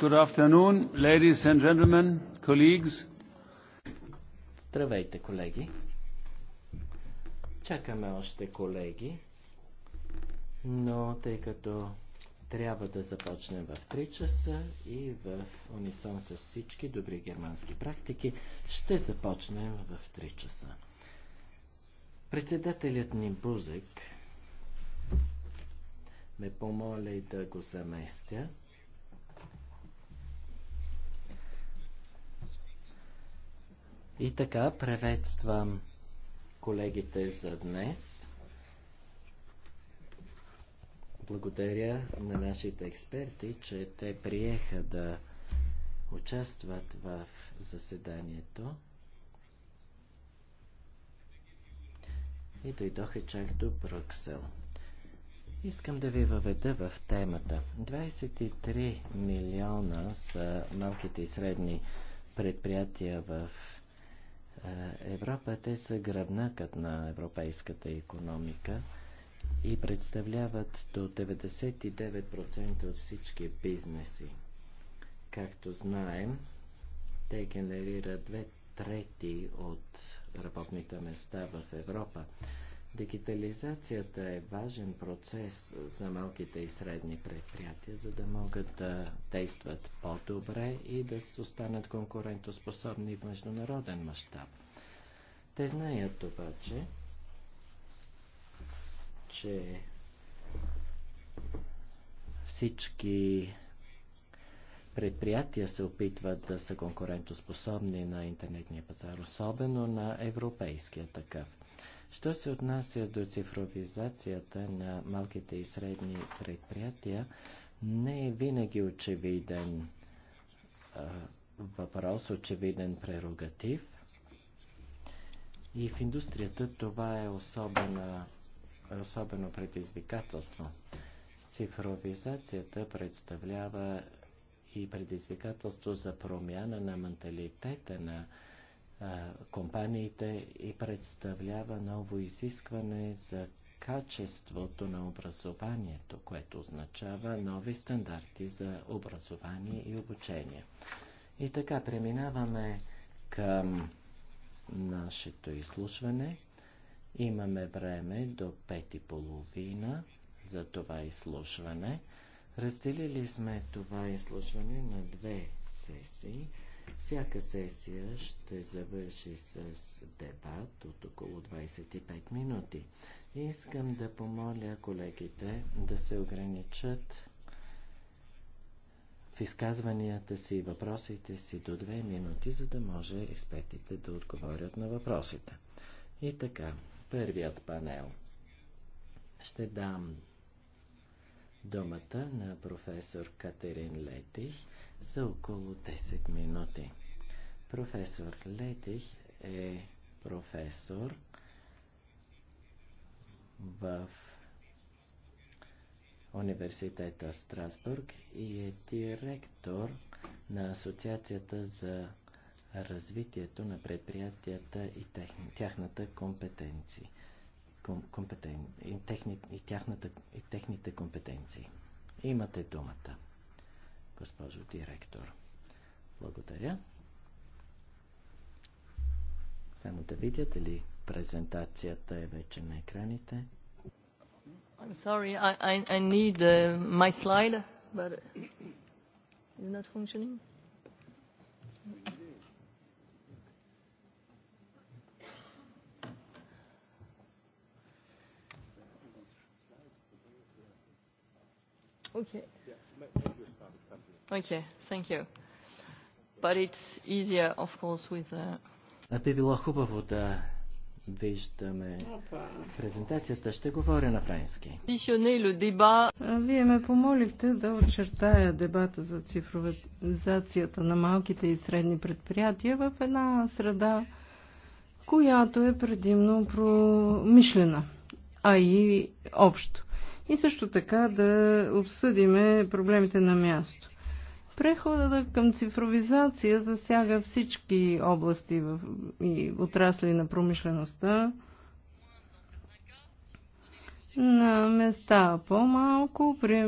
Good afternoon, ladies and gentlemen, colleagues. Здравейте, колеги. Чакаме още колеги, но тъй като трябва да започнем в 3 часа и в унисон с всички добри германски практики, ще започнем в 3 часа. Председателят ни Бузек ме помоли да го заместя. И така, приветствам колегите за днес. Благодаря на нашите експерти, че те приеха да участват в заседанието. И дойдоха чак до Брюксел. Искам да ви въведа в темата. 23 милиона са малките и средни предприятия в Европа. Те са гръбнакът на европейската економика и представляват до 99% от всички бизнеси. Както знаем, те генерират две трети от работните места в Европа. Дигитализацията е важен процес за малките и средни предприятия, за да могат да действат по-добре и да останат конкурентоспособни в международен мащаб. Те знаят обаче, че всички предприятия се опитват да са конкурентоспособни на интернетния пазар, особено на европейския такъв. Що се отнася до цифровизацията на малките и средни предприятия, не е винаги очевиден а, въпрос, очевиден прерогатив. И в индустрията това е особена, особено предизвикателство. Цифровизацията представлява и предизвикателство за промяна на менталитета на компаниите и представлява ново изискване за качеството на образованието, което означава нови стандарти за образование и обучение. И така преминаваме към нашето изслушване. Имаме време до пет и половина за това изслушване. Разделили сме това изслушване на две сесии. Всяка сесия ще завърши с дебат от около 25 минути. Искам да помоля колегите да се ограничат в изказванията си и въпросите си до 2 минути, за да може експертите да отговорят на въпросите. И така, първият панел. Ще дам думата на професор Катерин Летих за около 10 минути. Професор Летих е професор в университета Страсбург и е директор на Асоциацията за развитието на предприятията и тяхната компетенция компетен... и, техни... и, тяхната... и техните компетенции. Имате думата, госпожо директор. Благодаря. Само да видя дали презентацията е вече на екраните. I'm sorry, I, I, I need uh, my slide, but it's not functioning. Okay. Okay, thank you. But it's easier, of course, with the... Uh, а би било хубаво да виждаме презентацията. Ще говоря на френски. Вие ме помолихте да очертая дебата за цифровизацията на малките и средни предприятия в една среда, която е предимно промишлена, а и общо и също така да обсъдиме проблемите на място. Преходът към цифровизация засяга всички области и отрасли на промишлеността. На места по-малко, при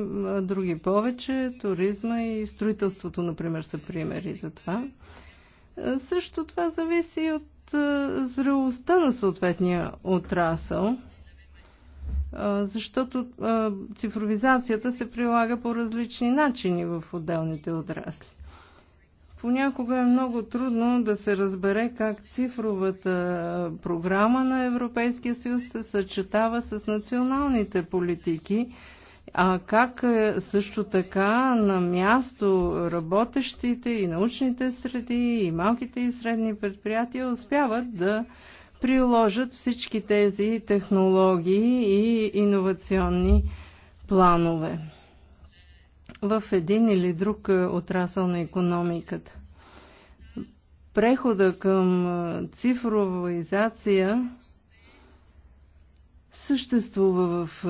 други повече, туризма и строителството, например, са примери за това. Също това зависи от зрелостта на съответния отрасъл – защото цифровизацията се прилага по различни начини в отделните отрасли. Понякога е много трудно да се разбере как цифровата програма на Европейския съюз се съчетава с националните политики, а как е, също така на място работещите и научните среди, и малките и средни предприятия успяват да приложат всички тези технологии и иновационни планове в един или друг е, отрасъл на економиката. Прехода към е, цифровизация съществува в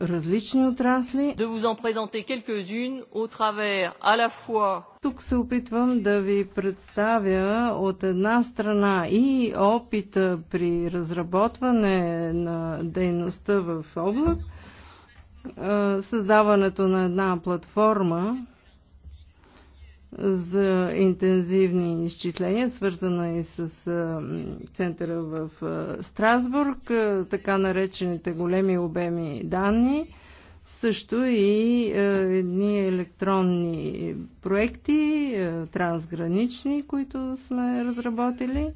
различни отрасли. Да vous en au travers à la fois тук се опитвам да ви представя от една страна и опита при разработване на дейността в облак, създаването на една платформа, за интензивни изчисления, свързана и с центъра в Страсбург, така наречените големи обеми данни, също и едни електронни проекти, трансгранични, които сме разработили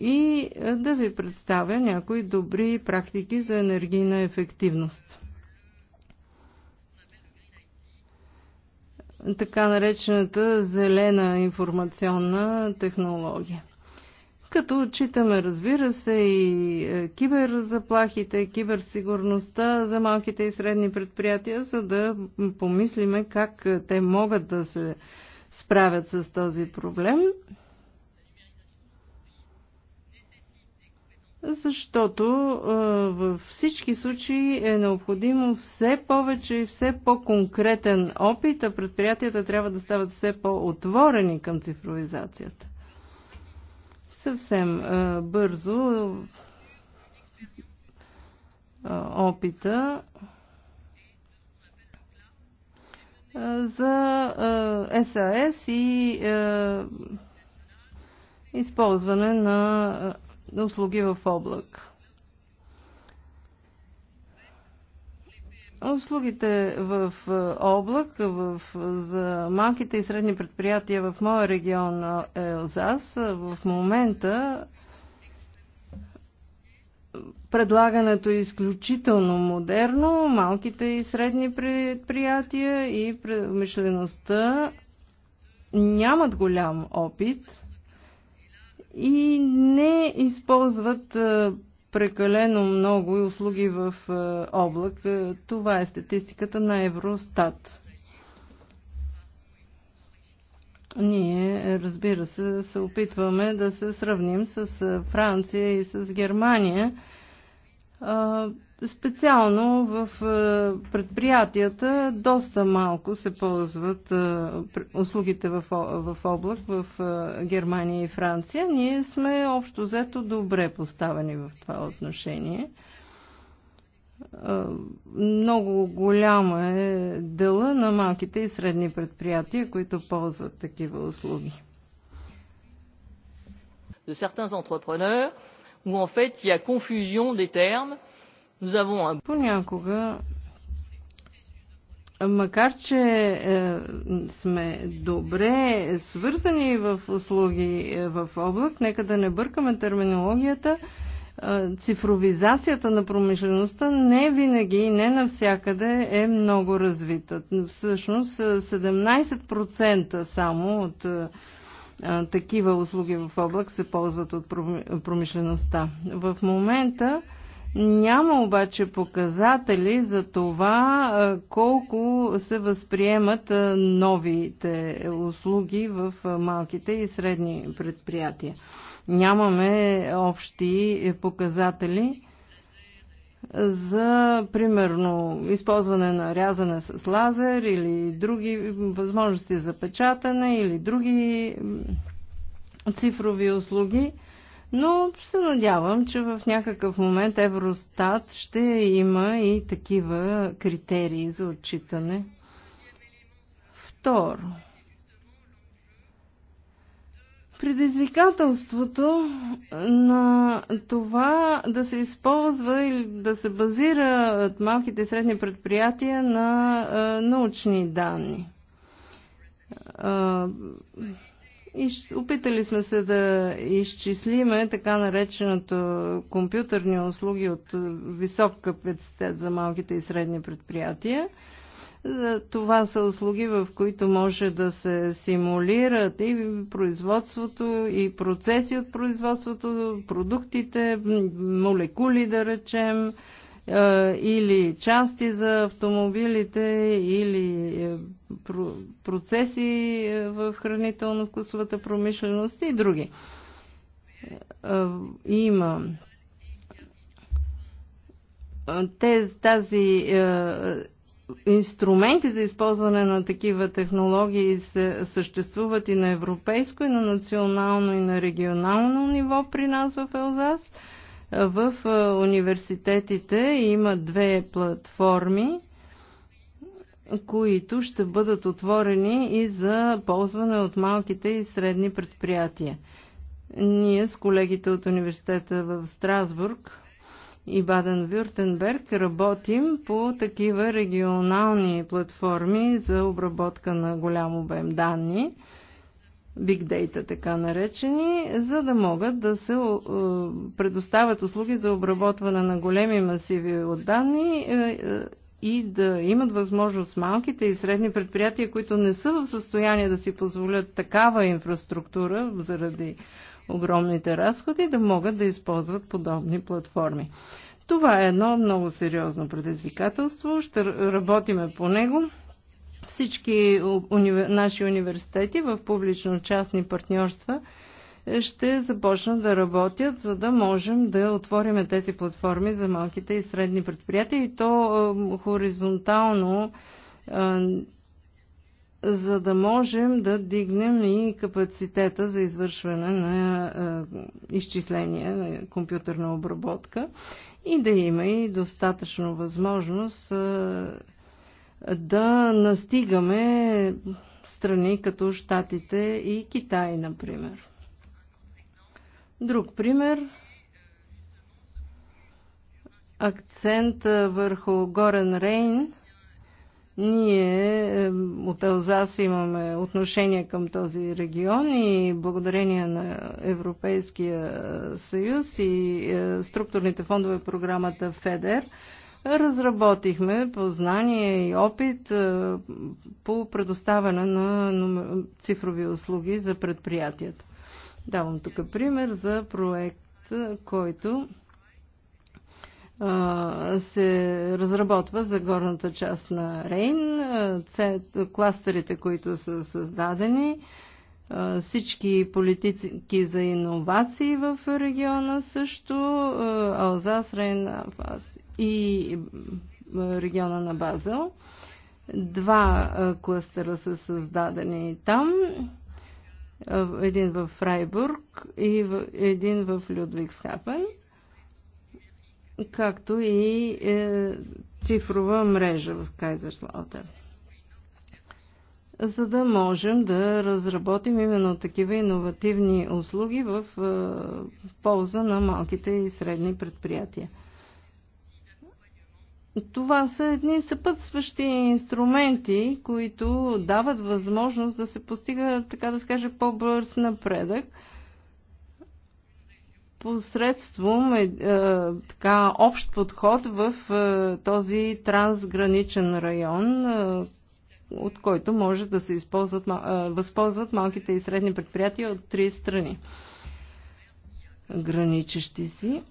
и да ви представя някои добри практики за енергийна ефективност. така наречената зелена информационна технология. Като отчитаме, разбира се, и е, киберзаплахите, киберсигурността за малките и средни предприятия, за да помислиме как е, те могат да се справят с този проблем. защото във всички случаи е необходимо все повече и все по-конкретен опит, а предприятията трябва да стават все по-отворени към цифровизацията. Съвсем бързо опита за САС и използване на услуги в облак. Услугите в е, облак в, за малките и средни предприятия в моя регион е, Елзас е, в момента предлагането е изключително модерно. Малките и средни предприятия и промишлеността нямат голям опит и не използват прекалено много и услуги в облак. Това е статистиката на Евростат. Ние, разбира се, се опитваме да се сравним с Франция и с Германия. Специално в е, предприятията доста малко се ползват е, услугите в облак в е, Германия и Франция. Ние сме общо взето добре поставени в това отношение. Много голяма е дела на малките и средни предприятия, които ползват такива услуги. De certains entrepreneurs, où en fait il y a confusion des termes Понякога Макар, че е, сме добре свързани в услуги е, в облак, нека да не бъркаме терминологията, е, цифровизацията на промишлеността не винаги и не навсякъде е много развита. Всъщност 17% е, само от е, е, такива услуги в облак се ползват от промишлеността. В момента няма обаче показатели за това колко се възприемат новите услуги в малките и средни предприятия. Нямаме общи показатели за, примерно, използване на рязане с лазер или други възможности за печатане или други цифрови услуги – но се надявам, че в някакъв момент Евростат ще има и такива критерии за отчитане. Второ. Предизвикателството на това да се използва или да се базира от малките и средни предприятия на е, научни данни е, опитали сме се да изчислиме така нареченото компютърни услуги от висок капацитет за малките и средни предприятия. Е, това са услуги, в които може да се симулират и производството, и процеси от производството, продуктите, молекули, да речем, е, или части за автомобилите, или е, процеси е, в хранително-вкусовата промишленост и други. Има тази инструменти за използване на такива технологии се, съществуват и на европейско, и на национално, и на регионално ниво при нас в Елзас – в университетите има две платформи, които ще бъдат отворени и за ползване от малките и средни предприятия. Ние с колегите от университета в Страсбург и Баден-Вюртенберг работим по такива регионални платформи за обработка на голям обем данни – Big Data, така наречени, за да могат да се е, предоставят услуги за обработване на големи масиви от данни е, е, и да имат възможност малките и средни предприятия, които не са в състояние да си позволят такава инфраструктура заради огромните разходи, да могат да използват подобни платформи. Това е едно много сериозно предизвикателство. Ще работиме по него. Всички наши университети в публично-частни партньорства е, ще започнат да работят, за да можем да отвориме тези платформи за малките и средни предприятия и то хоризонтално, за да можем да дигнем и капацитета за извършване на изчисления, на компютърна обработка и да има и достатъчно възможност да настигаме страни като Штатите и Китай, например. Друг пример акцент върху Горен Рейн. Ние от Алзас имаме отношение към този регион и благодарение на Европейския съюз и е, структурните фондове програмата ФЕДЕР – разработихме познание и опит е, по предоставяне на цифрови услуги за предприятията. Давам тук пример за проект, който се разработва за горната част на Рейн, кластерите, които са създадени, всички политики за иновации в региона също, Алзас, Рейн, Афас и региона на Базел. Два кластера са създадени там. Един в Фрайбург и един в Людвигсхапен, както и е, цифрова мрежа в Кайзерслаутер за да можем да разработим именно такива иновативни услуги в е, полза на малките и средни предприятия. Това са едни съпътстващи инструменти, които дават възможност да се постига, така да се каже, по-бърз напредък посредством е, е, така, общ подход в е, този трансграничен район, е, от който може да се използват, е, възползват малките и средни предприятия от три страни, граничещи си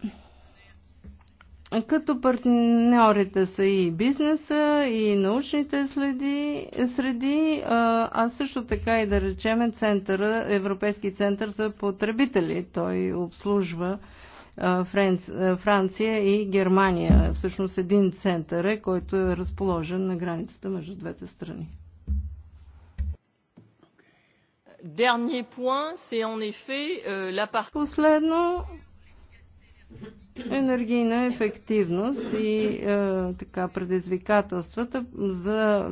като партньорите са и бизнеса, и научните следи, среди, а също така и да речем центъра, Европейски център за потребители. Той обслужва Франция и Германия. Всъщност един център е, който е разположен на границата между двете страни. Euh, Последно, енергийна ефективност и е, така предизвикателствата за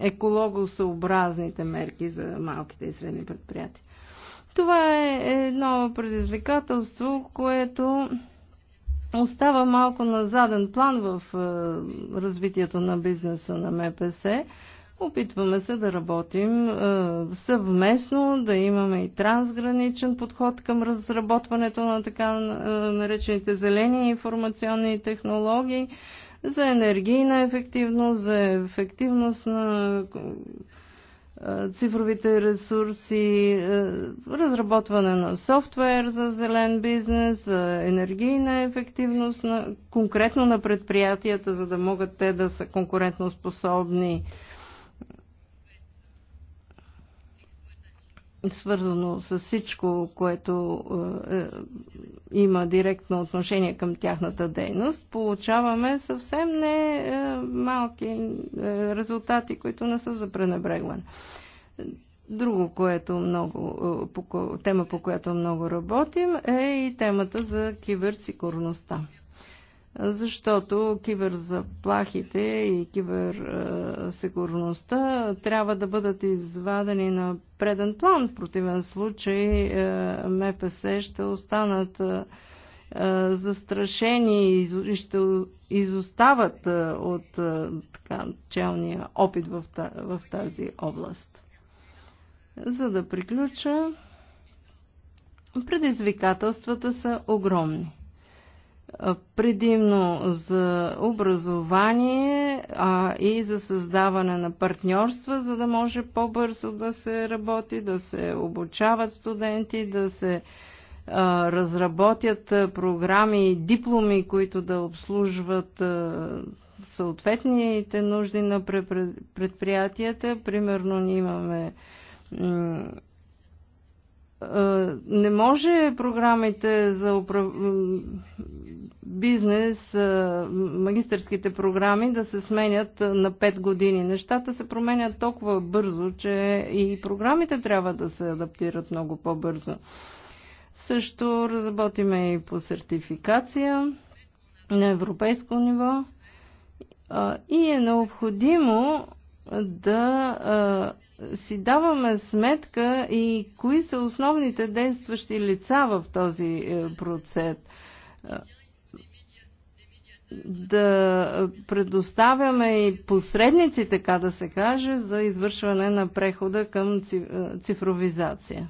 екологосъобразните мерки за малките и средни предприятия. Това е едно предизвикателство, което остава малко на заден план в е, развитието на бизнеса на МПС. Опитваме се да работим е, съвместно, да имаме и трансграничен подход към разработването на така е, наречените зелени информационни технологии за енергийна ефективност, за ефективност на е, цифровите ресурси, разработване на софтуер за зелен бизнес, за енергийна ефективност, на, конкретно на предприятията, за да могат те да са конкурентоспособни способни свързано с всичко, което е, е, има директно отношение към тяхната дейност, получаваме съвсем не е, малки е, резултати, които не са за пренебрегване. Друго, което много, е, по, тема по която много работим е и темата за киберсигурността защото киберзаплахите и киберсигурността трябва да бъдат извадени на преден план. В противен случай е, МПС ще останат е, застрашени и ще изостават е, от така, челния опит в тази област. За да приключа, предизвикателствата са огромни предимно за образование а и за създаване на партньорства, за да може по-бързо да се работи, да се обучават студенти, да се а, разработят програми и дипломи, които да обслужват а, съответните нужди на предприятията. Примерно ние имаме е, не може програмите за упра... бизнес, е, магистърските програми да се сменят на 5 години. Нещата се променят толкова бързо, че и програмите трябва да се адаптират много по-бързо. Също разработиме и по сертификация на европейско ниво е, и е необходимо да си даваме сметка и кои са основните действащи лица в този е, процес. Да предоставяме и посредници, така да се каже, за извършване на прехода към е, цифровизация.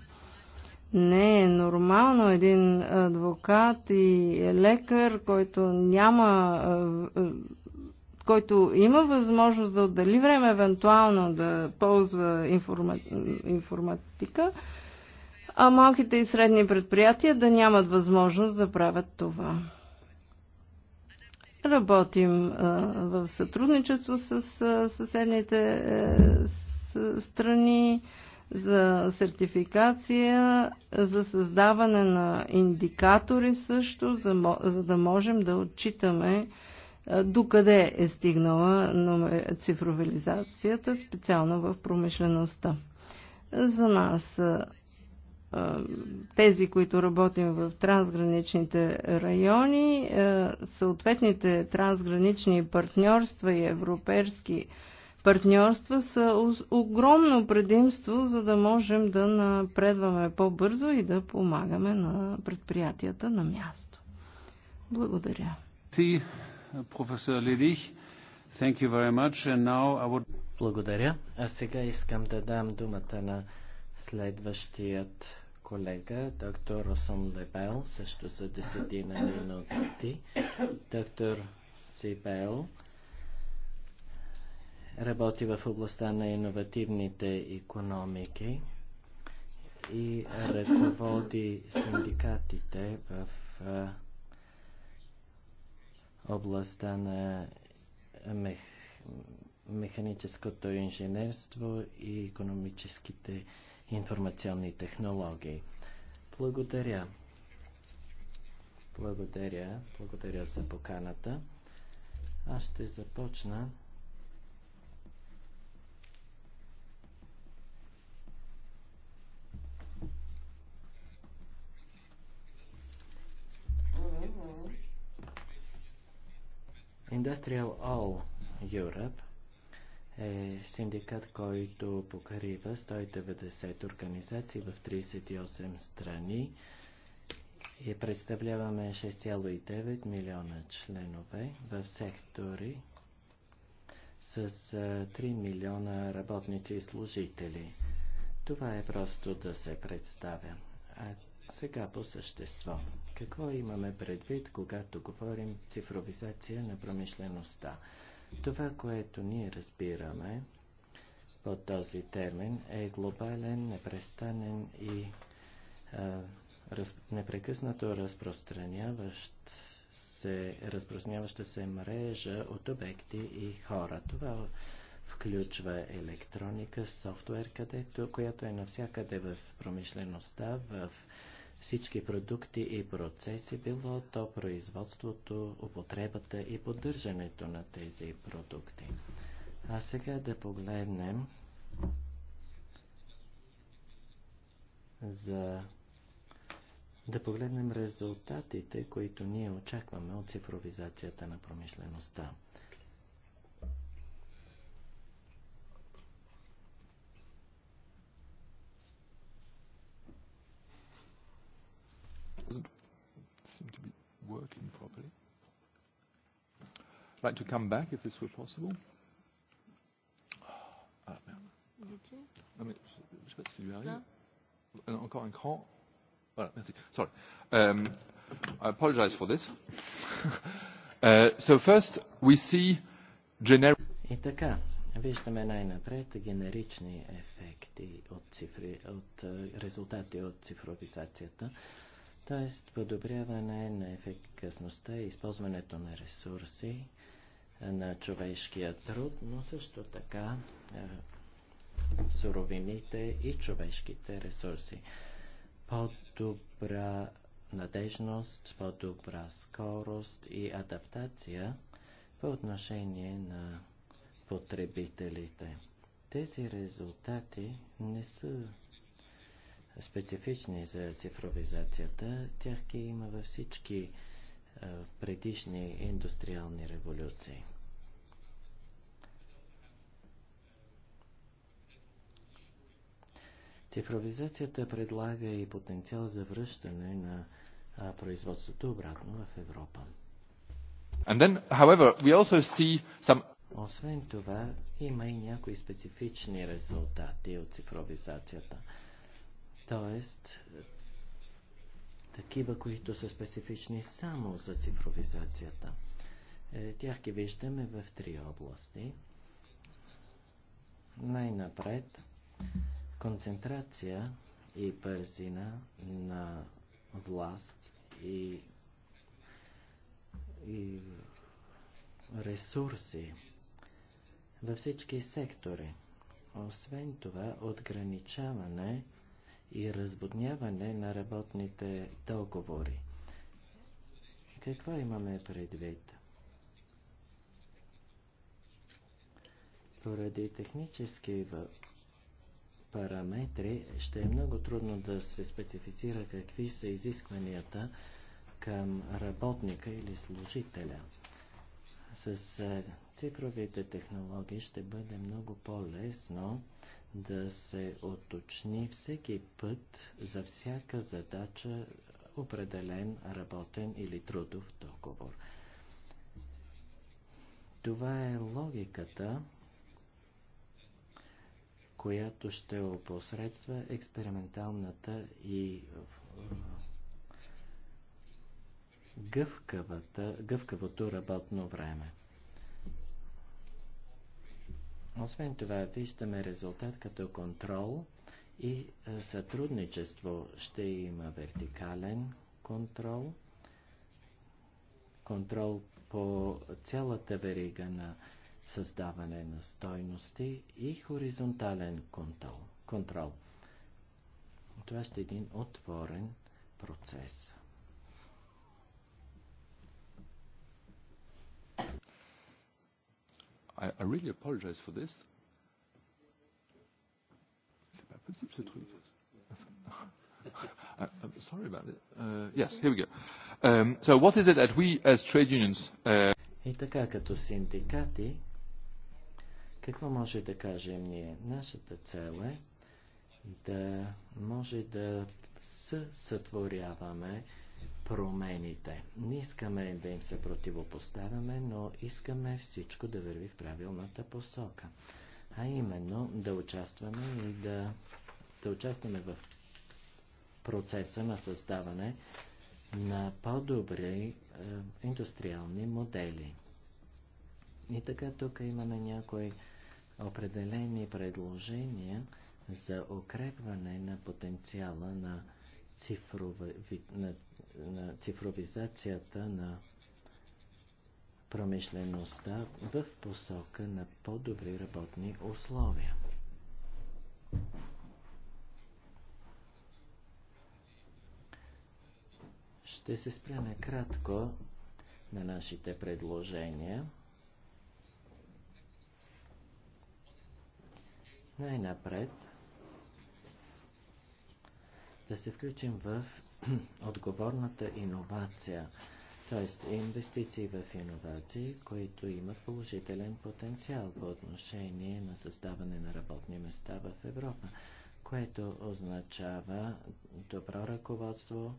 Не е нормално един адвокат и лекар, който няма е, който има възможност да отдели време, евентуално да ползва информа... информатика, а малките и средни предприятия да нямат възможност да правят това. Работим в сътрудничество с съседните е, страни за сертификация, за създаване на индикатори също, за, за да можем да отчитаме е, докъде е стигнала цифровизацията, специално в промишлеността. За нас, е, е, тези, които работим в трансграничните райони, съответните трансгранични партньорства и европейски партньорства са огромно предимство, за да можем да напредваме по-бързо и да помагаме на предприятията на място. Благодаря. Thank you very much. And now I would... Благодаря. А сега искам да дам думата на следващият колега, доктор Росон Лебел, също за десетина минути. Доктор Сибел работи в областта на иновативните економики и ръководи синдикатите в областта на мех... механическото инженерство и економическите информационни технологии. Благодаря. Благодаря. Благодаря за поканата. Аз ще започна Industrial All Europe е синдикат, който покрива 190 организации в 38 страни и представляваме 6,9 милиона членове в сектори с 3 милиона работници и служители. Това е просто да се представя. Сега по същество. Какво имаме предвид, когато говорим цифровизация на промишлеността? Това, което ние разбираме под този термин е глобален, непрестанен и а, раз, непрекъснато разпространяващ се, разпространяваща се мрежа от обекти и хора. Това включва електроника, софтуер, където, която е навсякъде в промишлеността, в всички продукти и процеси, било то производството, употребата и поддържането на тези продукти. А сега да погледнем за да погледнем резултатите, които ние очакваме от цифровизацията на промишлеността. working properly. I'd like to come back if this were possible. Ah, merde. Non, mais je sais pas ce qui lui arrive. Non. Encore un cran. Voilà, merci. Sorry. Um, I apologize for this. uh, so first, we see generic... И така, виждаме най-напред генерични ефекти от, цифри, от резултати от цифровизацията т.е. подобряване на ефикасността и използването на ресурси, на човешкия труд, но също така суровините и човешките ресурси. По-добра надежност, по-добра скорост и адаптация по отношение на потребителите. Тези резултати не са специфични за цифровизацията, тях ги има във всички е, предишни индустриални революции. Цифровизацията предлага и потенциал за връщане на производството обратно в Европа. And then, however, we also see some... Освен това, има и някои специфични резултати от цифровизацията. Uh, Тоест, такива, които са специфични само за цифровизацията. Е, тях ги виждаме в три области. Най-напред концентрация и бързина на власт и, и ресурси във всички сектори. Освен това, отграничаване и разводняване на работните договори. Какво имаме предвид? Поради технически параметри ще е много трудно да се специфицира какви са изискванията към работника или служителя. С цифровите технологии ще бъде много по-лесно да се оточни всеки път за всяка задача определен работен или трудов договор. Това е логиката, която ще опосредства експерименталната и гъвкавата, гъвкавото работно време. Освен това, виждаме резултат като контрол и е, сътрудничество. Ще има вертикален контрол, контрол по цялата верига на създаване на стойности и хоризонтален контрол. Това ще е един отворен процес. I, I really apologize for this. C'est pas possible ce truc. I'm sorry about it. Uh, yes, here we go. Um, so what is it that we as trade unions... Uh... И така, като синдикати, какво може да кажем ние? Нашата цел е да може да съсътворяваме промените. Не искаме да им се противопоставяме, но искаме всичко да върви в правилната посока. А именно да участваме и да, да участваме в процеса на създаване на по-добри е, индустриални модели. И така тук имаме някои определени предложения за укрепване на потенциала на на, на цифровизацията на промишлеността в посока на по-добри работни условия. Ще се спряме кратко на нашите предложения. Най-напред да се включим в отговорната иновация, т.е. инвестиции в иновации, които имат положителен потенциал по отношение на създаване на работни места в Европа, което означава добро ръководство,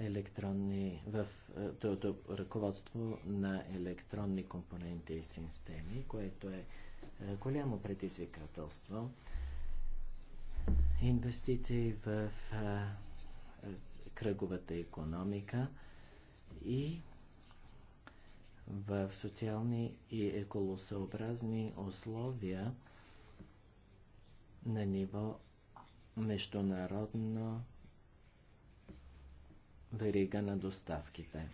електронни, в, е, до, до, ръководство на електронни компоненти и системи, което е, е голямо предизвикателство инвестиции в а, кръговата економика и в социални и еколосъобразни условия на ниво международно верига на доставките.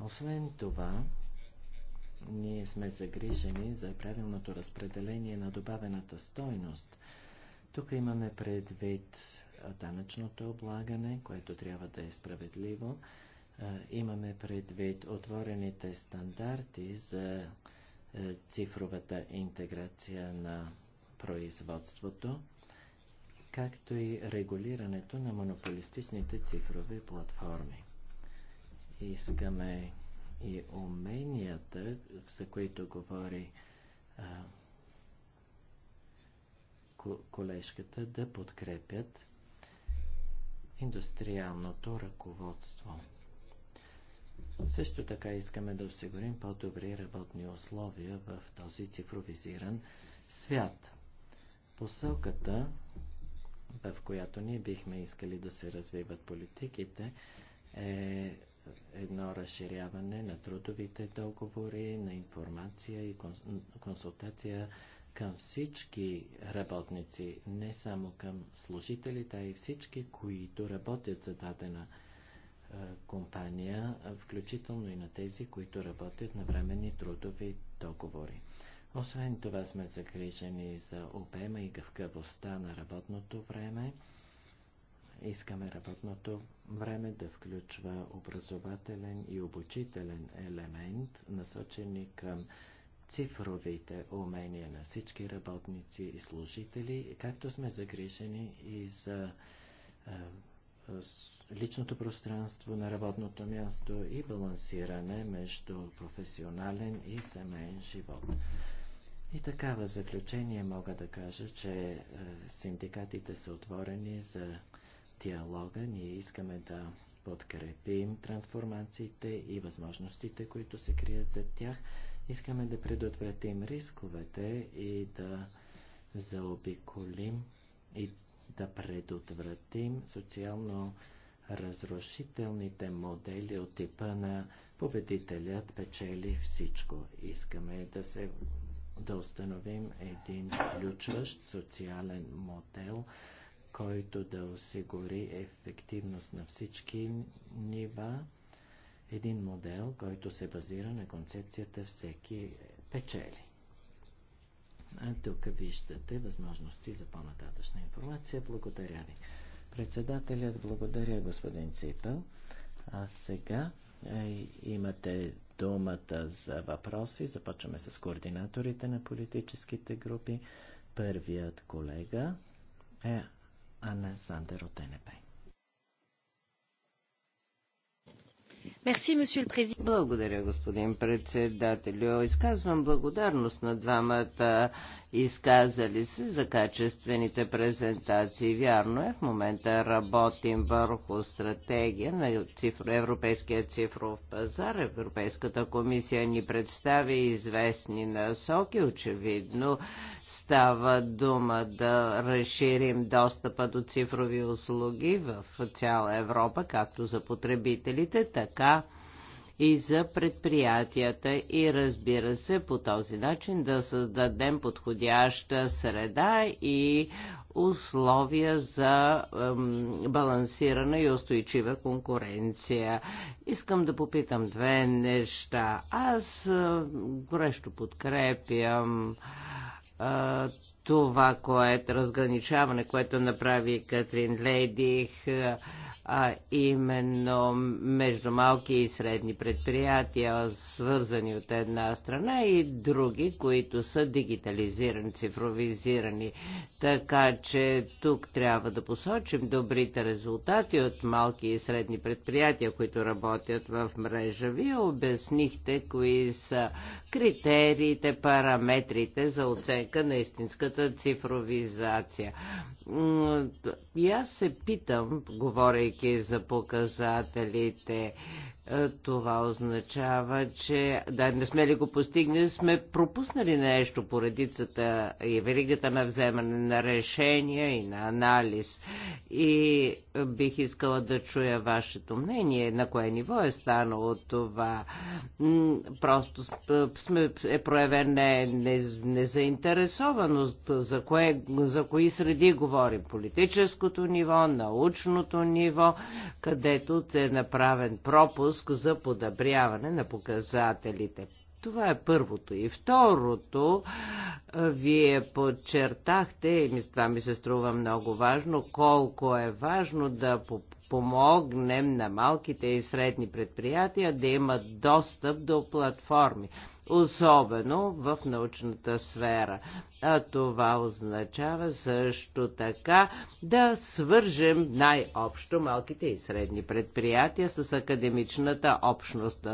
Освен това, ние сме загрижени за правилното разпределение на добавената стойност – тук имаме предвид данъчното облагане, което трябва да е справедливо. Имаме предвид отворените стандарти за цифровата интеграция на производството, както и регулирането на монополистичните цифрови платформи. Искаме и уменията, за които говори колежката да подкрепят индустриалното ръководство. Също така искаме да осигурим по-добри работни условия в този цифровизиран свят. Посълката, в която ние бихме искали да се развиват политиките, е едно разширяване на трудовите договори, на информация и консултация към всички работници, не само към служителите, а и всички, които работят за дадена е, компания, включително и на тези, които работят на временни трудови договори. Освен това сме загрижени за обема и гъвкавостта на работното време. Искаме работното време да включва образователен и обучителен елемент, насочени към цифровите умения на всички работници и служители, както сме загрижени и за личното пространство на работното място и балансиране между професионален и семейен живот. И така, в заключение мога да кажа, че синдикатите са отворени за диалога. Ние искаме да подкрепим трансформациите и възможностите, които се крият за тях. Искаме да предотвратим рисковете и да заобиколим и да предотвратим социално разрушителните модели от типа на победителят печели всичко. Искаме да се да установим един включващ социален модел, който да осигури ефективност на всички нива един модел, който се базира на концепцията всеки печели. А тук виждате възможности за по-нататъчна информация. Благодаря ви. Председателят, благодаря господин Ципел. А сега е, имате думата за въпроси. Започваме с координаторите на политическите групи. Първият колега е Анна Сандер от НП. Благодаря, господин председател. Изказвам благодарност на двамата изказали се за качествените презентации. Вярно е, в момента работим върху стратегия на цифро, Европейския цифров пазар. Европейската комисия ни представи известни насоки. Очевидно става дума да разширим достъпа до цифрови услуги в цяла Европа, както за потребителите, така така и за предприятията и разбира се по този начин да създадем подходяща среда и условия за ем, балансирана и устойчива конкуренция. Искам да попитам две неща. Аз е, горещо подкрепям е, това, което разграничаване, което направи Катрин Лейдих. Е, а именно между малки и средни предприятия, свързани от една страна и други, които са дигитализирани, цифровизирани. Така че тук трябва да посочим добрите резултати от малки и средни предприятия, които работят в мрежа. Вие обяснихте кои са критериите, параметрите за оценка на истинската цифровизация. И аз се питам, говорейки статистики за показателите, е, това означава, че да не сме ли го постигнали, сме пропуснали нещо по редицата и веригата на вземане на решения и на анализ. И бих искала да чуя вашето мнение, на кое ниво е станало това. Просто сме, е проявена незаинтересованост, за, кое, за кои среди говорим. Политическото ниво, научното ниво, където е направен пропуск отпуск за подобряване на показателите. Това е първото. И второто, вие подчертахте, и това ми се струва много важно, колко е важно да помогнем на малките и средни предприятия да имат достъп до платформи особено в научната сфера. А това означава също така да свържем най-общо малките и средни предприятия с академичната общност.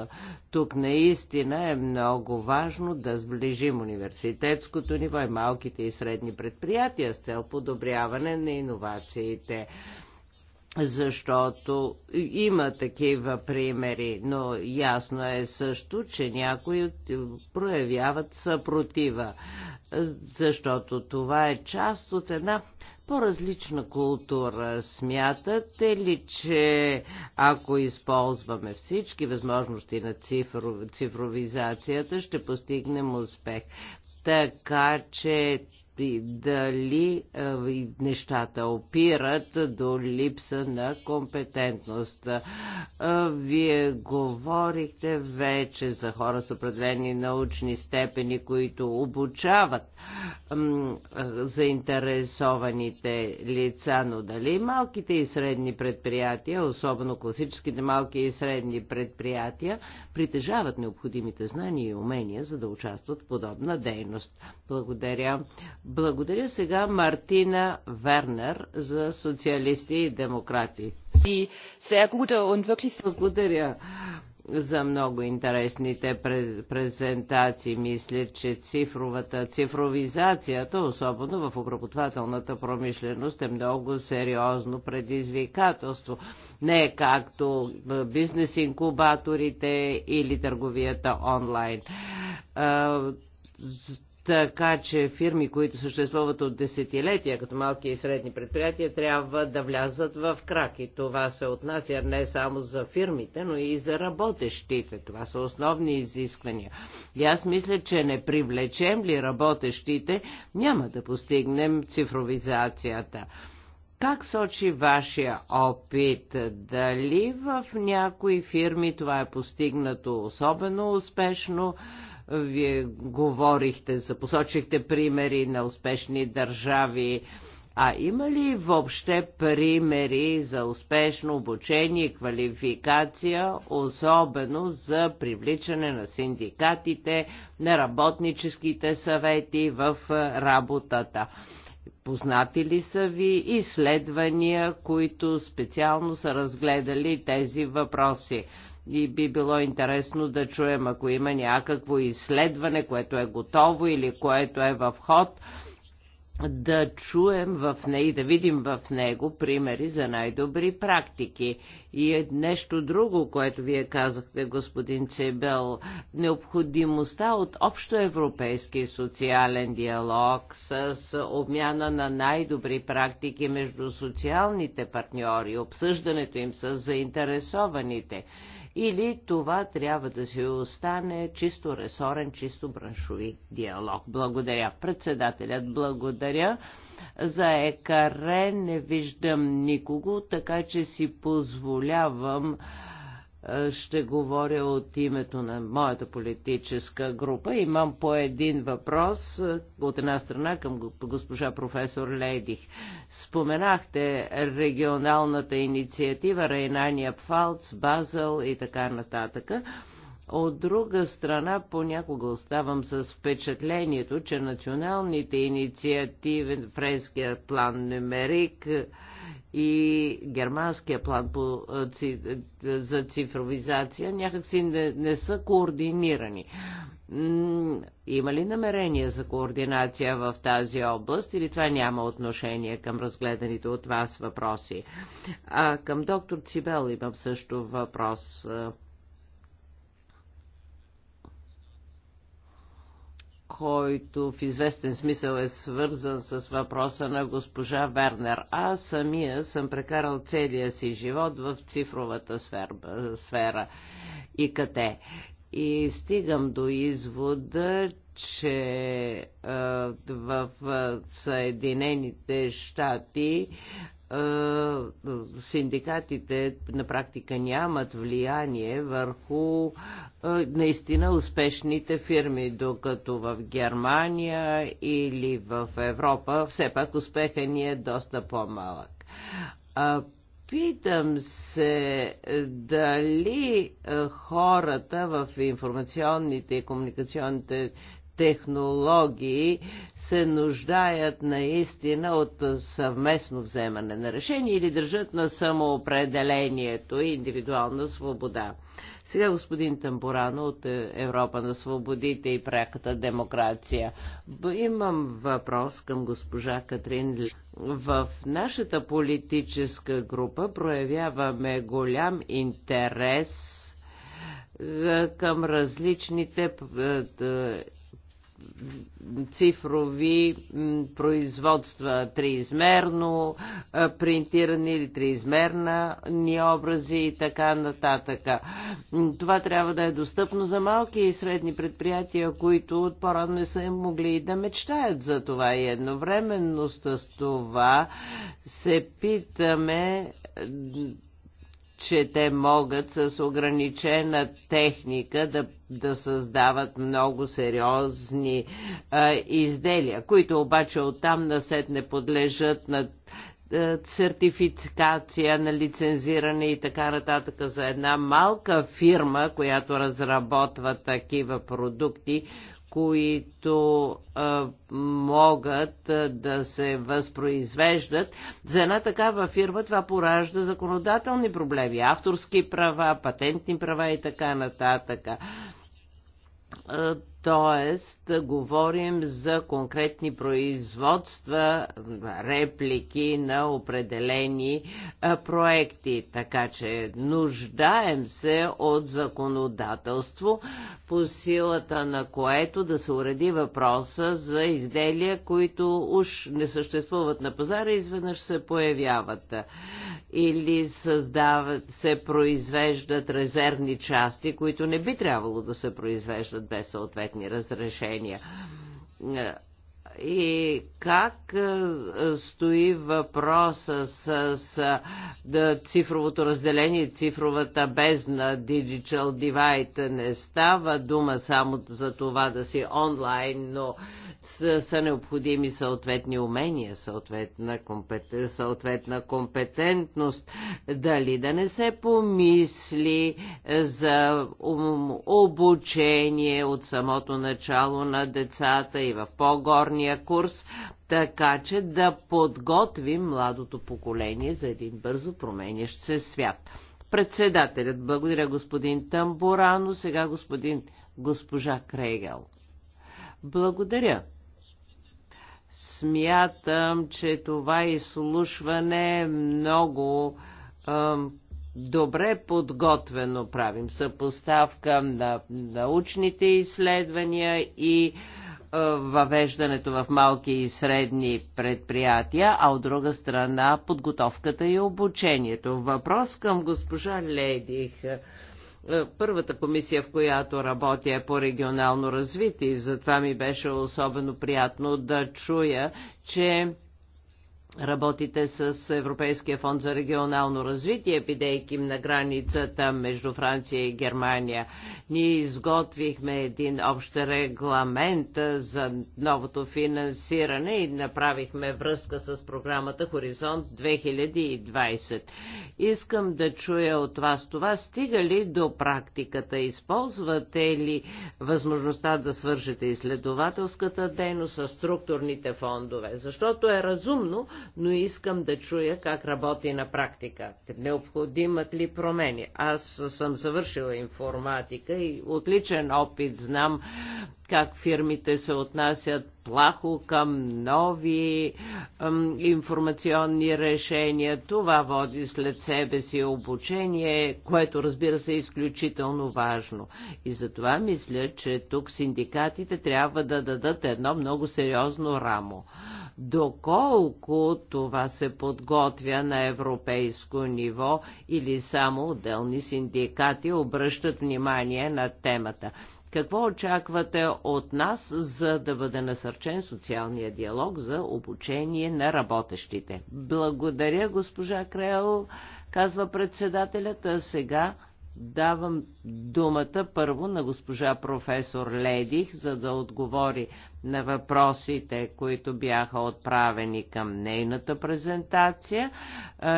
Тук наистина е много важно да сближим университетското ниво и малките и средни предприятия с цел подобряване на иновациите защото има такива примери, но ясно е също, че някои проявяват съпротива, защото това е част от една по-различна култура. Смятате ли, че ако използваме всички възможности на цифров, цифровизацията, ще постигнем успех? Така че дали нещата опират до липса на компетентност. Вие говорихте вече за хора с определени научни степени, които обучават заинтересованите лица, но дали малките и средни предприятия, особено класическите малки и средни предприятия, притежават необходимите знания и умения, за да участват в подобна дейност. Благодаря. Благодаря сега Мартина Вернер за социалисти и демократи. Благодаря за много интересните презентации. Мисля, че цифровата цифровизацията, особено в обработвателната промишленост, е много сериозно предизвикателство. Не е както бизнес-инкубаторите или търговията онлайн така че фирми, които съществуват от десетилетия, като малки и средни предприятия, трябва да влязат в крак. И това се отнася не само за фирмите, но и за работещите. Това са основни изисквания. И аз мисля, че не привлечем ли работещите, няма да постигнем цифровизацията. Как сочи вашия опит? Дали в някои фирми това е постигнато особено успешно? Вие говорихте, посочихте примери на успешни държави. А има ли въобще примери за успешно обучение и квалификация, особено за привличане на синдикатите, на работническите съвети в работата? Познати ли са ви изследвания, които специално са разгледали тези въпроси? и би било интересно да чуем, ако има някакво изследване, което е готово или което е в ход, да чуем в нея и да видим в него примери за най-добри практики. И е нещо друго, което вие казахте, господин Цебел, необходимостта от общо европейски социален диалог с обмяна на най-добри практики между социалните партньори, обсъждането им с заинтересованите или това трябва да си остане чисто ресорен, чисто браншови диалог. Благодаря. Председателят, благодаря. За екаре не виждам никого, така че си позволявам е, ще говоря от името на моята политическа група. Имам по един въпрос е, от една страна към госпожа професор Лейдих. Споменахте регионалната инициатива Рейнания Пфалц, Базел и така нататък. От друга страна, понякога оставам с впечатлението, че националните инициативи, френският план Немерик, и германския план по, за цифровизация някакси не, не са координирани. Има ли намерение за координация в тази област или това няма отношение към разгледаните от вас въпроси? А към доктор Цибел имам също въпрос. който в известен смисъл е свързан с въпроса на госпожа Вернер. Аз самия съм прекарал целия си живот в цифровата сфера, сфера и къде. И стигам до извода, че в Съединените щати синдикатите на практика нямат влияние върху наистина успешните фирми, докато в Германия или в Европа все пак успехът ни е доста по-малък. Питам се е, дали е, хората в информационните и комуникационните технологии се нуждаят наистина от съвместно вземане на решение или държат на самоопределението и индивидуална свобода. Сега господин Тамбурано от Европа на свободите и пряката демокрация. Имам въпрос към госпожа Катрин Ли. В нашата политическа група проявяваме голям интерес е, към различните е, е, цифрови производства, триизмерно принтирани или триизмерна ни образи и така нататък. Това трябва да е достъпно за малки и средни предприятия, които от по-рано не са могли и да мечтаят за това и едновременно с това се питаме че те могат с ограничена техника да, да създават много сериозни а, изделия, които обаче оттам насет не подлежат на сертификация, на лицензиране и така нататък за една малка фирма, която разработва такива продукти, които а, могат а, да се възпроизвеждат. За една такава фирма това поражда законодателни проблеми, авторски права, патентни права и така нататък Тоест, говорим за конкретни производства, реплики на определени проекти. Така че нуждаем се от законодателство, по силата на което да се уреди въпроса за изделия, които уж не съществуват на пазара, изведнъж се появяват. Или създават, се произвеждат резервни части, които не би трябвало да се произвеждат без съответно съответни разрешения е, и как е, стои въпроса с, с да, цифровото разделение, цифровата бездна, digital divide. Не става дума само за това да си онлайн, но са, са необходими съответни умения, съответна, компетен, съответна компетентност. Дали да не се помисли е, за обучение от самото начало на децата и в по-горни основния курс, така че да подготвим младото поколение за един бързо променящ се свят. Председателят, благодаря господин Тамбурано, сега господин госпожа Крейгел. Благодаря. Смятам, че това изслушване е много ем, добре подготвено. Правим съпоставка на научните изследвания и е, въвеждането в малки и средни предприятия, а от друга страна подготовката и обучението. Въпрос към госпожа Ледих е, първата комисия, в която работя е по регионално развитие. Затова ми беше особено приятно да чуя, че работите с Европейския фонд за регионално развитие, бидейки на границата между Франция и Германия. Ние изготвихме един общ регламент за новото финансиране и направихме връзка с програмата Хоризонт 2020. Искам да чуя от вас това. Стига ли до практиката? Използвате ли възможността да свържете изследователската дейност с структурните фондове? Защото е разумно но искам да чуя как работи на практика. Необходимат ли промени? Аз съм завършила информатика и отличен опит знам как фирмите се отнасят плахо към нови ем, информационни решения. Това води след себе си обучение, което разбира се е изключително важно. И затова мисля, че тук синдикатите трябва да дадат едно много сериозно рамо доколко това се подготвя на европейско ниво или само отделни синдикати обръщат внимание на темата. Какво очаквате от нас, за да бъде насърчен социалния диалог за обучение на работещите? Благодаря, госпожа Крел, казва председателят, а сега Давам думата първо на госпожа професор Ледих, за да отговори на въпросите, които бяха отправени към нейната презентация.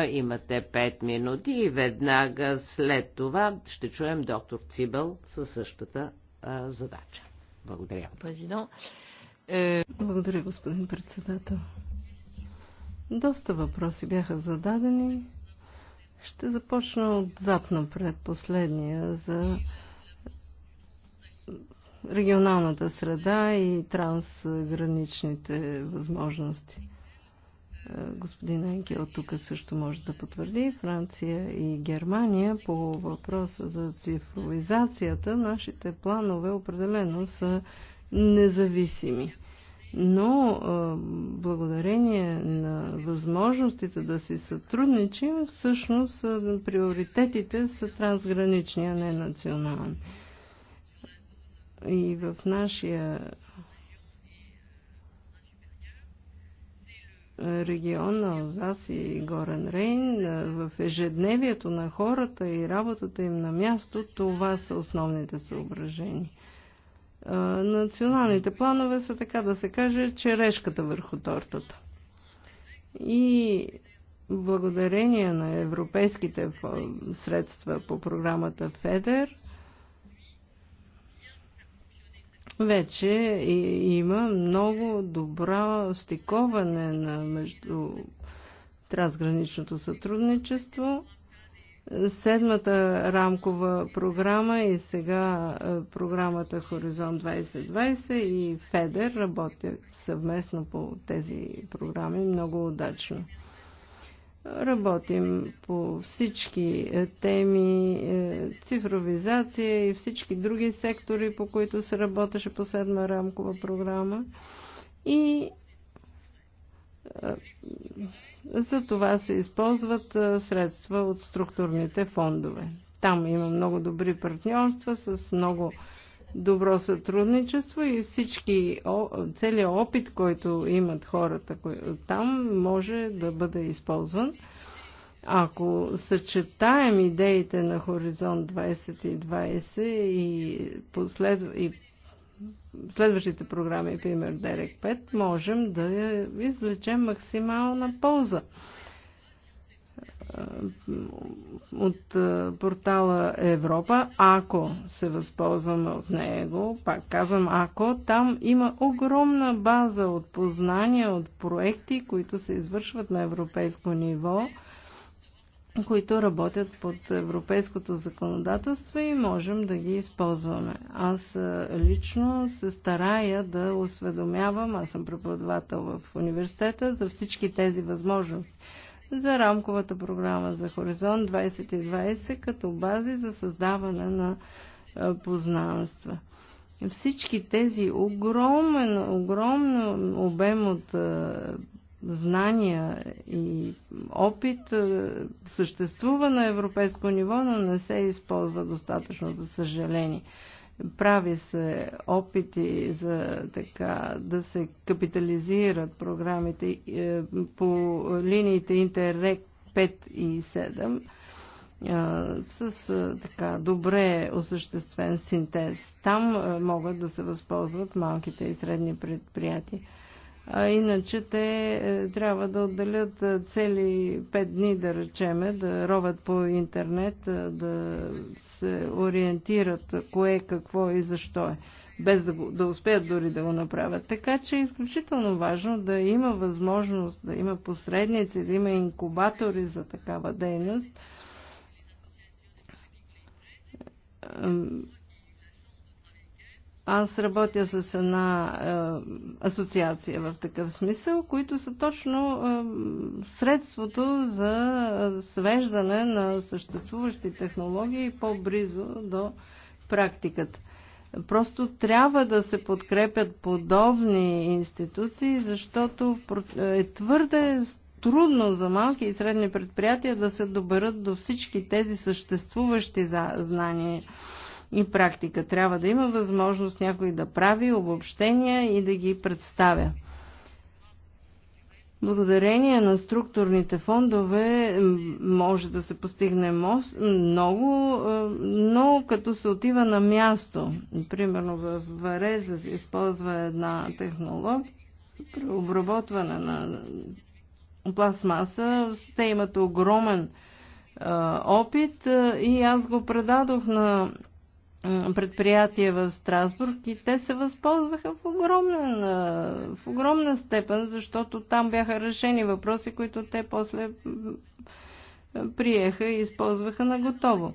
Имате 5 минути и веднага след това ще чуем доктор Цибъл със същата задача. Благодаря. Е, Благодаря, господин председател. Доста въпроси бяха зададени. Ще започна отзад напред последния за регионалната среда и трансграничните възможности. Е, господин Енкел тук също може да потвърди. Франция и Германия по въпроса за цифровизацията, нашите планове определено са независими но благодарение на възможностите да си сътрудничим, всъщност приоритетите са трансгранични, а не национални. И в нашия регион на Алзас и Горен Рейн, в ежедневието на хората и работата им на място, това са основните съображения. Националните планове са, така да се каже, черешката върху тортата. И благодарение на европейските средства по програмата ФЕДЕР, вече има много добра стиковане на между трансграничното сътрудничество седмата рамкова програма и сега е, програмата Хоризонт 2020 и ФЕДЕР работят съвместно по тези програми много удачно. Работим по всички е, теми, е, цифровизация и всички други сектори, по които се работеше по седма рамкова програма. И за това се използват средства от структурните фондове. Там има много добри партньорства с много добро сътрудничество и всички, целият опит, който имат хората там, може да бъде използван. Ако съчетаем идеите на Хоризонт 2020 и, послед... и следващите програми, пример Дерек 5, можем да извлечем максимална полза от портала Европа, ако се възползваме от него, пак казвам ако, там има огромна база от познания, от проекти, които се извършват на европейско ниво които работят под европейското законодателство и можем да ги използваме. Аз лично се старая да осведомявам, аз съм преподавател в университета, за всички тези възможности. За рамковата програма за Хоризонт 2020 като бази за създаване на познанства. Всички тези огромен, огромен обем от знания и опит е, съществува на европейско ниво, но не се използва достатъчно, за съжаление. Прави се опити за така да се капитализират програмите е, по линиите Интеррек 5 и 7 е, с така добре осъществен синтез. Там могат да се възползват малките и средни предприятия а иначе те е, трябва да отделят е, цели 5 дни, да речеме, да роват по интернет, е, да се ориентират кое, какво и защо е, без да, го, да успеят дори да го направят. Така че е изключително важно да има възможност, да има посредници, да има инкубатори за такава дейност аз работя с една е, асоциация в такъв смисъл, които са точно е, средството за свеждане на съществуващи технологии по-близо до практиката. Просто трябва да се подкрепят подобни институции, защото е твърде трудно за малки и средни предприятия да се доберат до всички тези съществуващи знания и практика. Трябва да има възможност някой да прави обобщения и да ги представя. Благодарение на структурните фондове може да се постигне много, е, но като се отива на място, примерно в Вареза се използва една технология при обработване на пластмаса, те имат огромен е, опит е, и аз го предадох на предприятия в Страсбург и те се възползваха в, огромен, в огромна степен, защото там бяха решени въпроси, които те после приеха и използваха на готово.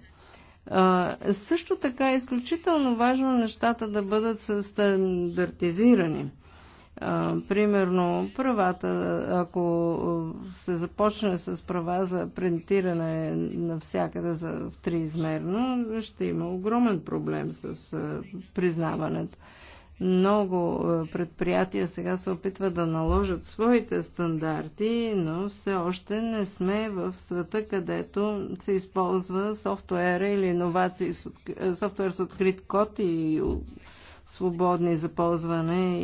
Също така е изключително важно нещата да бъдат стандартизирани. А, примерно, правата, ако се започне с права за принтиране навсякъде за, в триизмерно, ще има огромен проблем с а, признаването. Много предприятия сега се опитват да наложат своите стандарти, но все още не сме в света, където се използва софтуера или иновации, софтуер с открит код и свободни за ползване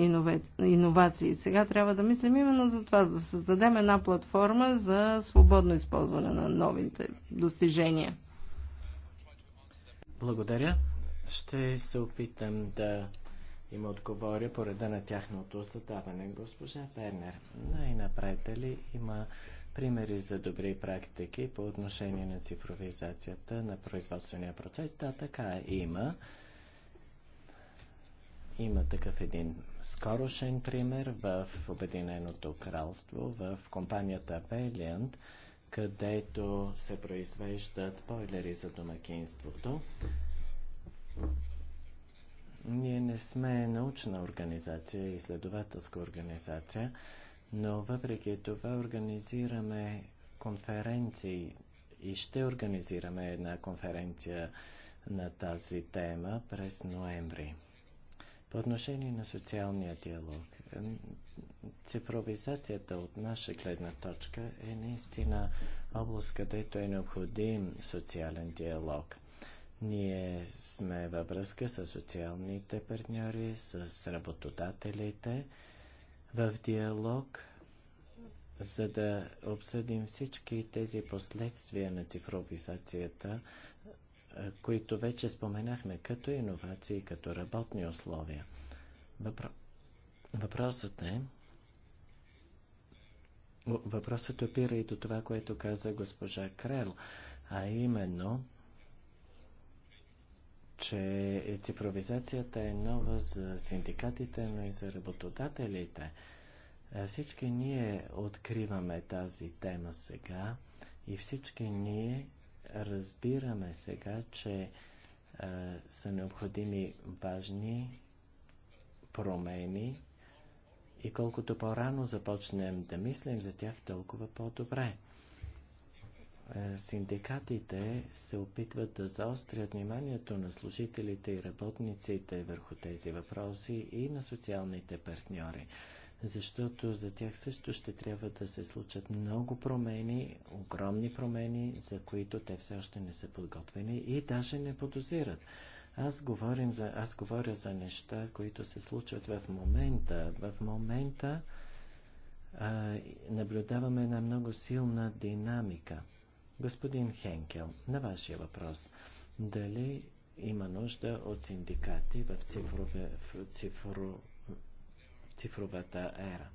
иновации. Сега трябва да мислим именно за това, да създадем една платформа за свободно използване на новите достижения. Благодаря. Ще се опитам да им отговоря по реда на тяхното задаване. Госпожа Пернер, най-напред ли има примери за добри практики по отношение на цифровизацията на производствения процес? Да, така има. Има такъв един скорошен пример в Обединеното кралство, в компанията Valiant, където се произвеждат бойлери за домакинството. Ние не сме научна организация, изследователска организация, но въпреки това организираме конференции и ще организираме една конференция на тази тема през ноември. По отношение на социалния диалог, цифровизацията от наша гледна точка е наистина област, където е необходим социален диалог. Ние сме във връзка с социалните партньори, с работодателите, в диалог, за да обсъдим всички тези последствия на цифровизацията които вече споменахме, като иновации, като работни условия. Въпро... Въпросът е, въпросът опира и до това, което каза госпожа Крел, а именно, че цифровизацията е нова за синдикатите, но и за работодателите. Всички ние откриваме тази тема сега и всички ние Разбираме сега, че а, е, са необходими важни промени и колкото по-рано започнем да мислим за тях, толкова по-добре. Е, синдикатите се опитват да заострят вниманието на служителите и работниците върху тези въпроси и на социалните партньори защото за тях също ще трябва да се случат много промени, огромни промени, за които те все още не са подготвени и даже не подозират. Аз, говорим за, аз говоря за неща, които се случват в момента. В момента а, наблюдаваме една много силна динамика. Господин Хенкел, на вашия въпрос. Дали има нужда от синдикати в, цифрове, в цифрове цифровата ера.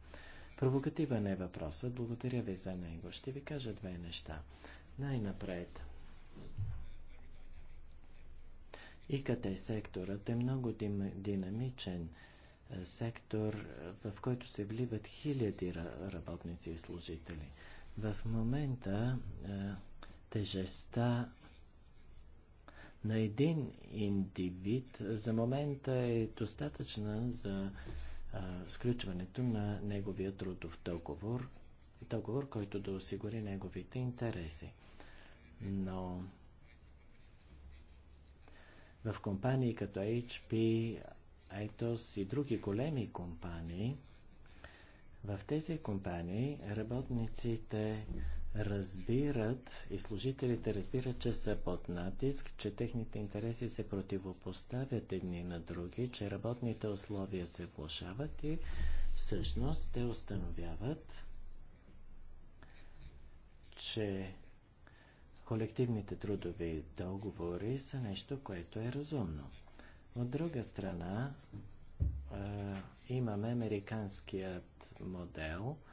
Провокативен е въпросът, благодаря ви за него. Ще ви кажа две неща. Най-напред. ИКТ секторът е много динамичен е, сектор, е, в който се вливат хиляди работници и служители. В момента е, тежестта на един индивид за момента е достатъчна за сключването на неговия трудов договор, договор, който да осигури неговите интереси. Но в компании като HP, ITOS и други големи компании, в тези компании работниците разбират и служителите разбират, че са под натиск, че техните интереси се противопоставят едни на други, че работните условия се влушават и всъщност те установяват, че колективните трудови договори са нещо, което е разумно. От друга страна, имаме американският модел –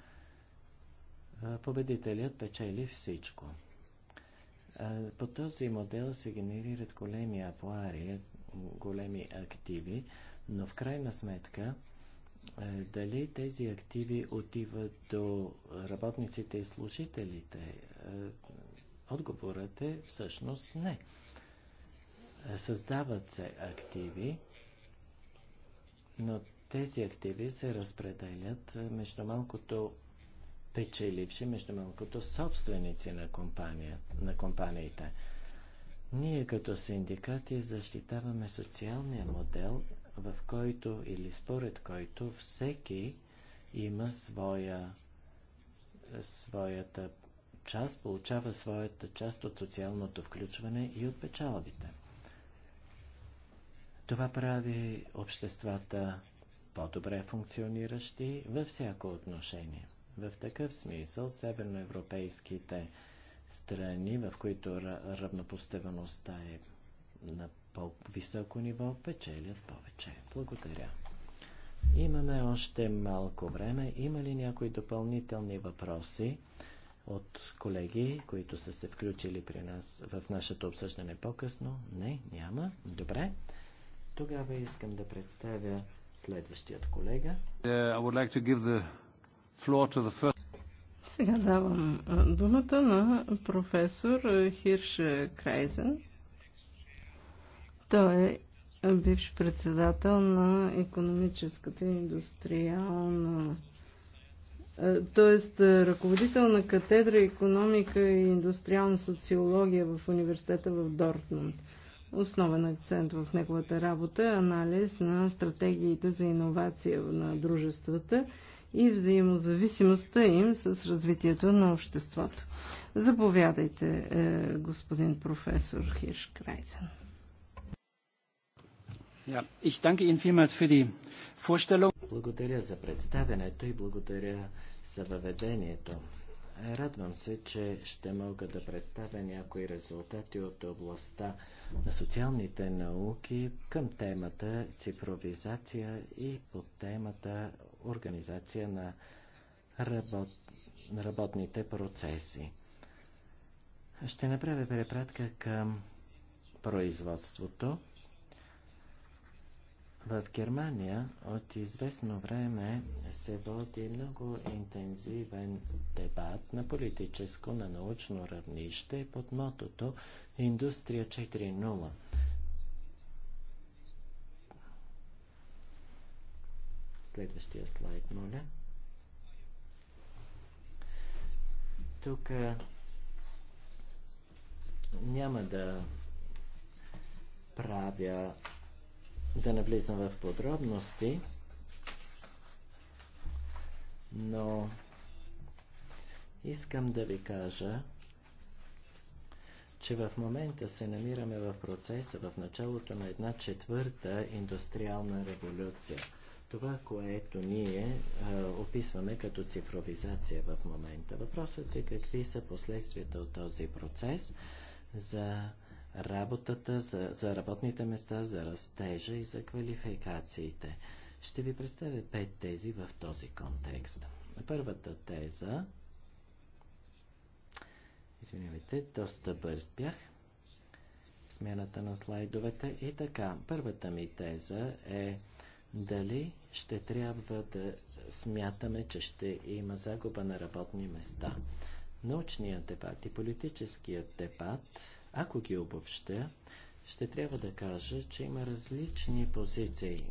победителят печели всичко. По този модел се генерират големи апуари, големи активи, но в крайна сметка дали тези активи отиват до работниците и служителите? Отговорът е всъщност не. Създават се активи, но тези активи се разпределят между малкото печеливши между малкото собственици на, компания, на компаниите. Ние като синдикати защитаваме социалния модел, в който или според който всеки има своя, своята част, получава своята част от социалното включване и от печалбите. Това прави обществата по-добре функциониращи във всяко отношение. В такъв смисъл северноевропейските страни, в които равнопоставеността е на по-високо ниво, печелят повече. Благодаря. Имаме още малко време. Има ли някои допълнителни въпроси от колеги, които са се включили при нас в нашето обсъждане по-късно? Не, няма. Добре. Тогава искам да представя следващият колега. Uh, сега давам думата на професор Хирш Крайзен. Той е бивш председател на економическата индустриална т.е. ръководител на катедра економика и индустриална социология в университета в Дортмунд. Основен акцент в неговата работа е анализ на стратегиите за иновация на дружествата и взаимозависимостта им с развитието на обществото. Заповядайте, е, господин професор Хирш Крайзен. Благодаря за представенето и благодаря за въведението. Радвам се, че ще мога да представя някои резултати от областта на социалните науки към темата цифровизация и по темата организация на работ... работните процеси. Ще направя препратка към производството. В Германия от известно време се води много интензивен дебат на политическо, на научно равнище под мотото Индустрия 4.0. Следващия слайд, моля. Тук няма да правя, да навлизам в подробности, но искам да ви кажа, че в момента се намираме в процеса, в началото на една четвърта индустриална революция – това, което ние а, описваме като цифровизация в момента. Въпросът е какви са последствията от този процес за работата, за, за работните места, за растежа и за квалификациите. Ще ви представя пет тези в този контекст. Първата теза. Извинявайте, доста бърз бях смяната на слайдовете. И така, първата ми теза е дали ще трябва да смятаме, че ще има загуба на работни места. Научният дебат и политическият дебат, ако ги обобщя, ще трябва да кажа, че има различни позиции.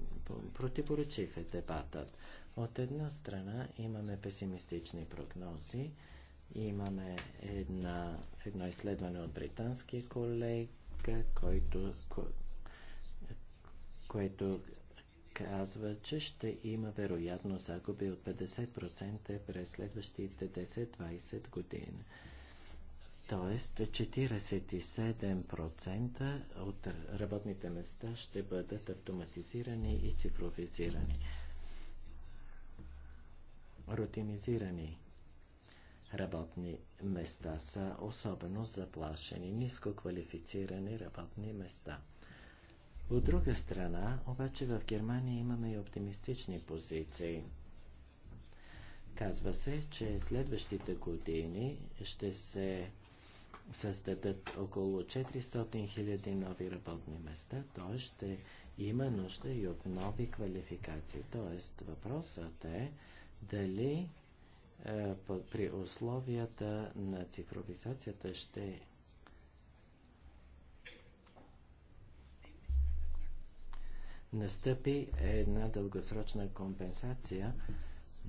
Противоречив е дебатът. От една страна имаме песимистични прогнози, имаме една, едно изследване от британския колега, който, ко, което казва, че ще има вероятно загуби от 50% през следващите 10-20 години. Тоест 47% от работните места ще бъдат автоматизирани и цифровизирани. Рутинизирани работни места са особено заплашени, ниско квалифицирани работни места – от друга страна, обаче в Германия имаме и оптимистични позиции. Казва се, че следващите години ще се създадат около 400 000 нови работни места, т.е. ще има нужда и от нови квалификации. Т.е. въпросът е дали е, при условията на цифровизацията ще настъпи една дългосрочна компенсация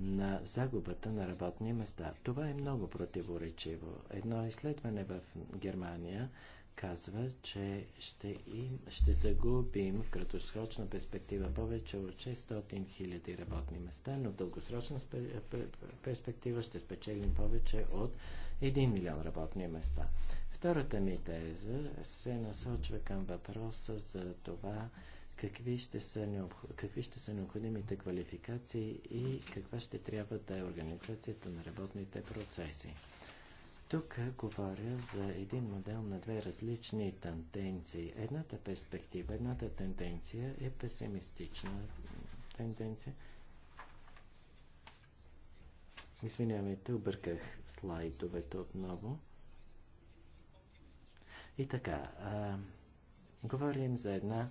на загубата на работни места. Това е много противоречиво. Едно изследване в Германия казва, че ще, им, ще загубим в краткосрочна перспектива повече от 600 000 работни места, но в дългосрочна перспектива ще спечелим повече от 1 милион работни места. Втората ми теза се насочва към въпроса за това какви ще, са необх... какви ще са необходимите квалификации и каква ще трябва да е организацията на работните процеси. Тук говоря за един модел на две различни тенденции. Едната перспектива, едната тенденция е песимистична тенденция. Извинявайте, обърках слайдовете отново. И така, а, говорим за една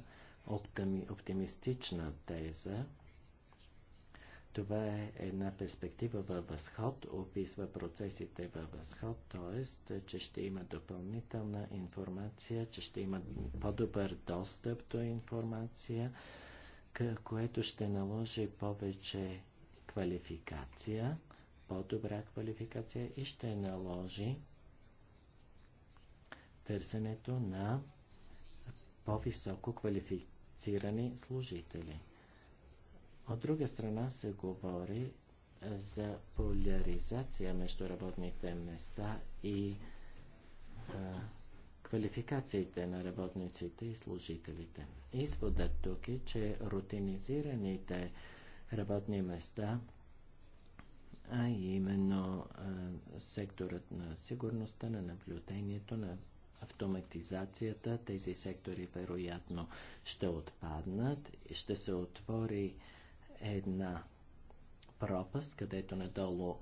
оптимистична теза. Това е една перспектива във възход, описва процесите във възход, т.е. че ще има допълнителна информация, че ще има по-добър достъп до информация, което ще наложи повече квалификация, по-добра квалификация и ще наложи търсенето на по-високо квалификация квалифицирани служители. От друга страна се говори е, за поляризация между работните места и а, е, квалификациите на работниците и служителите. Изводът тук е, че рутинизираните работни места, а именно а, е, секторът на сигурността, на наблюдението, на автоматизацията, тези сектори вероятно ще отпаднат и ще се отвори една пропаст, където надолу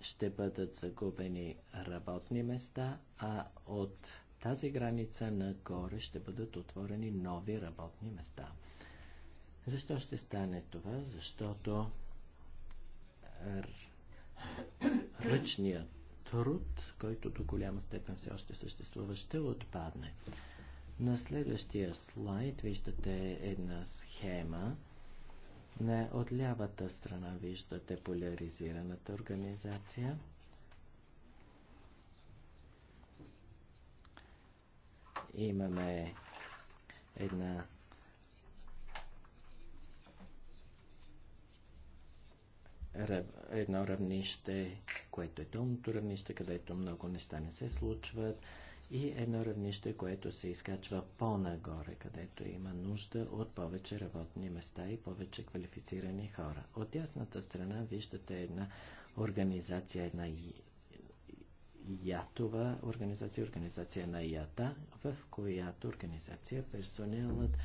ще бъдат загубени работни места, а от тази граница нагоре ще бъдат отворени нови работни места. Защо ще стане това? Защото ръчният труд, който до голяма степен все още съществува, ще отпадне. На следващия слайд виждате една схема. На от лявата страна виждате поляризираната организация. Имаме една едно равнище, което е долното равнище, където много неща не се случват, и едно равнище, което се изкачва по-нагоре, където има нужда от повече работни места и повече квалифицирани хора. От ясната страна виждате една организация, една ятова организация, организация на ята, в която организация персоналът,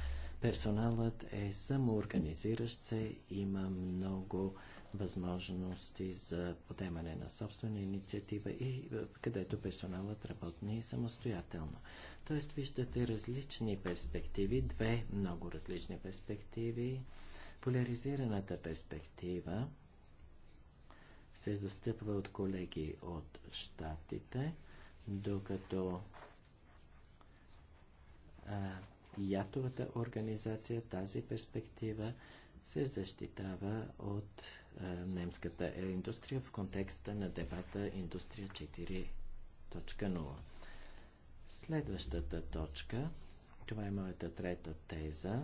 персоналът е самоорганизиращ се, има много възможности за подемане на собствена инициатива и е, където персоналът работни самостоятелно. Тоест виждате различни перспективи, две много различни перспективи. Поляризираната перспектива се застъпва от колеги от щатите, докато а, ятовата организация тази перспектива се защитава от е, немската индустрия в контекста на дебата Индустрия 4.0. Следващата точка, това е моята трета теза,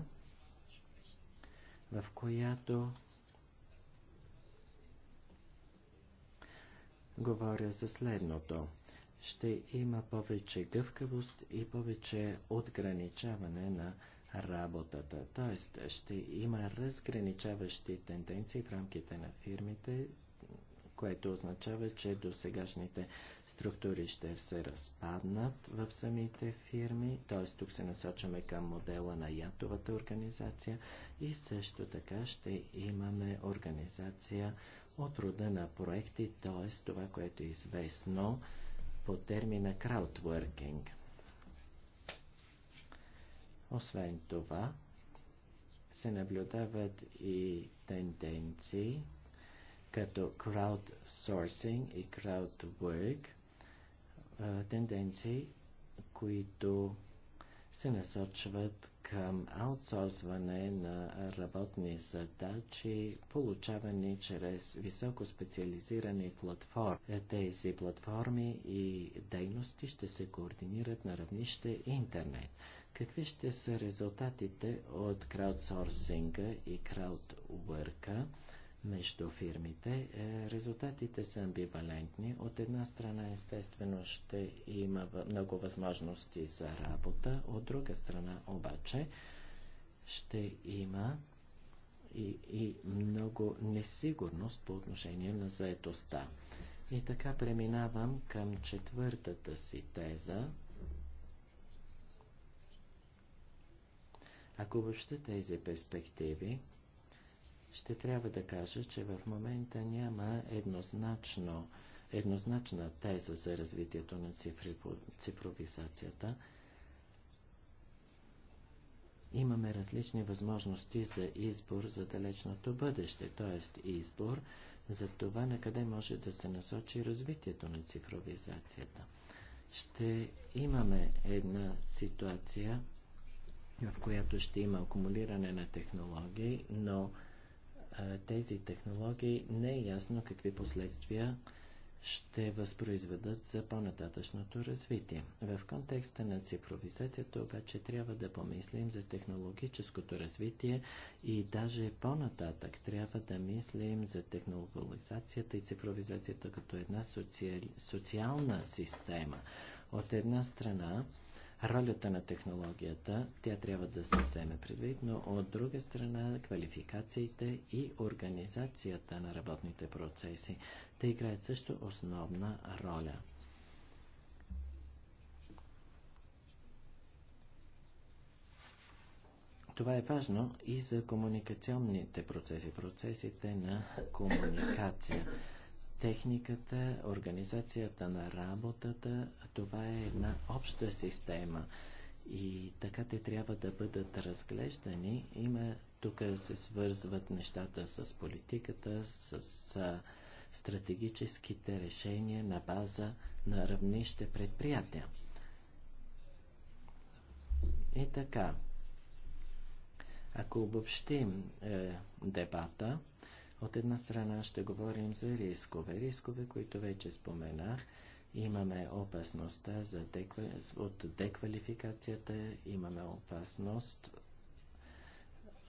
в която говоря за следното. Ще има повече гъвкавост и повече отграничаване на работата. Тоест, ще има разграничаващи тенденции в рамките на фирмите, което означава, че досегашните структури ще се разпаднат в самите фирми, т.е. тук се насочваме към модела на ятовата организация и също така ще имаме организация от рода на проекти, т.е. това, което е известно по термина краудворкинг – освен това, се наблюдават и тенденции като краудсорсинг и краудворк, тенденции, които се насочват към аутсорсване на работни задачи, получавани чрез високо специализирани платформи. Тези платформи и дейности ще се координират на равнище интернет. Какви ще са резултатите от краудсорсинга и краудворка? между фирмите. Е, резултатите са амбивалентни. От една страна, естествено, ще има много възможности за работа, от друга страна, обаче, ще има и, и много несигурност по отношение на заетостта. И така преминавам към четвъртата си теза. Ако въобще тези перспективи, ще трябва да кажа, че в момента няма еднозначно, еднозначна теза за развитието на цифри, цифровизацията. Имаме различни възможности за избор за далечното бъдеще, т.е. избор за това на къде може да се насочи развитието на цифровизацията. Ще имаме една ситуация, в която ще има акумулиране на технологии, но тези технологии не е ясно какви последствия ще възпроизведат за по-нататъчното развитие. В контекста на цифровизацията обаче трябва да помислим за технологическото развитие и даже по-нататък трябва да мислим за технологизацията и цифровизацията като една социал... социална система. От една страна ролята на технологията, тя трябва да се вземе предвид, но от друга страна квалификациите и организацията на работните процеси, те играят също основна роля. Това е важно и за комуникационните процеси, процесите на комуникация техниката, организацията на работата, това е една обща система. И така те трябва да бъдат разглеждани. Има, тук се свързват нещата с политиката, с, с стратегическите решения на база на равнище предприятия. И така, ако обобщим е, дебата, от една страна ще говорим за рискове, рискове, които вече споменах. Имаме опасността за деква... от деквалификацията, имаме опасност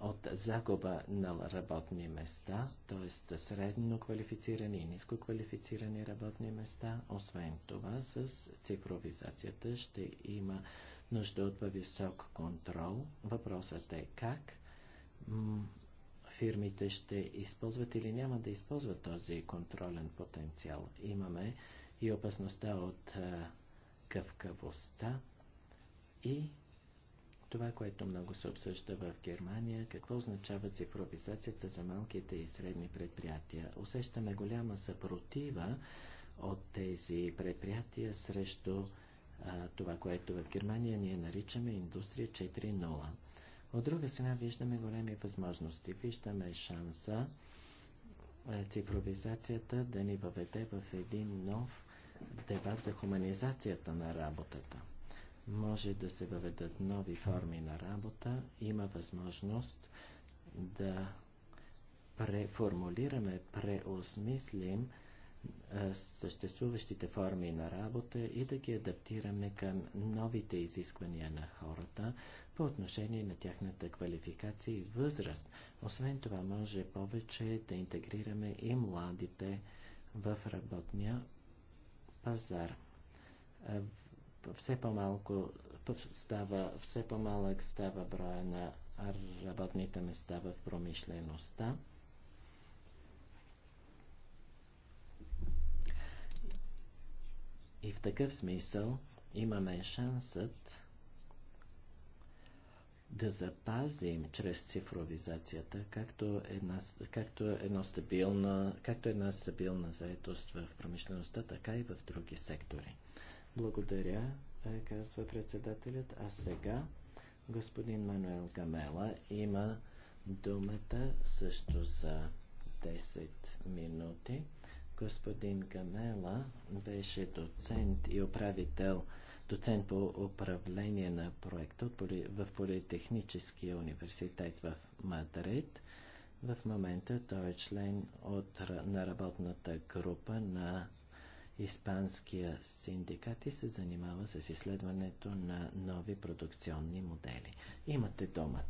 от загуба на работни места, т.е. средно квалифицирани и ниско квалифицирани работни места. Освен това, с цифровизацията ще има нужда от висок контрол. Въпросът е как фирмите ще използват или няма да използват този контролен потенциал. Имаме и опасността от къвкавостта и това, което много се обсъжда в Германия, какво означава цифровизацията за малките и средни предприятия. Усещаме голяма съпротива от тези предприятия срещу а, това, което в Германия ние наричаме индустрия 4.0. От друга страна виждаме големи възможности, виждаме шанса е, цифровизацията да ни въведе в един нов дебат за хуманизацията на работата. Може да се въведат нови форми на работа, има възможност да преформулираме, преосмислим е, съществуващите форми на работа и да ги адаптираме към новите изисквания на хората, по отношение на тяхната квалификация и възраст. Освен това, може повече да интегрираме и младите в работния пазар. Все по-малко става, все по-малък става броя на работните места в промишлеността. И в такъв смисъл имаме шансът да запазим чрез цифровизацията както една, както едно стабилна, както една стабилна заетост в промишлеността, така и в други сектори. Благодаря, е, казва председателят. А сега господин Мануел Гамела има думата също за 10 минути. Господин Гамела беше доцент и управител доцент по управление на проекта в Политехническия университет в Мадрид. В момента той е член от, на работната група на Испанския синдикат и се занимава с изследването на нови продукционни модели. Имате думата.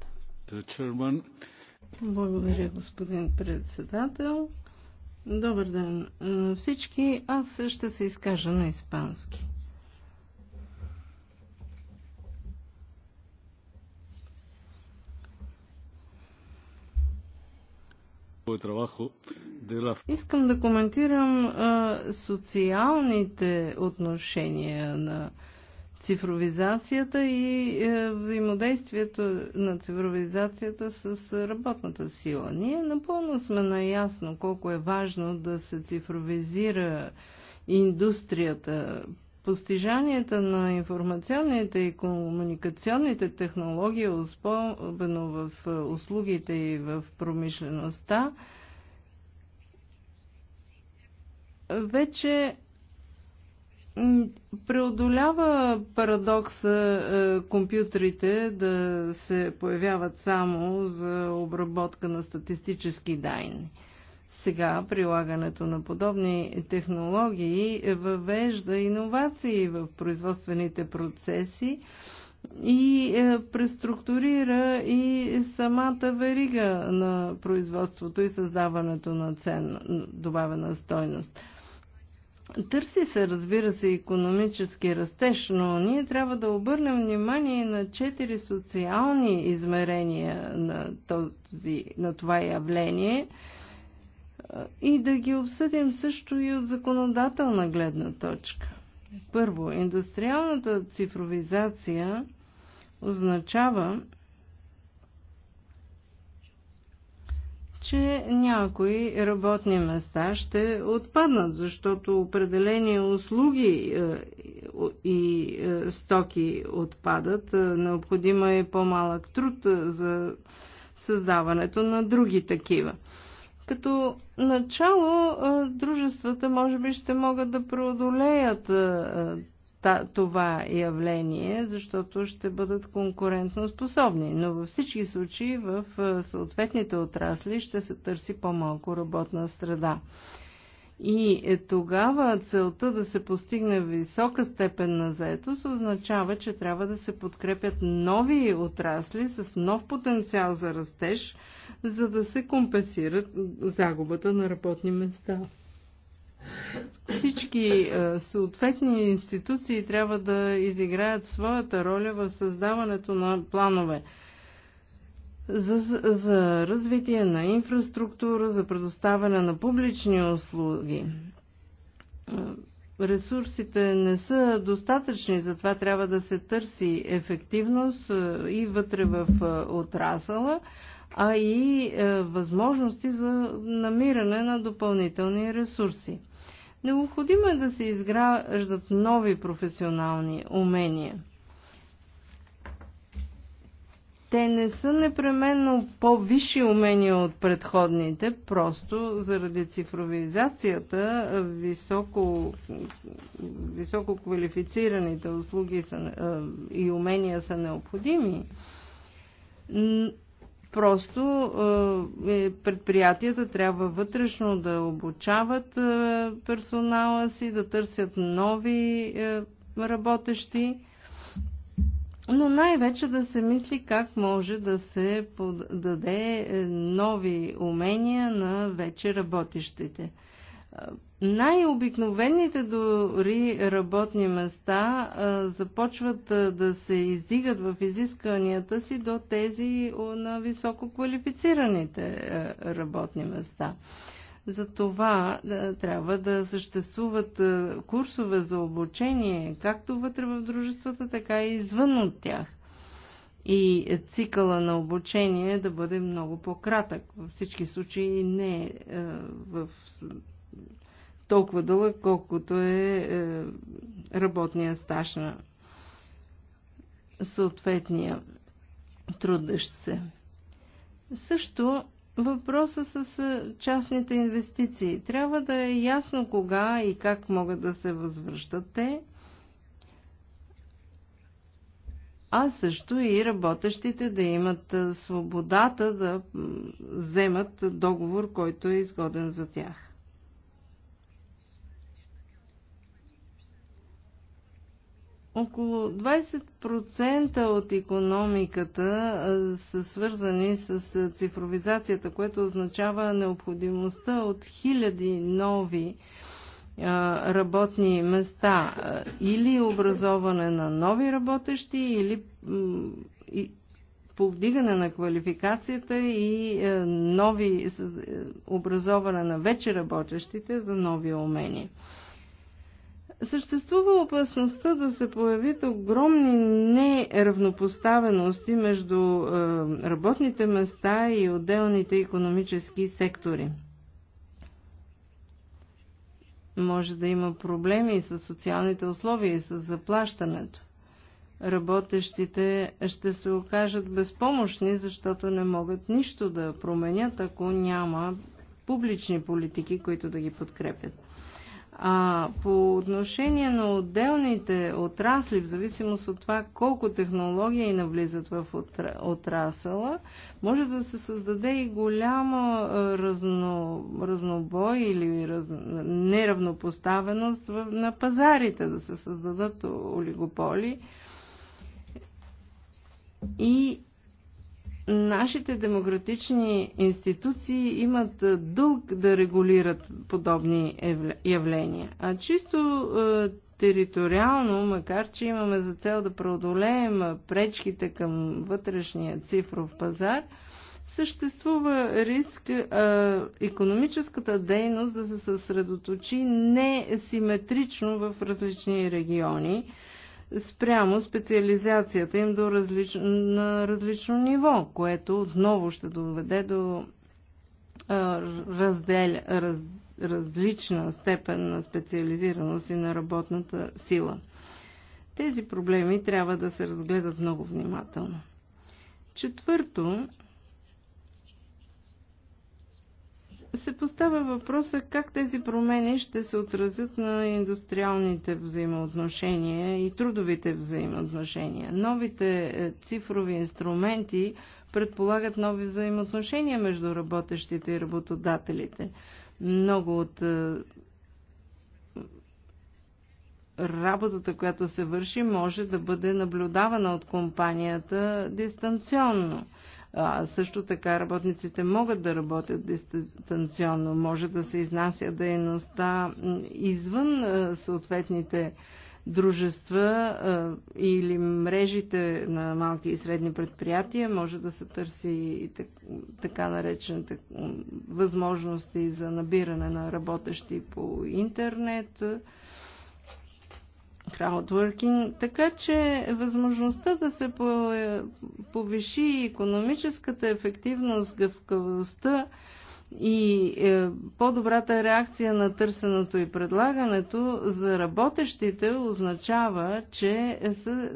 Благодаря, господин председател. Добър ден на всички. Аз ще се изкажа на испански. Искам да коментирам а, социалните отношения на цифровизацията и а, е, взаимодействието на цифровизацията с работната сила. Ние напълно сме наясно колко е важно да се цифровизира индустрията, Постижанията на информационните и комуникационните технологии, особено в е, услугите и в промишлеността, вече преодолява парадокса е, компютрите да се появяват само за обработка на статистически данни. Сега прилагането на подобни технологии въвежда иновации в производствените процеси и е, преструктурира и самата верига на производството и създаването на цен, добавена стойност. Търси се, разбира се, економически растеж, но ние трябва да обърнем внимание на четири социални измерения на, този, на това явление – и да ги обсъдим също и от законодателна гледна точка. Първо, индустриалната цифровизация означава, че някои работни места ще отпаднат, защото определени услуги е, и е, стоки отпадат. Е, Необходимо е по-малък труд за създаването на други такива. Като начало дружествата може би ще могат да преодолеят това явление, защото ще бъдат конкурентно способни. Но във всички случаи в съответните отрасли ще се търси по-малко работна среда. И е тогава целта да се постигне висока степен на заетост означава, че трябва да се подкрепят нови отрасли с нов потенциал за растеж, за да се компенсират загубата на работни места. Всички е, съответни институции трябва да изиграят своята роля в създаването на планове за, за развитие на инфраструктура, за предоставяне на публични услуги. Ресурсите не са достатъчни, затова трябва да се търси ефективност е, и вътре в е, отрасъла, а и е, възможности за намиране на допълнителни ресурси. Необходимо е да се изграждат нови професионални умения те не са непременно по-висши умения от предходните, просто заради цифровизацията високо, високо квалифицираните услуги са, е, и умения са необходими. Просто е, е, предприятията трябва вътрешно да обучават персонала си, да търсят нови работещи но най-вече да се мисли как може да се даде е, нови умения на вече работещите. Е, най-обикновените дори работни места е, започват да се издигат в изискванията си до тези на високо квалифицираните работни места. За това да, е, трябва да съществуват е, курсове за обучение, както вътре в дружествата, така и извън от тях. И цикъла на обучение да бъде много по-кратък. Във всички случаи не а, е, в толкова дълъг, колкото е, е работния стаж на съответния трудещ се. Също въпроса с частните инвестиции. Трябва да е ясно кога и как могат да се възвръщат те, а също и работещите да имат свободата да вземат договор, който е изгоден за тях. Около 20% от економиката са свързани с цифровизацията, което означава необходимостта от хиляди нови работни места или образоване на нови работещи, или повдигане на квалификацията и нови образоване на вече работещите за нови умения. Съществува опасността да се появят огромни неравнопоставености между е, работните места и отделните економически сектори. Може да има проблеми с социалните условия и с заплащането. Работещите ще се окажат безпомощни, защото не могат нищо да променят, ако няма публични политики, които да ги подкрепят. А по отношение на отделните отрасли, в зависимост от това колко технологии навлизат в отрасъла, може да се създаде и голяма разно, разнобой или раз, неравнопоставеност на пазарите, да се създадат олигополи. И нашите демократични институции имат дълг да регулират подобни явления. А чисто териториално, макар че имаме за цел да преодолеем пречките към вътрешния цифров пазар, съществува риск а, економическата дейност да се съсредоточи несиметрично в различни региони спрямо специализацията им до различ... на различно ниво, което отново ще доведе до раздел... раз, различна степен на специализираност и на работната сила. Тези проблеми трябва да се разгледат много внимателно. Четвърто, се поставя въпроса как тези промени ще се отразят на индустриалните взаимоотношения и трудовите взаимоотношения. Новите е, цифрови инструменти предполагат нови взаимоотношения между работещите и работодателите. Много от е, работата, която се върши, може да бъде наблюдавана от компанията дистанционно – а, също така работниците могат да работят дистанционно, може да се изнася дейността извън съответните дружества или мрежите на малки и средни предприятия, може да се търси и така наречените възможности за набиране на работещи по интернет краудворкинг, така че възможността да се повиши економическата ефективност, гъвкавостта и е, по-добрата реакция на търсенето и предлагането за работещите означава, че са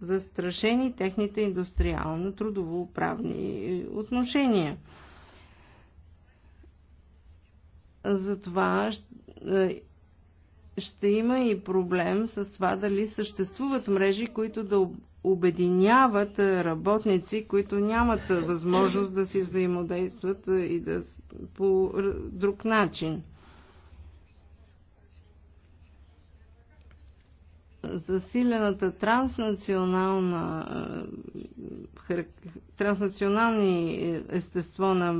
застрашени техните индустриално-трудово-правни отношения. Затова е, ще има и проблем с това дали съществуват мрежи, които да обединяват е, работници, които нямат е, възможност да си взаимодействат е, и да по друг начин. засилената транснационална, е, транснационални е, естество на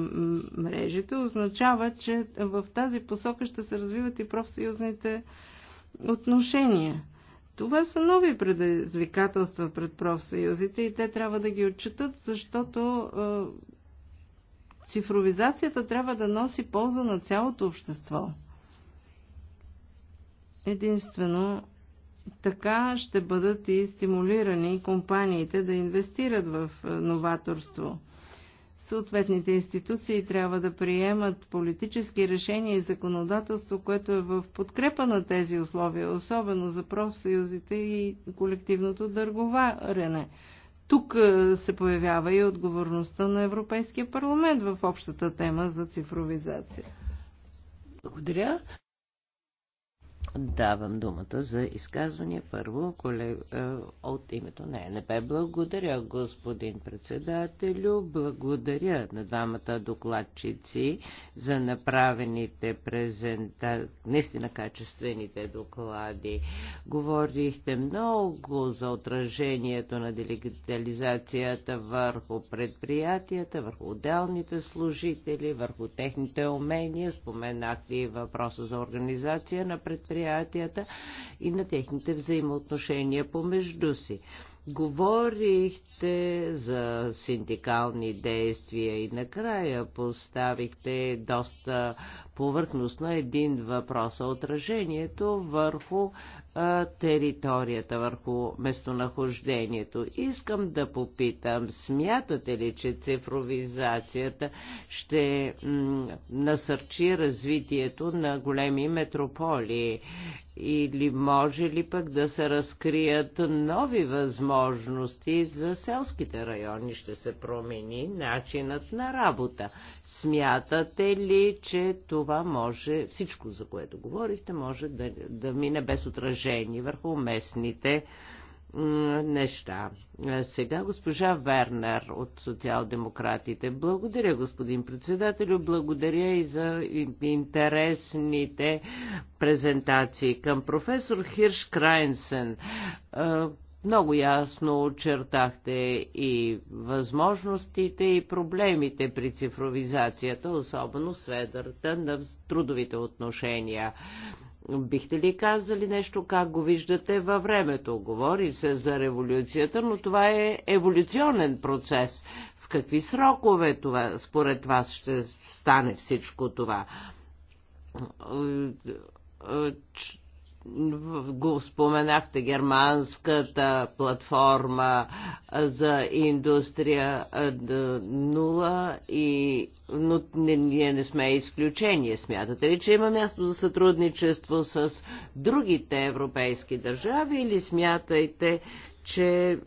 мрежите означава, че в тази посока ще се развиват и профсъюзните отношения. Това са нови предизвикателства пред профсъюзите и те трябва да ги отчитат, защото е, цифровизацията трябва да носи полза на цялото общество. Единствено така ще бъдат и стимулирани компаниите да инвестират в е, новаторство. Съответните институции трябва да приемат политически решения и законодателство, което е в подкрепа на тези условия, особено за профсъюзите и колективното дърговарене. Тук е, се появява и отговорността на Европейския парламент в общата тема за цифровизация. Благодаря. Давам думата за изказване първо колег... Е, от името на ЕНП. Благодаря, господин председателю. Благодаря на двамата докладчици за направените презента... наистина качествените доклади. Говорихте много за отражението на дигитализацията върху предприятията, върху отделните служители, върху техните умения. Споменахте и въпроса за организация на предприятията предприятията и на техните взаимоотношения помежду си. Говорихте за синдикални действия и накрая поставихте доста повърхност на един въпрос, а отражението върху а, територията, върху местонахождението. Искам да попитам, смятате ли, че цифровизацията ще насърчи развитието на големи метрополии? Или може ли пък да се разкрият нови възможности за селските райони? Ще се промени начинът на работа. Смятате ли, че това това може, всичко за което говорихте, може да, да мине без отражение върху местните неща. Сега госпожа Вернер от социал-демократите. Благодаря, господин председателю. Благодаря и за интересните презентации. Към професор Хирш Крайнсен много ясно очертахте и възможностите и проблемите при цифровизацията, особено сфедърта на трудовите отношения. Бихте ли казали нещо, как го виждате във времето? Говори се за революцията, но това е еволюционен процес. В какви срокове това, според вас ще стане всичко това? Е, е, го споменахте, германската платформа за индустрия нула и но ние не сме изключение. Смятате ли, че има място за сътрудничество с другите европейски държави или смятайте, че е,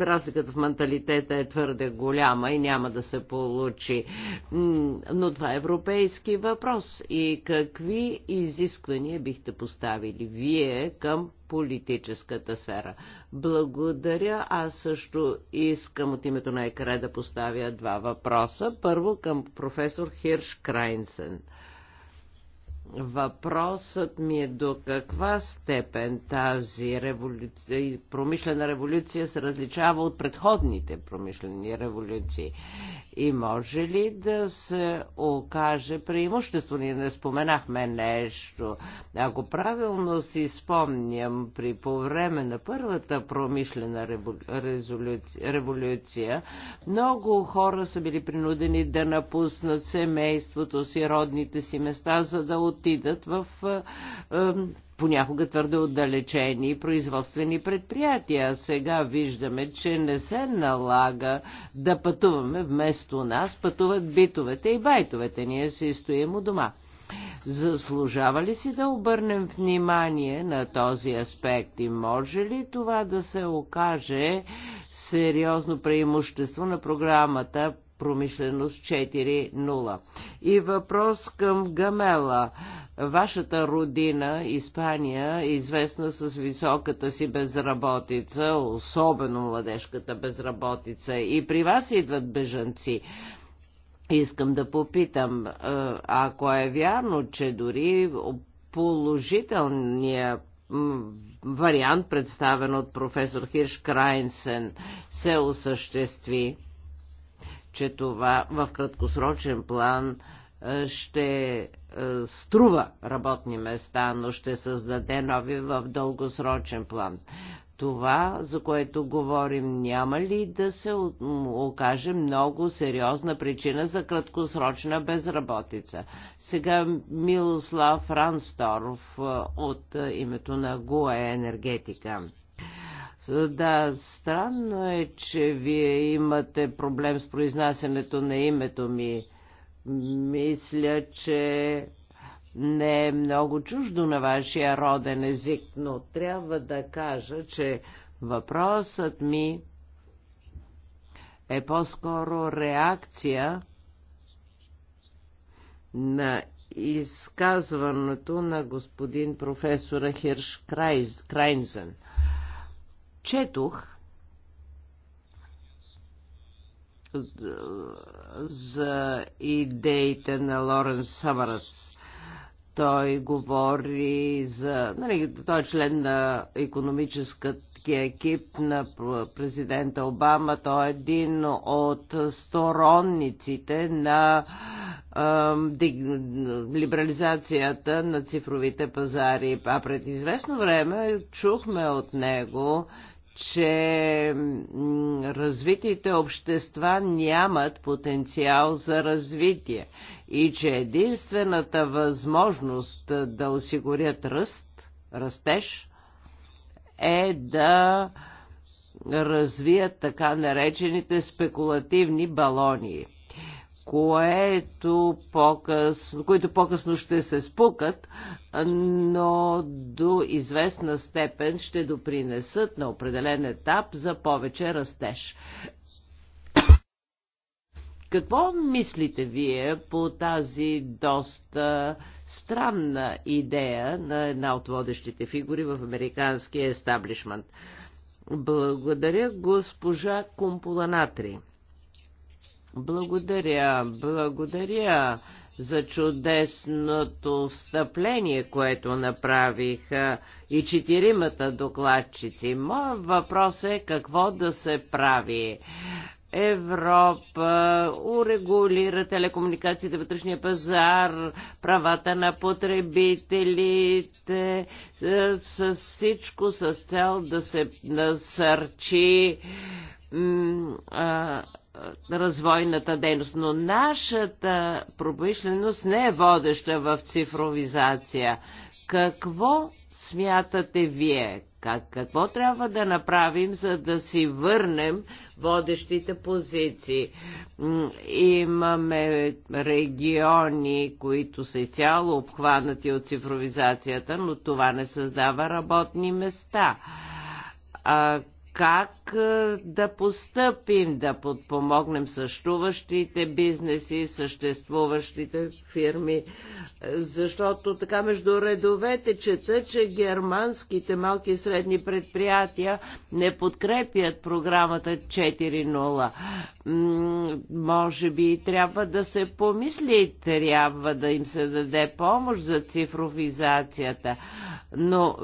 разликата в менталитета е твърде голяма и няма да се получи. Но това е европейски въпрос. И какви изисквания бихте поставили вие към политическата сфера. Благодаря. Аз също искам от името на екре да поставя два въпроса. Първо към професор Хирш Крайнсен. Въпросът ми е до каква степен тази революция, промишлена революция се различава от предходните промишлени революции и може ли да се окаже преимущество? Ние не споменахме нещо. Ако правилно си спомням, при по време на първата промишлена революция, революция много хора са били принудени да напуснат семейството си, родните си места, за да от отидат в понякога твърде отдалечени производствени предприятия. Сега виждаме, че не се налага да пътуваме вместо нас, пътуват битовете и байтовете. Ние си стоим у дома. Заслужава ли си да обърнем внимание на този аспект и може ли това да се окаже сериозно преимущество на програмата промишленост 4.0. И въпрос към Гамела. Вашата родина, Испания, е известна с високата си безработица, особено младежката безработица. И при вас идват бежанци. Искам да попитам, е, ако е вярно, че дори положителният вариант, представен от професор Хирш Крайнсен, се осъществи, че това в краткосрочен план е, ще е, струва работни места, но ще създаде нови в дългосрочен план. Това, за което говорим, няма ли да се окаже много сериозна причина за краткосрочна безработица? Сега Милослав Рансторов е, от името на ГУЕ Енергетика. Да, странно е, че вие имате проблем с произнасянето на името ми. Мисля, че не е много чуждо на вашия роден език, но трябва да кажа, че въпросът ми е по-скоро реакция на изказването на господин професора Хирш Крайнзен. Четох за идеите на Лорен Съмърс. Той говори за... Нали, той е член на економическата екип на президента Обама. Той е един от сторонниците на либерализацията на цифровите пазари. А пред известно време чухме от него, че развитите общества нямат потенциал за развитие и че единствената възможност да осигурят ръст, растеж, е да развият така наречените спекулативни балони – което по които по-късно ще се спукат, но до известна степен ще допринесат на определен етап за повече растеж. Какво мислите вие по тази доста странна идея на една от водещите фигури в американския естаблишмент? Благодаря госпожа Кумпуланатри. Благодаря, благодаря за чудесното встъпление, което направиха и четиримата докладчици. Моят въпрос е какво да се прави. Европа урегулира телекомуникациите, вътрешния пазар, правата на потребителите, е, с всичко с цел да се насърчи развойната дейност, но нашата промишленост не е водеща в цифровизация. Какво смятате вие? Как, какво трябва да направим, за да си върнем водещите позиции? Имаме региони, които са изцяло обхванати от цифровизацията, но това не създава работни места. А как да постъпим, да подпомогнем съществуващите бизнеси, съществуващите фирми, защото така между редовете чета, че германските малки и средни предприятия не подкрепят програмата 4.0. Може би трябва да се помисли, трябва да им се даде помощ за цифровизацията, но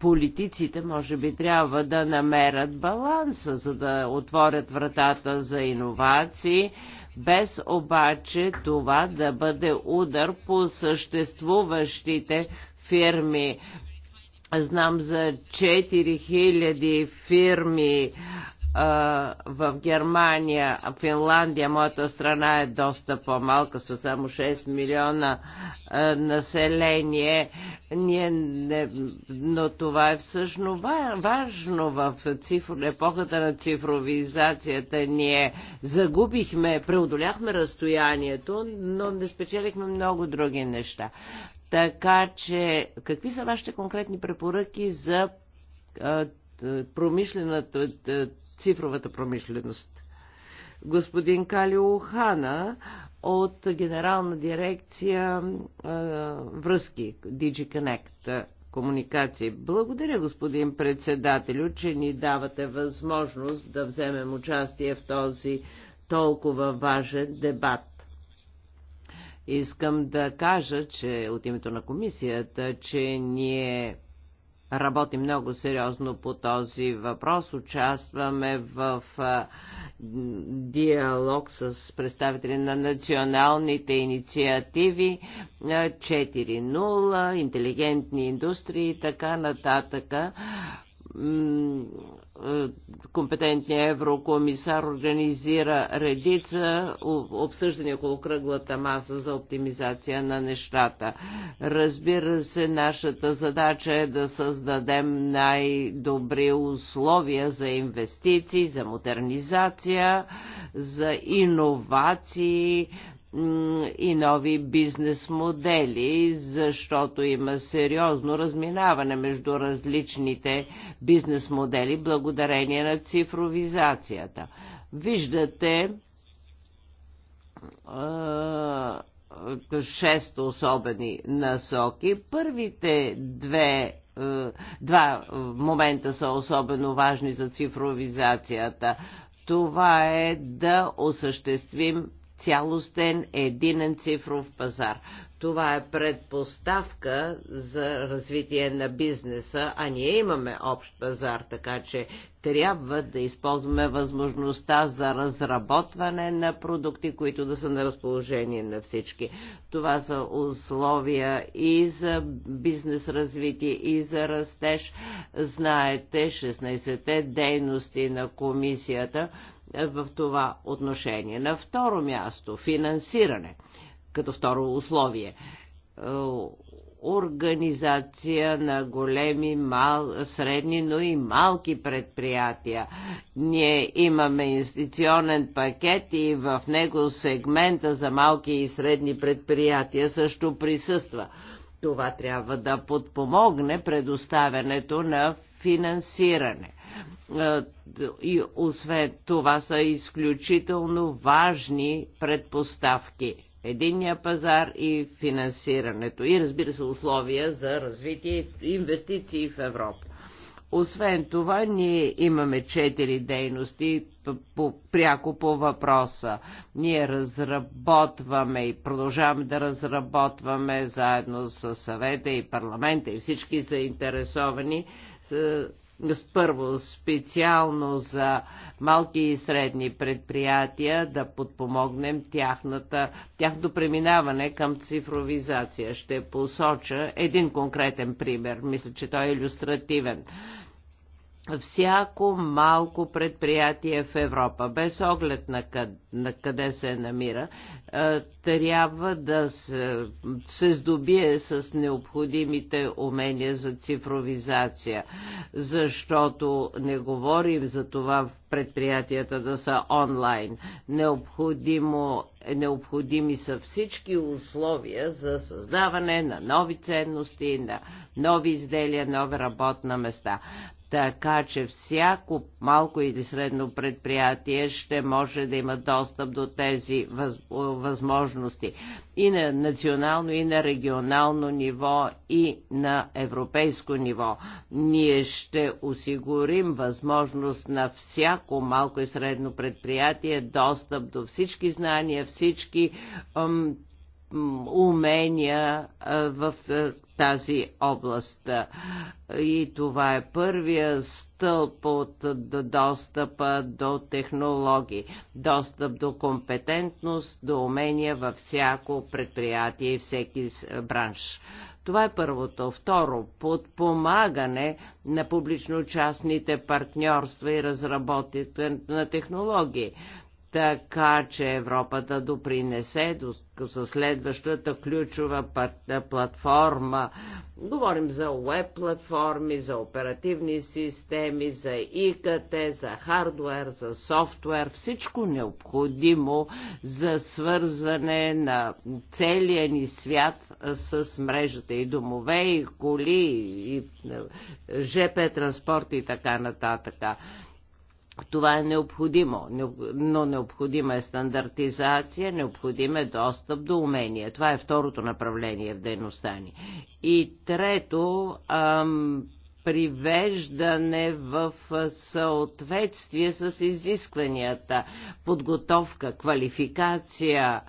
политиците може би трябва да намерят баланса, за да отворят вратата за иновации, без обаче това да бъде удар по съществуващите фирми. Знам за 4000 фирми в Германия, Финландия, моята страна е доста по-малка, са само 6 милиона население, ние не, но това е всъщност важно в цифро, епохата на цифровизацията. Ние загубихме, преодоляхме разстоянието, но не спечелихме много други неща. Така че, какви са вашите конкретни препоръки за промишлената цифровата промишленост. Господин Кали Охана от Генерална дирекция а, връзки DigiConnect комуникации. Благодаря, господин председателю, че ни давате възможност да вземем участие в този толкова важен дебат. Искам да кажа, че от името на комисията, че ние Работи много сериозно по този въпрос. Участваме в диалог с представители на националните инициативи 4.0, интелигентни индустрии и така нататък е, компетентният еврокомисар организира редица обсъждане около кръглата маса за оптимизация на нещата. Разбира се, нашата задача е да създадем най-добри условия за инвестиции, за модернизация, за иновации, и нови бизнес модели, защото има сериозно разминаване между различните бизнес модели благодарение на цифровизацията. Виждате шест особени насоки. Първите две два момента са особено важни за цифровизацията. Това е да осъществим цялостен единен цифров пазар. Това е предпоставка за развитие на бизнеса, а ние имаме общ пазар, така че трябва да използваме възможността за разработване на продукти, които да са на разположение на всички. Това са условия и за бизнес развитие, и за растеж. Знаете, 16-те дейности на комисията – в това отношение. На второ място финансиране като второ условие е, организация на големи, мал, средни, но и малки предприятия. Ние имаме инвестиционен пакет и в него сегмента за малки и средни предприятия също присъства. Това трябва да подпомогне предоставянето на финансиране е, и освен това са изключително важни предпоставки. Единния пазар и финансирането. И разбира се, условия за развитие и инвестиции в Европа. Освен това, ние имаме четири дейности по, по, пряко по въпроса. Ние разработваме и продължаваме да разработваме заедно с съвета и парламента и всички заинтересовани с Първо, специално за малки и средни предприятия да подпомогнем тяхната, тяхното преминаване към цифровизация. Ще посоча един конкретен пример. Мисля, че той е иллюстративен всяко малко предприятие в Европа, без оглед на къде, на къде се намира, е, трябва да се, се здобие с необходимите умения за цифровизация, защото не говорим за това предприятията да са онлайн. Необходимо, необходими са всички условия за създаване на нови ценности, на нови изделия, нови работна места така че всяко малко или средно предприятие ще може да има достъп до тези въз, възможности и на национално, и на регионално ниво, и на европейско ниво. Ние ще осигурим възможност на всяко малко и средно предприятие достъп до всички знания, всички умения в тази област. И това е първия стълб от достъпа до технологии, достъп до компетентност, до умения във всяко предприятие и всеки е, бранш. Това е първото. Второ, подпомагане на публично-частните партньорства и разработите на технологии така че Европа да допринесе до, следващата ключова платформа. Говорим за веб платформи, за оперативни системи, за ИКТ, за хардуер, за софтуер, всичко необходимо за свързване на целия ни свят с мрежата и домове, и коли, и ЖП транспорт и така нататък. Това е необходимо, но необходима е стандартизация, необходим е достъп до умения. Това е второто направление в дейността ни. И трето, ам, привеждане в съответствие с изискванията, подготовка, квалификация,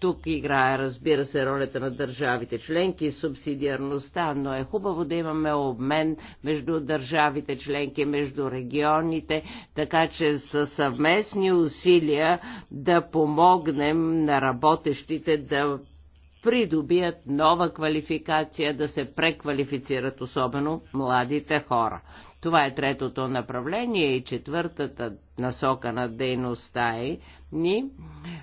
тук играе, разбира се, ролята на държавите членки и субсидиарността, но е хубаво да имаме обмен между държавите членки, между регионите, така че със съвместни усилия да помогнем на работещите да придобият нова квалификация, да се преквалифицират особено младите хора. Това е третото направление и четвъртата насока на дейността е ни,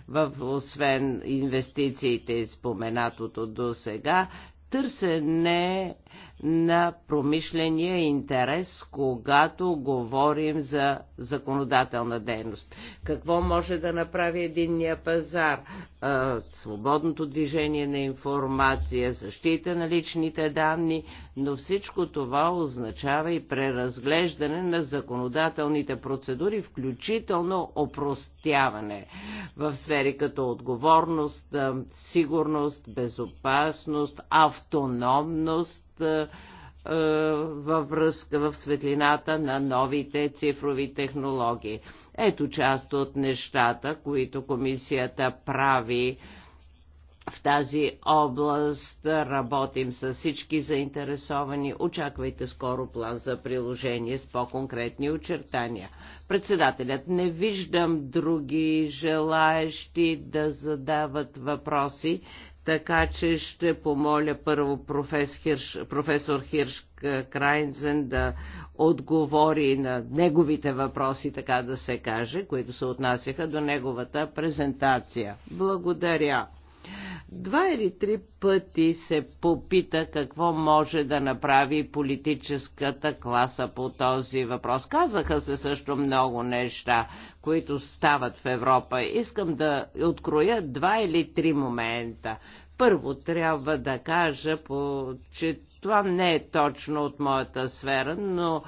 в, освен инвестициите и споменатото до сега, търсене на промишления интерес, когато говорим за законодателна дейност. Какво може да направи единния пазар? Е, свободното движение на информация, защита на личните данни, но всичко това означава и преразглеждане на законодателните процедури, включително опростяване в сфери като отговорност, е, сигурност, безопасност, автономност, е, е, във връзка в светлината на новите цифрови технологии. Ето част от нещата, които комисията прави в тази област. Работим с всички заинтересовани. Очаквайте скоро план за приложение с по-конкретни очертания. Председателят, не виждам други желаещи да задават въпроси. Така че ще помоля първо професор Хирш, професор Хирш Крайнзен да отговори на неговите въпроси, така да се каже, които се отнасяха до неговата презентация. Благодаря. Два или три пъти се попита какво може да направи политическата класа по този въпрос. Казаха се също много неща, които стават в Европа. Искам да откроя два или три момента. Първо трябва да кажа, по, че това не е точно от моята сфера, но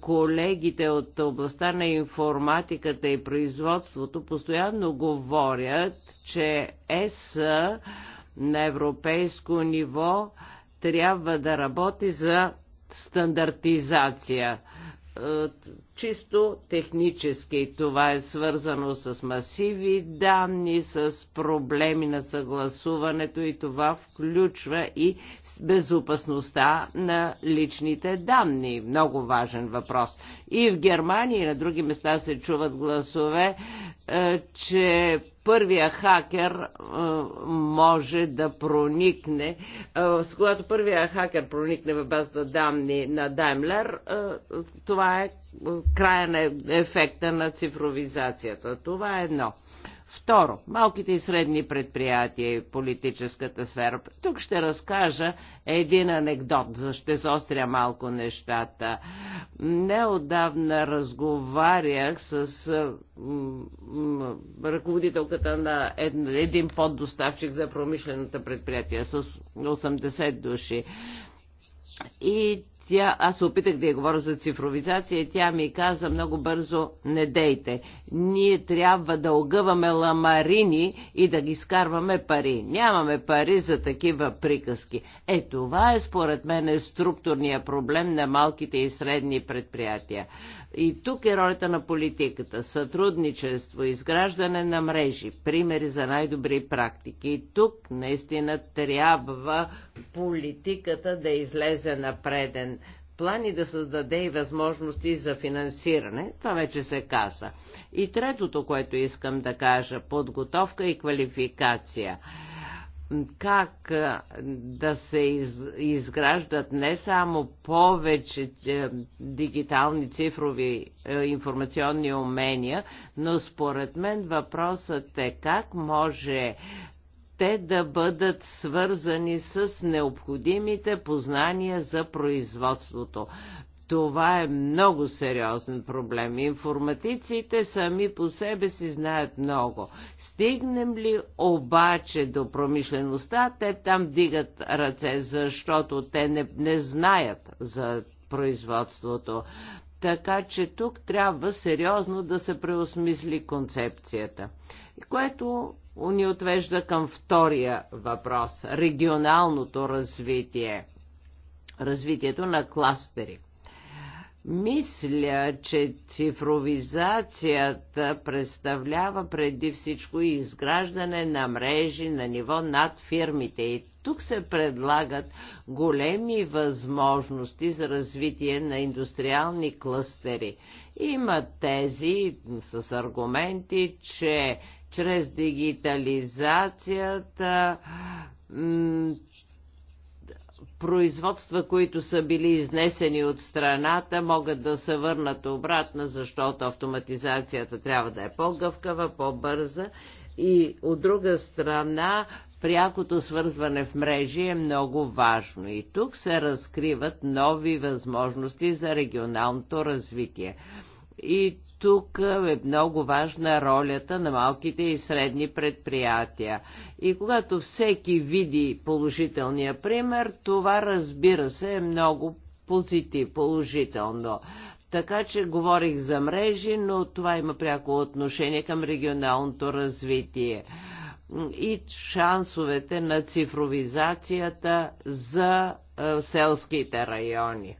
колегите от областта на информатиката и производството постоянно говорят, че ЕС на европейско ниво трябва да работи за стандартизация чисто технически. Това е свързано с масиви данни, с проблеми на съгласуването и това включва и безопасността на личните данни. Много важен въпрос. И в Германия и на други места се чуват гласове, е, че първия хакер е, може да проникне, с е, когато първия хакер проникне в базата данни на Даймлер, това е края на ефекта на цифровизацията. Това е едно. Второ, малките и средни предприятия и политическата сфера. Тук ще разкажа един анекдот, за ще заостря малко нещата. Неодавна разговарях с ръководителката на един поддоставчик за промишлената предприятия с 80 души. И тя, аз опитах да я говоря за цифровизация тя ми каза много бързо, не дейте. Ние трябва да огъваме ламарини и да ги скарваме пари. Нямаме пари за такива приказки. Е, това е според мен е структурния проблем на малките и средни предприятия. И тук е ролята на политиката. Сътрудничество, изграждане на мрежи, примери за най-добри практики. И тук наистина трябва политиката да излезе на преден план и да създаде и възможности за финансиране. Това вече се каза. И третото, което искам да кажа, подготовка и квалификация как да се изграждат не само повече е, дигитални цифрови е, информационни умения, но според мен въпросът е как може те да бъдат свързани с необходимите познания за производството. Това е много сериозен проблем. Информатиците сами по себе си знаят много. Стигнем ли обаче до промишлеността, те там дигат ръце, защото те не, не знаят за производството. Така че тук трябва сериозно да се преосмисли концепцията, което ни отвежда към втория въпрос – регионалното развитие, развитието на кластери. Мисля, че цифровизацията представлява преди всичко изграждане на мрежи на ниво над фирмите и тук се предлагат големи възможности за развитие на индустриални клъстери. Има тези с аргументи, че чрез дигитализацията производства, които са били изнесени от страната, могат да се върнат обратно, защото автоматизацията трябва да е по-гъвкава, по-бърза и от друга страна прякото свързване в мрежи е много важно и тук се разкриват нови възможности за регионалното развитие. И тук е много важна ролята на малките и средни предприятия. И когато всеки види положителния пример, това разбира се е много позитив, положително. Така че говорих за мрежи, но това има пряко отношение към регионалното развитие и шансовете на цифровизацията за е, селските райони.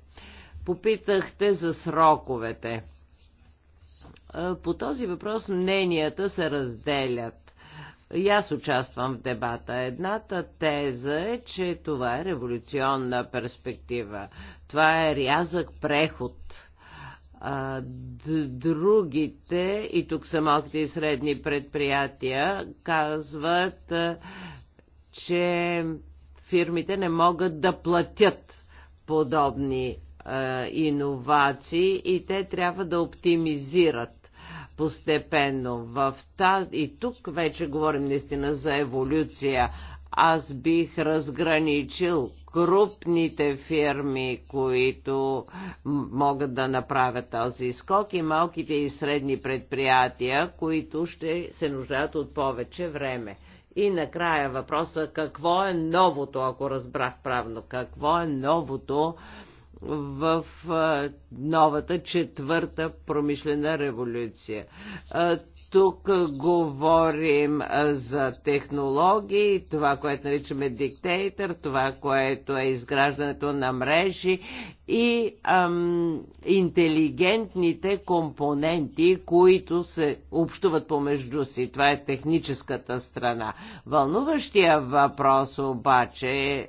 Попитахте за сроковете. По този въпрос мненията се разделят. И аз участвам в дебата. Едната теза е, че това е революционна перспектива. Това е рязък преход. А, другите, и тук са малките и средни предприятия, казват, че фирмите не могат да платят подобни иновации и те трябва да оптимизират постепенно. В тази, И тук вече говорим наистина за еволюция. Аз бих разграничил крупните фирми, които могат да направят този скок и малките и средни предприятия, които ще се нуждаят от повече време. И накрая въпроса какво е новото, ако разбрах правно, какво е новото в новата четвърта промишлена революция. Тук говорим за технологии, това, което наричаме диктейтър, това, което е изграждането на мрежи и ам, интелигентните компоненти, които се общуват помежду си. Това е техническата страна. Вълнуващия въпрос обаче, е,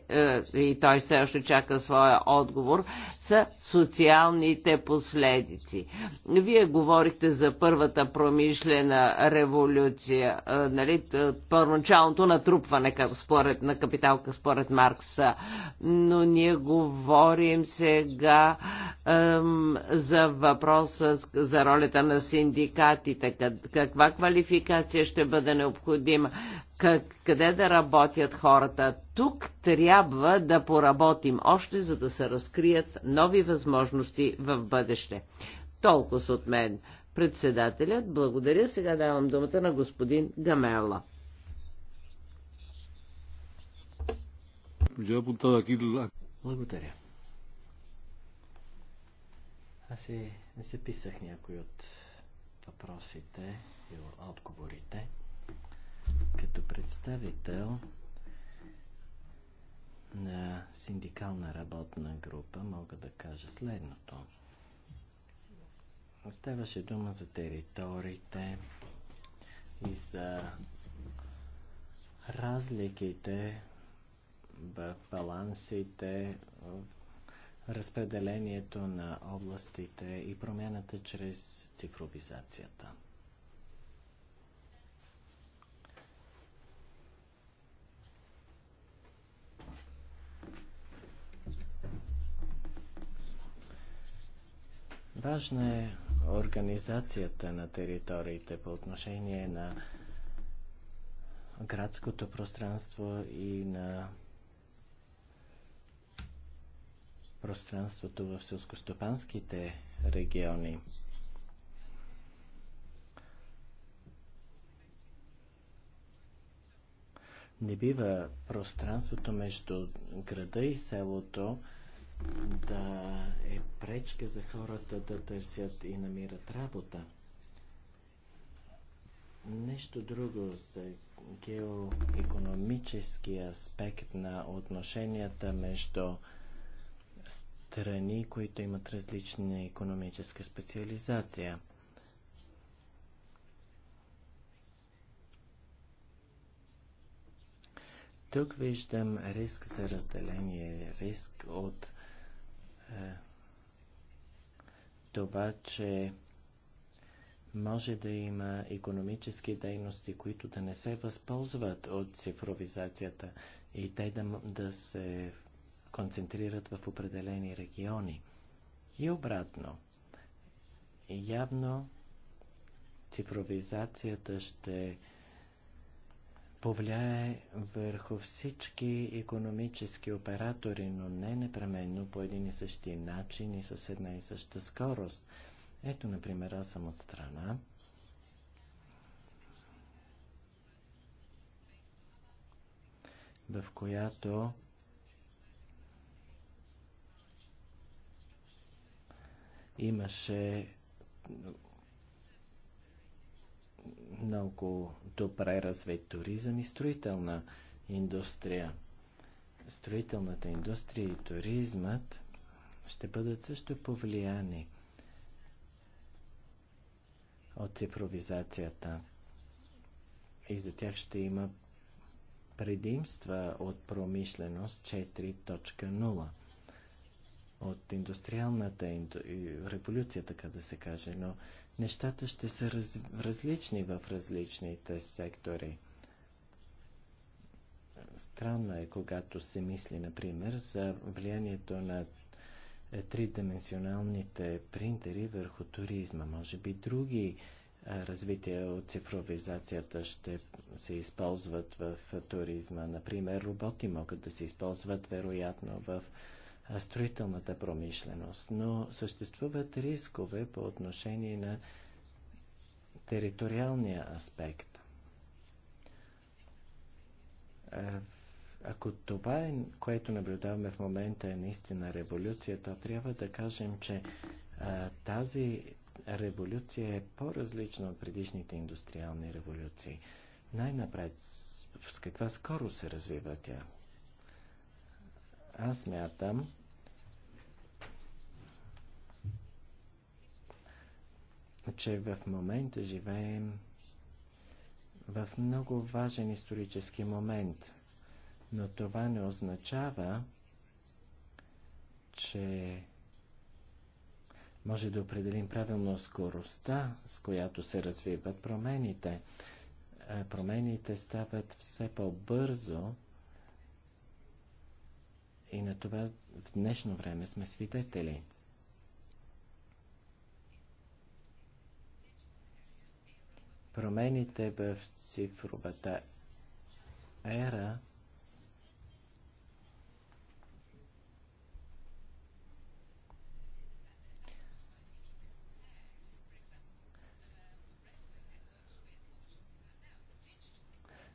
е, и той все още чака своя отговор, са социалните последици. Вие говорихте за първата промишлена революция, е, нали, първоначалното натрупване според, на капиталка според Маркса, но ние говорим се сега ем, за въпроса за ролята на синдикатите, каква квалификация ще бъде необходима, как, къде да работят хората. Тук трябва да поработим още, за да се разкрият нови възможности в бъдеще. Толкова от мен. Председателят, благодаря. Сега давам думата на господин Гамела. Благодаря. Аз си записах някои от въпросите и отговорите. Като представител на синдикална работна група мога да кажа следното. Ставаше дума за териториите и за разликите в балансите разпределението на областите и промяната чрез цифровизацията. Важна е организацията на териториите по отношение на градското пространство и на пространството в селскостопанските региони. Не бива пространството между града и селото да е пречка за хората да търсят и намират работа. Нещо друго за геоекономическия аспект на отношенията между страни, които имат различна економическа специализация. Тук виждам риск за разделение, риск от е, това, че може да има економически дейности, които да не се възползват от цифровизацията и те да, да се концентрират в определени региони. И обратно. Явно цифровизацията ще повлияе върху всички економически оператори, но не непременно по един и същи начин и с една и съща скорост. Ето, например, аз съм от страна, в която Имаше много добре развит туризъм и строителна индустрия. Строителната индустрия и туризмът ще бъдат също повлияни от цифровизацията. И за тях ще има предимства от промишленост 4.0 от индустриалната революция, така да се каже, но нещата ще са раз... различни в различните сектори. Странно е, когато се мисли, например, за влиянието на е, тридименсионалните принтери върху туризма. Може би други е, развития от цифровизацията ще се използват в туризма. Например, роботи могат да се използват вероятно в строителната промишленост, но съществуват рискове по отношение на териториалния аспект. Ако това е, което наблюдаваме в момента е наистина революция, то трябва да кажем, че а, тази революция е по-различна от предишните индустриални революции. Най-напред, с каква скоро се развива тя? Аз мятам, че в момента живеем в много важен исторически момент, но това не означава, че може да определим правилно скоростта, с която се развиват промените. Промените стават все по-бързо и на това в днешно време сме свидетели. промените в цифровата ера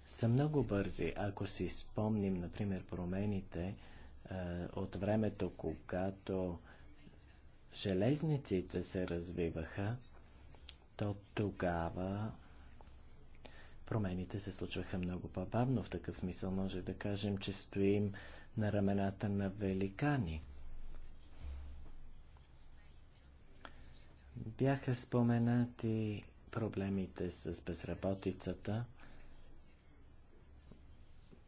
са много бързи. Ако си спомним, например, промените е, от времето, когато железниците се развиваха, то тогава промените се случваха много по-бавно. В такъв смисъл може да кажем, че стоим на рамената на великани. Бяха споменати проблемите с безработицата.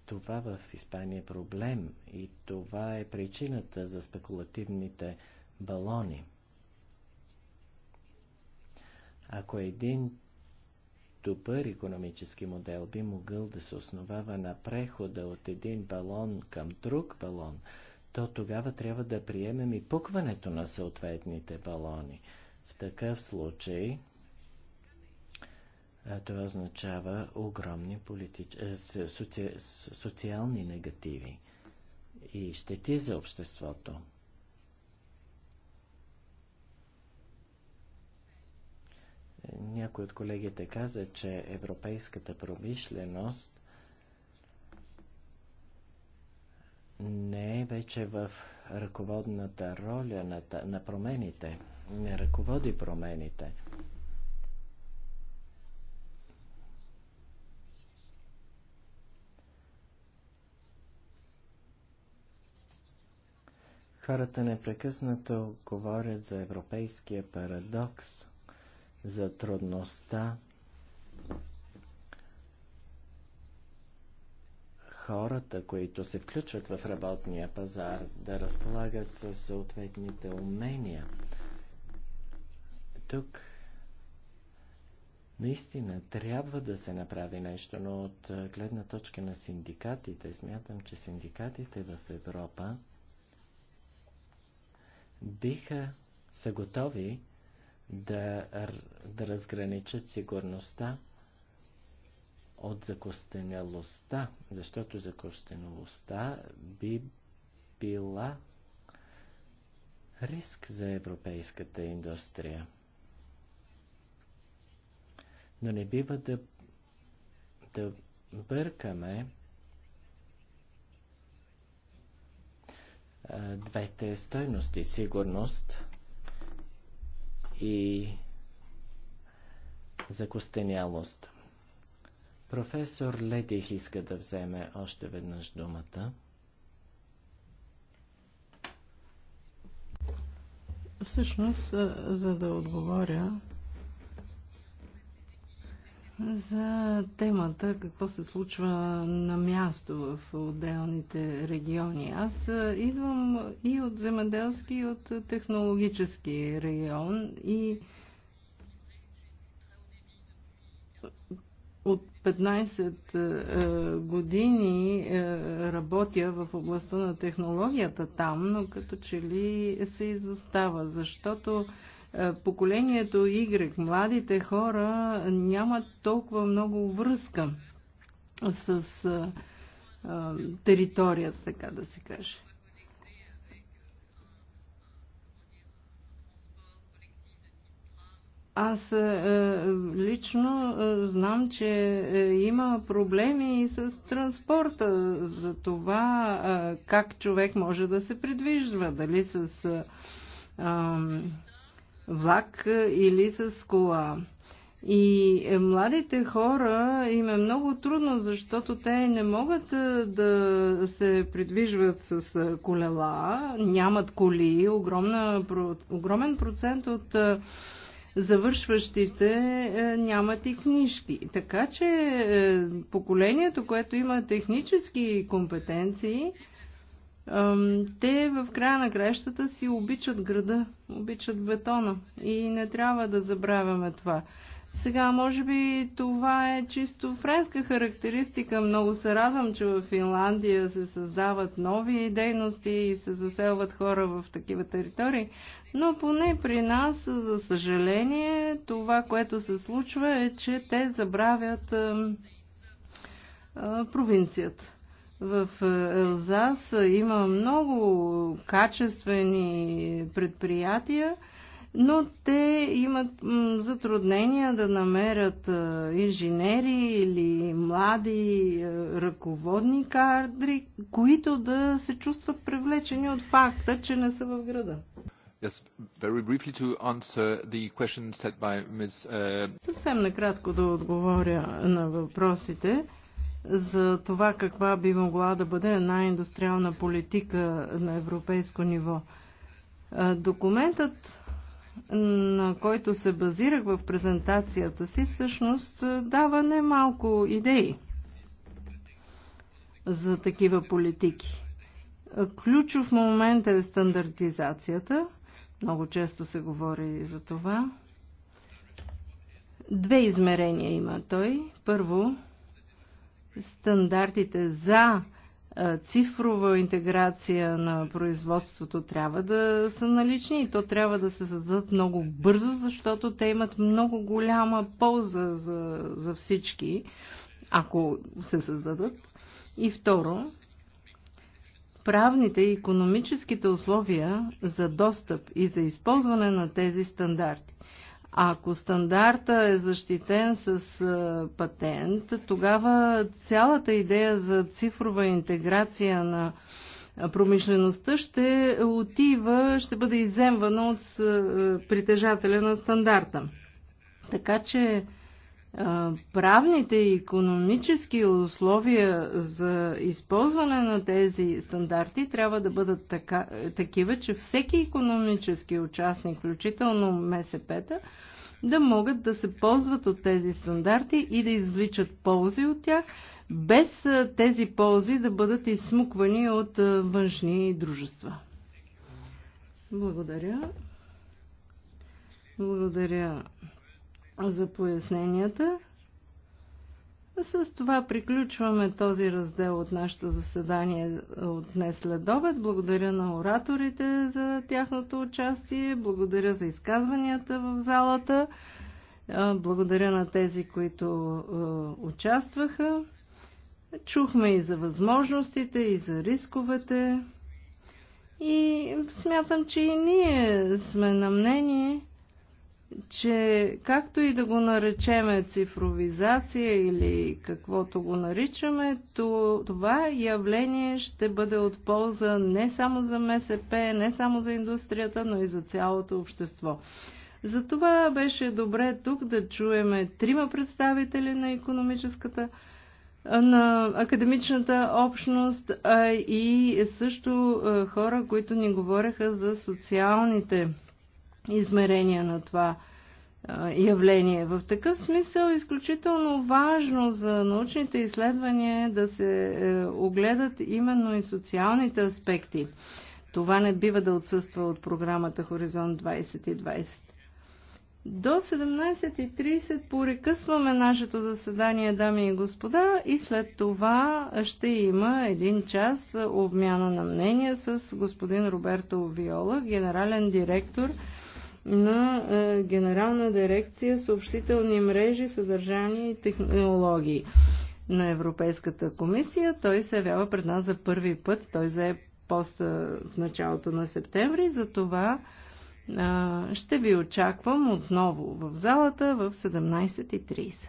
Това в Испания е проблем и това е причината за спекулативните балони. Ако един добър економически модел би могъл да се основава на прехода от един балон към друг балон, то тогава трябва да приемем и пукването на съответните балони. В такъв случай това означава огромни политич... соци... социални негативи и щети за обществото. Някой от колегите каза, че европейската промишленост не е вече в ръководната роля на, на промените, не ръководи промените. Хората непрекъснато говорят за европейския парадокс за трудността хората, които се включват в работния пазар, да разполагат с съответните умения. Тук наистина трябва да се направи нещо, но от гледна точка на синдикатите, смятам, че синдикатите в Европа биха са готови да, да разграничат сигурността от закостенелостта, защото закостенелостта би била риск за европейската индустрия. Но не бива да, да бъркаме двете стойности сигурност и закостенялост. Професор Летих иска да вземе още веднъж думата. Всъщност, за да отговоря за темата какво се случва на място в отделните региони. Аз идвам и от земеделски, и от технологически регион и от 15 е, години е, работя в областта на технологията там, но като че ли се изостава, защото е, поколението Y, младите хора нямат толкова много връзка с е, е, територията, така да се каже. Аз лично знам, че има проблеми и с транспорта, за това как човек може да се придвижва, дали с влак или с кола. И е, младите хора им е много трудно, защото те не могат да се придвижват с колела, нямат коли, огромна, огромен процент от завършващите е, нямат и книжки. Така че е, поколението, което има технически компетенции, те в края на краищата си обичат града, обичат бетона и не трябва да забравяме това. Сега, може би това е чисто френска характеристика. Много се радвам, че в Финландия се създават нови дейности и се заселват хора в такива територии. Но поне при нас, за съжаление, това, което се случва е, че те забравят провинцията. В е, Елзас има много качествени предприятия, но те имат затруднения да намерят е, инженери или млади е, ръководни кадри, които да се чувстват привлечени от факта, че не са в града. Yes, very briefly to answer the question set by Ms. Съвсем накратко да отговоря на въпросите за това каква би могла да бъде една индустриална политика на европейско ниво. Документът, на който се базирах в презентацията си, всъщност дава немалко идеи за такива политики. Ключов момент е стандартизацията. Много често се говори за това. Две измерения има той. Първо, стандартите за цифрова интеграция на производството трябва да са налични и то трябва да се създадат много бързо, защото те имат много голяма полза за, за всички, ако се създадат. И второ, правните и економическите условия за достъп и за използване на тези стандарти. Ако стандарта е защитен с патент, тогава цялата идея за цифрова интеграция на промишлеността ще отива, ще бъде иземвана от притежателя на стандарта. Така че правните и економически условия за използване на тези стандарти трябва да бъдат така, такива, че всеки економически участник, включително МСП-та, да могат да се ползват от тези стандарти и да извличат ползи от тях, без тези ползи да бъдат изсмуквани от външни дружества. Благодаря. Благодаря за поясненията. С това приключваме този раздел от нашето заседание от днес след обед. Благодаря на ораторите за тяхното участие, благодаря за изказванията в залата, благодаря на тези, които участваха. Чухме и за възможностите, и за рисковете. И смятам, че и ние сме на мнение, че както и да го наречеме цифровизация или каквото го наричаме, то това явление ще бъде от полза не само за МСП, не само за индустрията, но и за цялото общество. Затова беше добре тук да чуеме трима представители на економическата на академичната общност а и също хора, които ни говореха за социалните измерения на това явление. В такъв смисъл е изключително важно за научните изследвания е да се е, огледат именно и социалните аспекти. Това не бива да отсъства от програмата Хоризонт 2020. До 17.30 порекъсваме нашето заседание, дами и господа, и след това ще има един час обмяна на мнения с господин Роберто Виола, генерален директор на е, Генерална дирекция съобщителни мрежи, съдържание и технологии на Европейската комисия. Той се явява пред нас за първи път. Той зае поста в началото на септември. За това е, ще ви очаквам отново в залата в 17.30.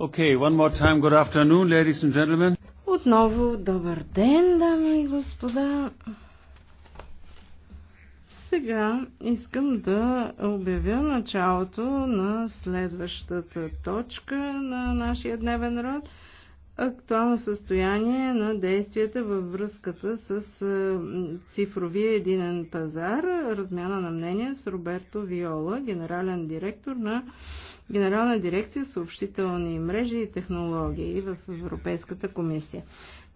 Okay, one more time. Good afternoon, ladies and gentlemen. Отново добър ден, дами и господа. Сега искам да обявя началото на следващата точка на нашия дневен род. Актуално състояние на действията във връзката с е, цифровия единен пазар. Размяна на мнение с Роберто Виола, генерален директор на Генерална дирекция съобщителни мрежи и технологии в Европейската комисия.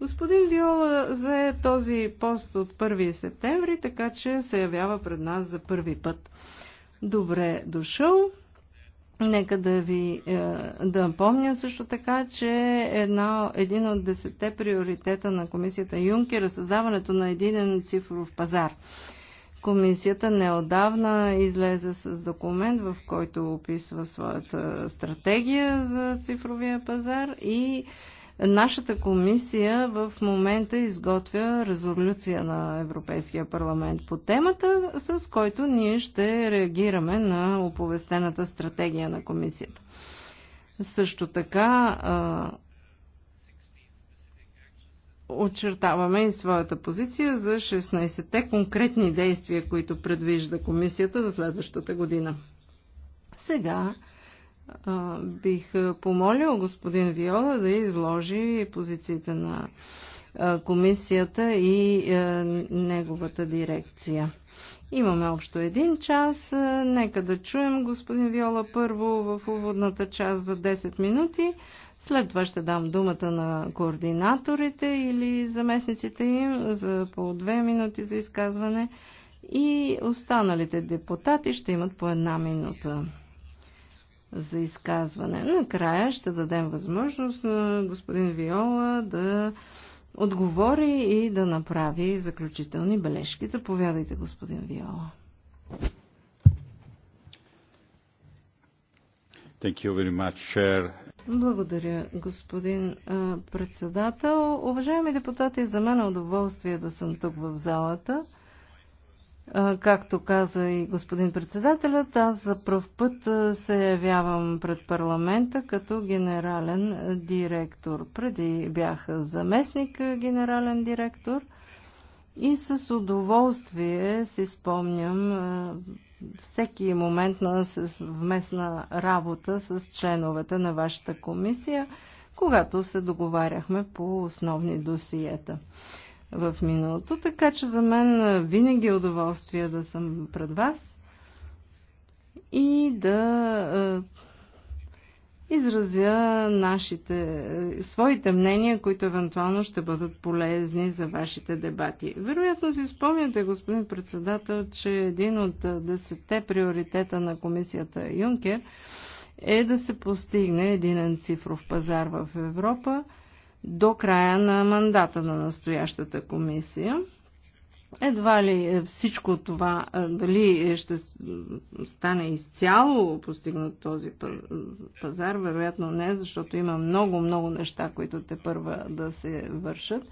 Господин Виола зае този пост от 1 септември, така че се явява пред нас за първи път. Добре дошъл! Нека да ви е, да помня също така, че една, един от десетте приоритета на комисията Юнкер е създаването на един цифров пазар. Комисията неодавна излезе с документ, в който описва своята стратегия за цифровия пазар и Нашата комисия в момента изготвя резолюция на Европейския парламент по темата, с който ние ще реагираме на оповестената стратегия на комисията. Също така очертаваме и своята позиция за 16-те конкретни действия, които предвижда комисията за следващата година. Сега а, бих помолил господин Виола да изложи позициите на а, комисията и а, неговата дирекция. Имаме общо един час. Нека да чуем господин Виола първо в уводната част за 10 минути, след това ще дам думата на координаторите или заместниците им за по две минути за изказване и останалите депутати ще имат по една минута за изказване. Накрая ще дадем възможност на господин Виола да отговори и да направи заключителни бележки. Заповядайте, господин Виола. Thank you very much, Chair. Благодаря, господин председател. Уважаеми депутати, за мен е удоволствие да съм тук в залата. Както каза и господин председателят, аз за пръв път се явявам пред парламента като генерален директор. Преди бях заместник генерален директор – и с удоволствие си спомням всеки момент на съвместна работа с членовете на вашата комисия, когато се договаряхме по основни досиета в миналото. Така че за мен винаги е удоволствие да съм пред вас и да е, изразя нашите, е, своите мнения, които евентуално ще бъдат полезни за вашите дебати. Вероятно си спомняте, господин председател, че един от е, десетте приоритета на комисията Юнкер е да се постигне един цифров пазар в Европа до края на мандата на настоящата комисия – едва ли е, всичко това, е, дали ще стане изцяло постигнат този пазар, вероятно не, защото има много-много неща, които те първа да се вършат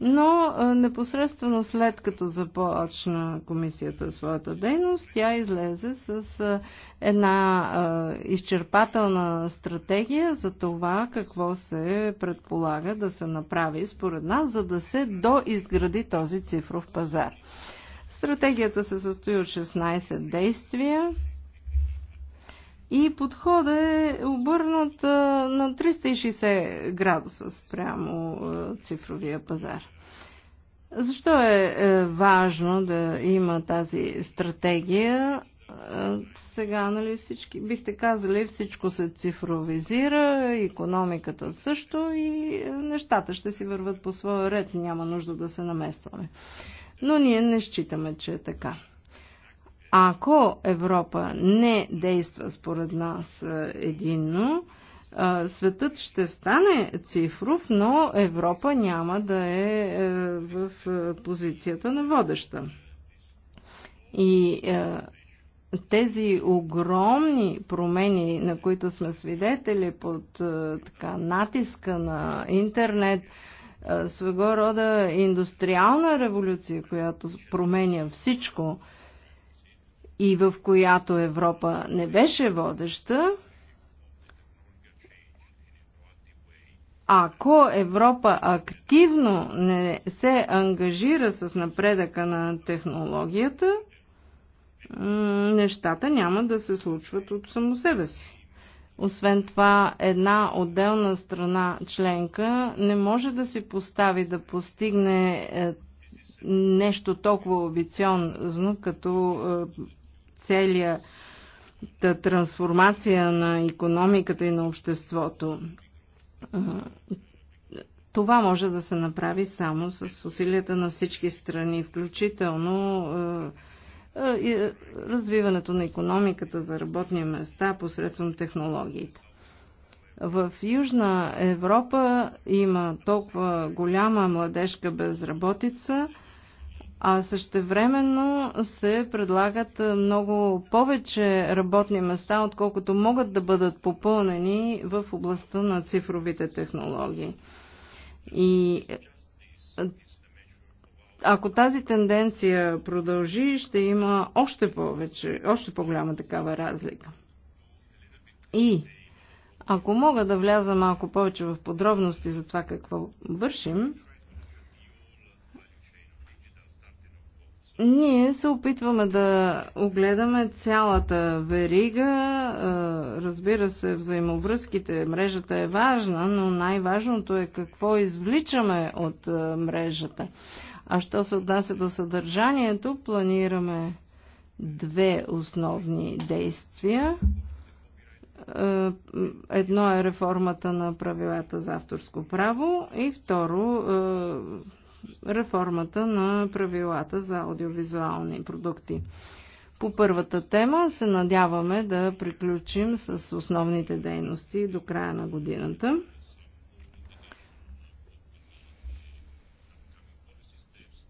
но непосредствено след като започна комисията своята дейност, тя излезе с една изчерпателна стратегия за това какво се предполага да се направи според нас, за да се доизгради този цифров пазар. Стратегията се състои от 16 действия, и подходът е обърнат на 360 градуса спрямо цифровия пазар. Защо е, е важно да има тази стратегия? Сега, нали, всички, бихте казали, всичко се цифровизира, економиката също и е, нещата ще си върват по своя ред, няма нужда да се наместваме. Но ние не считаме, че е така. Ако Европа не действа според нас е, единно, е, светът ще стане цифров, но Европа няма да е, е в позицията на водеща. И тези огромни промени, на които сме свидетели под така, натиска на интернет, своего рода индустриална революция, която променя всичко, и в която Европа не беше водеща, ако Европа активно не се ангажира с напредъка на технологията, нещата няма да се случват от само себе си. Освен това, една отделна страна членка не може да си постави да постигне е, нещо толкова амбициозно като е, целия трансформация на економиката и на обществото. Това може да се направи само с усилията на всички страни, включително развиването на економиката за работни места посредством технологиите. В Южна Европа има толкова голяма младежка безработица – а същевременно се предлагат много повече работни места, отколкото могат да бъдат попълнени в областта на цифровите технологии. И е, ако тази тенденция продължи, ще има още повече, още по-голяма такава разлика. И ако мога да вляза малко повече в подробности за това какво вършим, Ние се опитваме да огледаме цялата верига. Е, разбира се, взаимовръзките, мрежата е важна, но най-важното е какво извличаме от е, мрежата. А що се отнася до съдържанието, планираме две основни действия. Е, едно е реформата на правилата за авторско право и второ реформата на правилата за аудиовизуални продукти. По първата тема се надяваме да приключим с основните дейности до края на годината.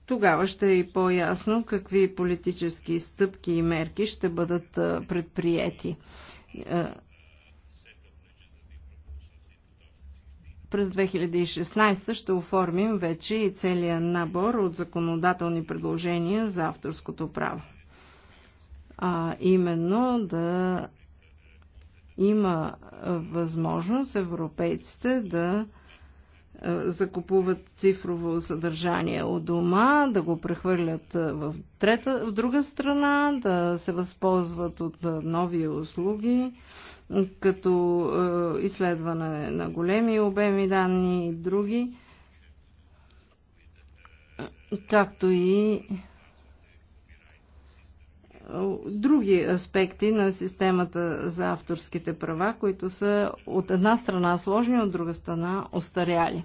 Тогава ще е и по-ясно какви политически стъпки и мерки ще бъдат предприяти. През 2016 ще оформим вече и целия набор от законодателни предложения за авторското право. А именно да има възможност европейците да закупуват цифрово съдържание от дома, да го прехвърлят в, трета, в друга страна, да се възползват от нови услуги като е, изследване на големи обеми данни и други, както и е, други аспекти на системата за авторските права, които са от една страна сложни, от друга страна остаряли.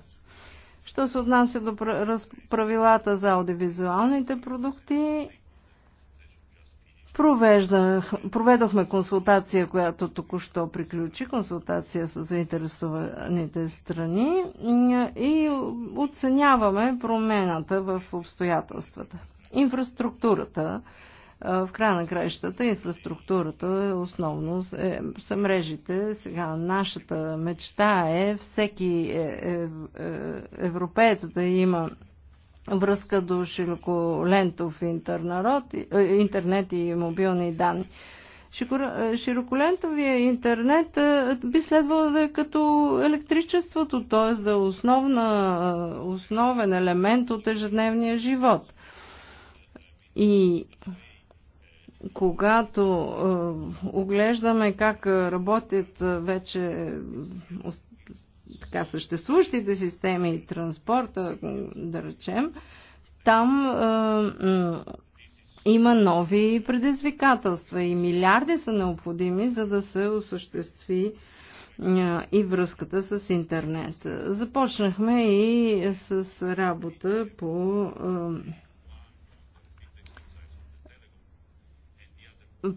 Що се отнася до правилата за аудиовизуалните продукти, проведохме консултация, която току-що приключи, консултация с заинтересованите страни и оценяваме промената в обстоятелствата. Инфраструктурата, в края на краищата, инфраструктурата е основно е, са мрежите. Сега нашата мечта е всеки е, е, е европеец да има връзка до широколентов е, интернет и мобилни данни. Е, широколентовия интернет е, би следвало да е като електричеството, т.е. да е основна, основен елемент от ежедневния живот. И когато оглеждаме как работят вече така, съществуващите системи и транспорта, да речем, там е, има нови предизвикателства и милиарди са необходими, за да се осъществи е, и връзката с интернет. Започнахме и с работа по е,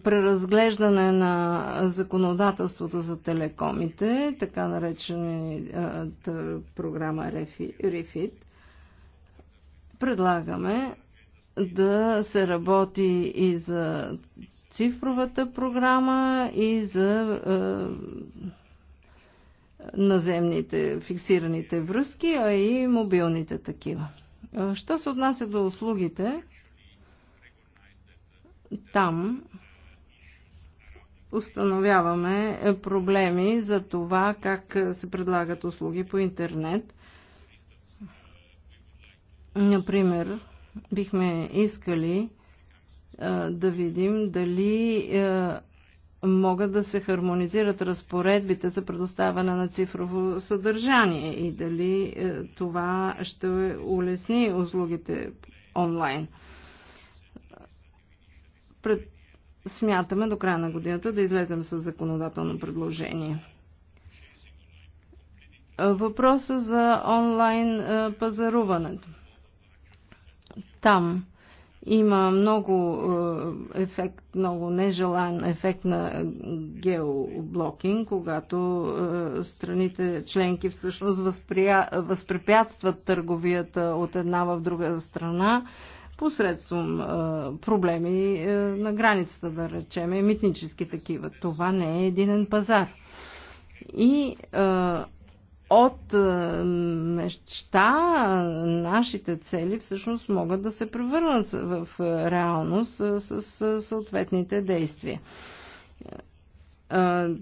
преразглеждане на законодателството за телекомите, така наречената програма Refit, предлагаме да се работи и за цифровата програма, и за е, наземните фиксираните връзки, а и мобилните такива. Що се отнася до услугите, там установяваме проблеми за това как се предлагат услуги по интернет. Например, бихме искали да видим дали могат да се хармонизират разпоредбите за предоставяне на цифрово съдържание и дали това ще улесни услугите онлайн. Пред смятаме до края на годината да излезем с законодателно предложение. Въпроса за онлайн е, пазаруването. Там има много е, ефект, много нежелан ефект на геоблокинг, когато е, страните членки всъщност възпрепятстват търговията от една в друга страна посредством проблеми на границата, да речем, митнически такива. Това не е единен пазар. И от неща нашите цели всъщност могат да се превърнат в реалност с съответните действия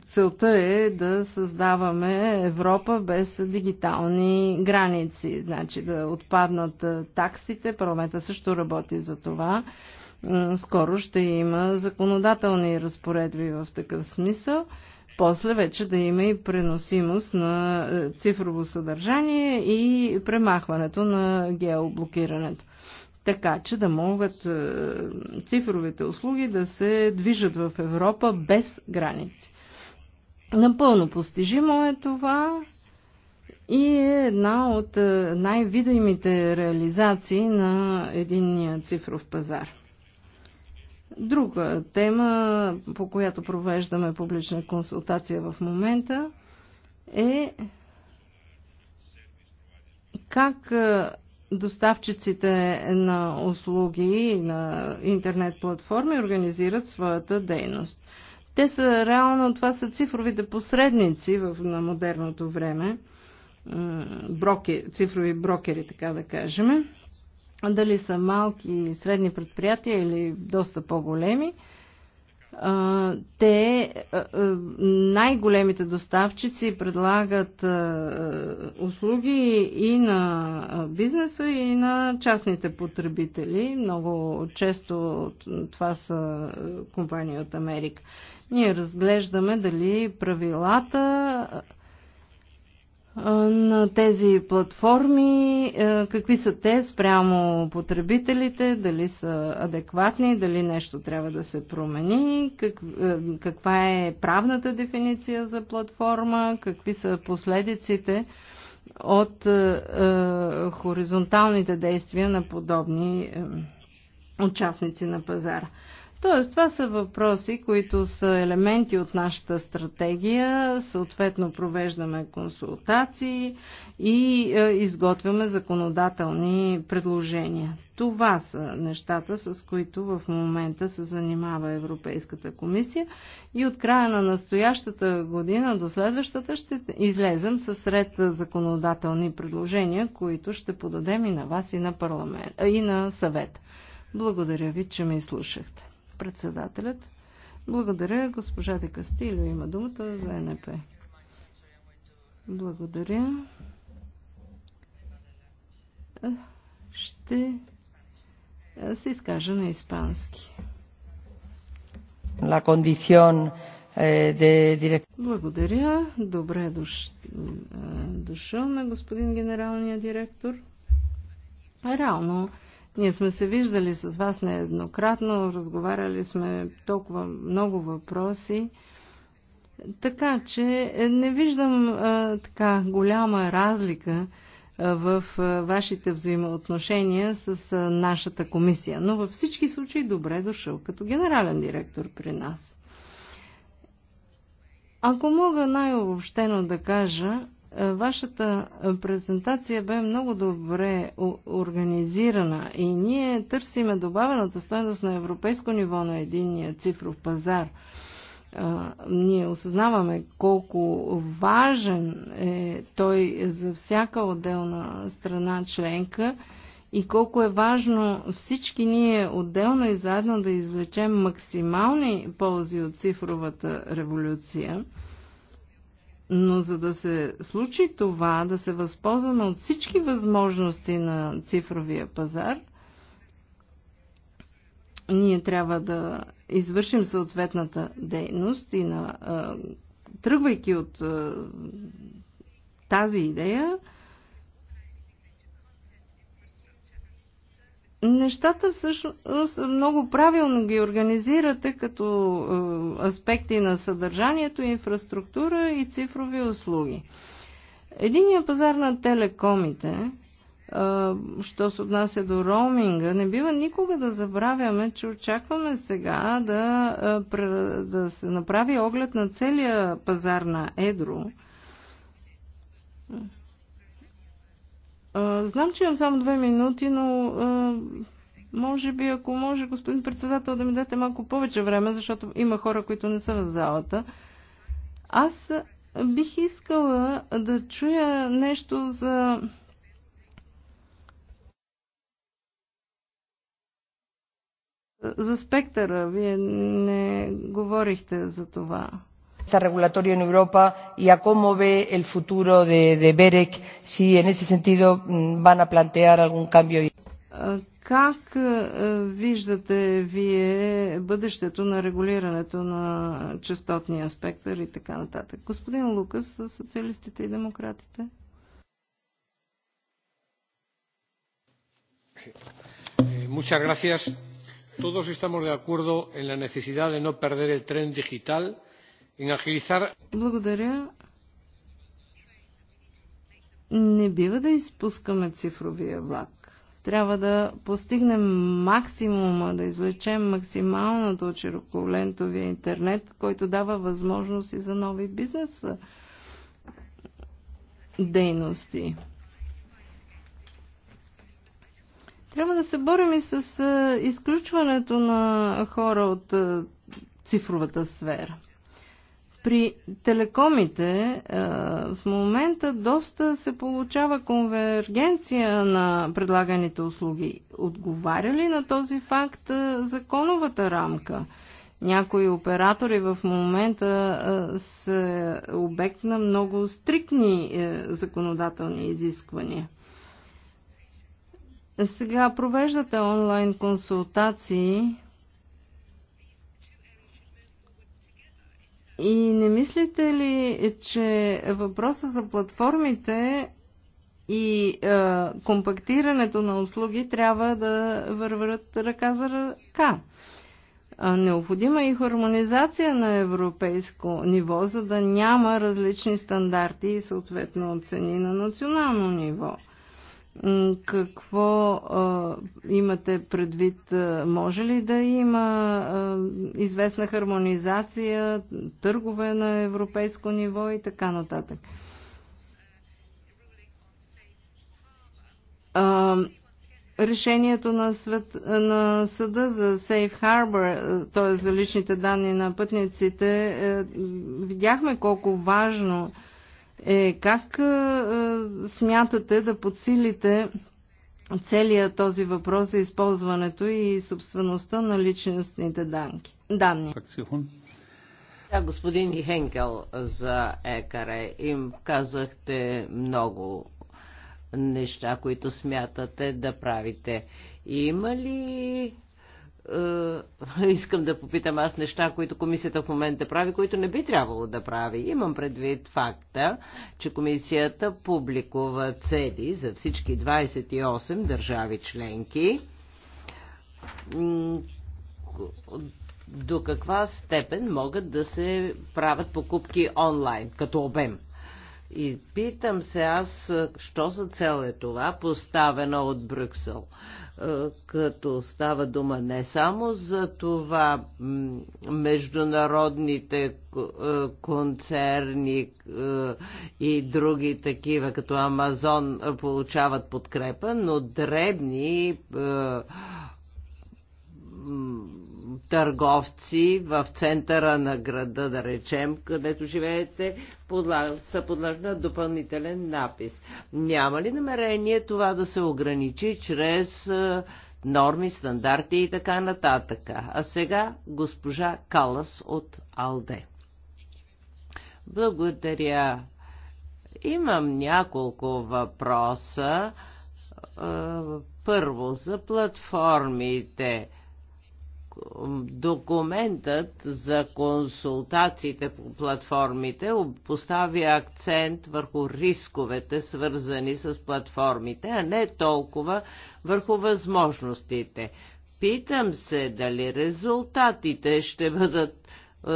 целта е да създаваме Европа без дигитални граници, значи да отпаднат таксите. Парламента също работи за това. Скоро ще има законодателни разпоредби в такъв смисъл. После вече да има и преносимост на цифрово съдържание и премахването на геоблокирането така че да могат е, цифровите услуги да се движат в Европа без граници. Напълно постижимо е това и е една от е, най-видимите реализации на единния цифров пазар. Друга тема, по която провеждаме публична консултация в момента, е как е, доставчиците на услуги на интернет платформи организират своята дейност. Те са реално, това са цифровите посредници в, на модерното време, брокер, цифрови брокери, така да кажем. Дали са малки и средни предприятия или доста по-големи, те, най-големите доставчици, предлагат услуги и на бизнеса, и на частните потребители. Много често това са компании от Америка. Ние разглеждаме дали правилата на тези платформи, какви са те спрямо потребителите, дали са адекватни, дали нещо трябва да се промени, как, каква е правната дефиниция за платформа, какви са последиците от е, хоризонталните действия на подобни е, участници на пазара. Тоест, това са въпроси, които са елементи от нашата стратегия. Съответно, провеждаме консултации и е, изготвяме законодателни предложения. Това са нещата, с които в момента се занимава Европейската комисия и от края на настоящата година до следващата ще излезем с ред законодателни предложения, които ще подадем и на вас, и на, парламент, и на съвет. Благодаря ви, че ме изслушахте. Председателят. Благодаря. Госпожа Де Кастилио има думата за НП. Благодаря. Ще се изкажа на испански. La condición eh, de директор. Благодаря. Добре дош... дошъл на господин генералния директор. Реално, ние сме се виждали с вас нееднократно, разговаряли сме толкова много въпроси. Така че е, не виждам а, е, така голяма разлика а, е, в а, вашите взаимоотношения с а, нашата комисия. Но във всички случаи добре дошъл като генерален директор при нас. Ако мога най-обобщено да кажа, Вашата презентация бе много добре организирана и ние търсиме добавената стоеност на европейско ниво на единния цифров пазар. Ние осъзнаваме колко важен е той за всяка отделна страна членка и колко е важно всички ние отделно и заедно да извлечем максимални ползи от цифровата революция – но за да се случи това, да се възползваме от всички възможности на цифровия пазар, ние трябва да извършим съответната дейност и на, тръгвайки от тази идея, Нещата всъщност много правилно ги организирате като е, аспекти на съдържанието, инфраструктура и цифрови услуги. Единият пазар на телекомите, е, що се отнася до роуминга, не бива никога да забравяме, че очакваме сега да, е, да се направи оглед на целия пазар на Едро. Знам, че имам само две минути, но може би, ако може, господин председател, да ми дадете малко повече време, защото има хора, които не са в залата. Аз бих искала да чуя нещо за за спектъра. Вие не говорихте за това está regulatorio en Europa y a cómo ve el futuro de, de BEREC, si en ese sentido van a plantear algún cambio. Как виждате вие бъдещето на регулирането на частотния спектър и така нататък? Господин Лукас, социалистите и демократите. Muchas gracias. Todos estamos de acuerdo en la necesidad de no perder el tren digital благодаря. Не бива да изпускаме цифровия влак. Трябва да постигнем максимума, да извлечем максималното от широколентовия интернет, който дава възможности за нови бизнес дейности. Трябва да се борим и с изключването на хора от цифровата сфера. При телекомите е, в момента доста се получава конвергенция на предлаганите услуги. Отговаря ли на този факт е, законовата рамка? Някои оператори в момента е, са обект на много стриктни законодателни изисквания. Сега провеждате онлайн консултации Мислите ли, че въпроса за платформите и е, компактирането на услуги трябва да върват ръка за ръка? Е, необходима е и хармонизация на европейско ниво, за да няма различни стандарти и съответно цени на национално ниво. Какво а, имате предвид? Може ли да има а, известна хармонизация, търгове на европейско ниво и така нататък? А, решението на, свет, на съда за Safe Harbor, т.е. за личните данни на пътниците, е, видяхме колко важно е е как е, е, смятате да подсилите целият този въпрос за използването и собствеността на личностните данки, данни? Да, господин Хенкел за ЕКАРЕ. Им казахте много неща, които смятате да правите. Има ли е, искам да попитам аз неща, които комисията в момента прави, които не би трябвало да прави. Имам предвид факта, че комисията публикува цели за всички 28 държави членки. До каква степен могат да се правят покупки онлайн като обем? И питам се аз, що за цел е това, поставено от Брюксел? Като става дума не само за това международните концерни и други такива, като Амазон, получават подкрепа, но дребни търговци в центъра на града, да речем, където живеете, са подложени на допълнителен напис. Няма ли намерение това да се ограничи чрез е, норми, стандарти и така нататък? А сега госпожа Калас от Алде. Благодаря. Имам няколко въпроса. Е, първо за платформите. Документът за консултациите по платформите поставя акцент върху рисковете, свързани с платформите, а не толкова върху възможностите. Питам се дали резултатите ще бъдат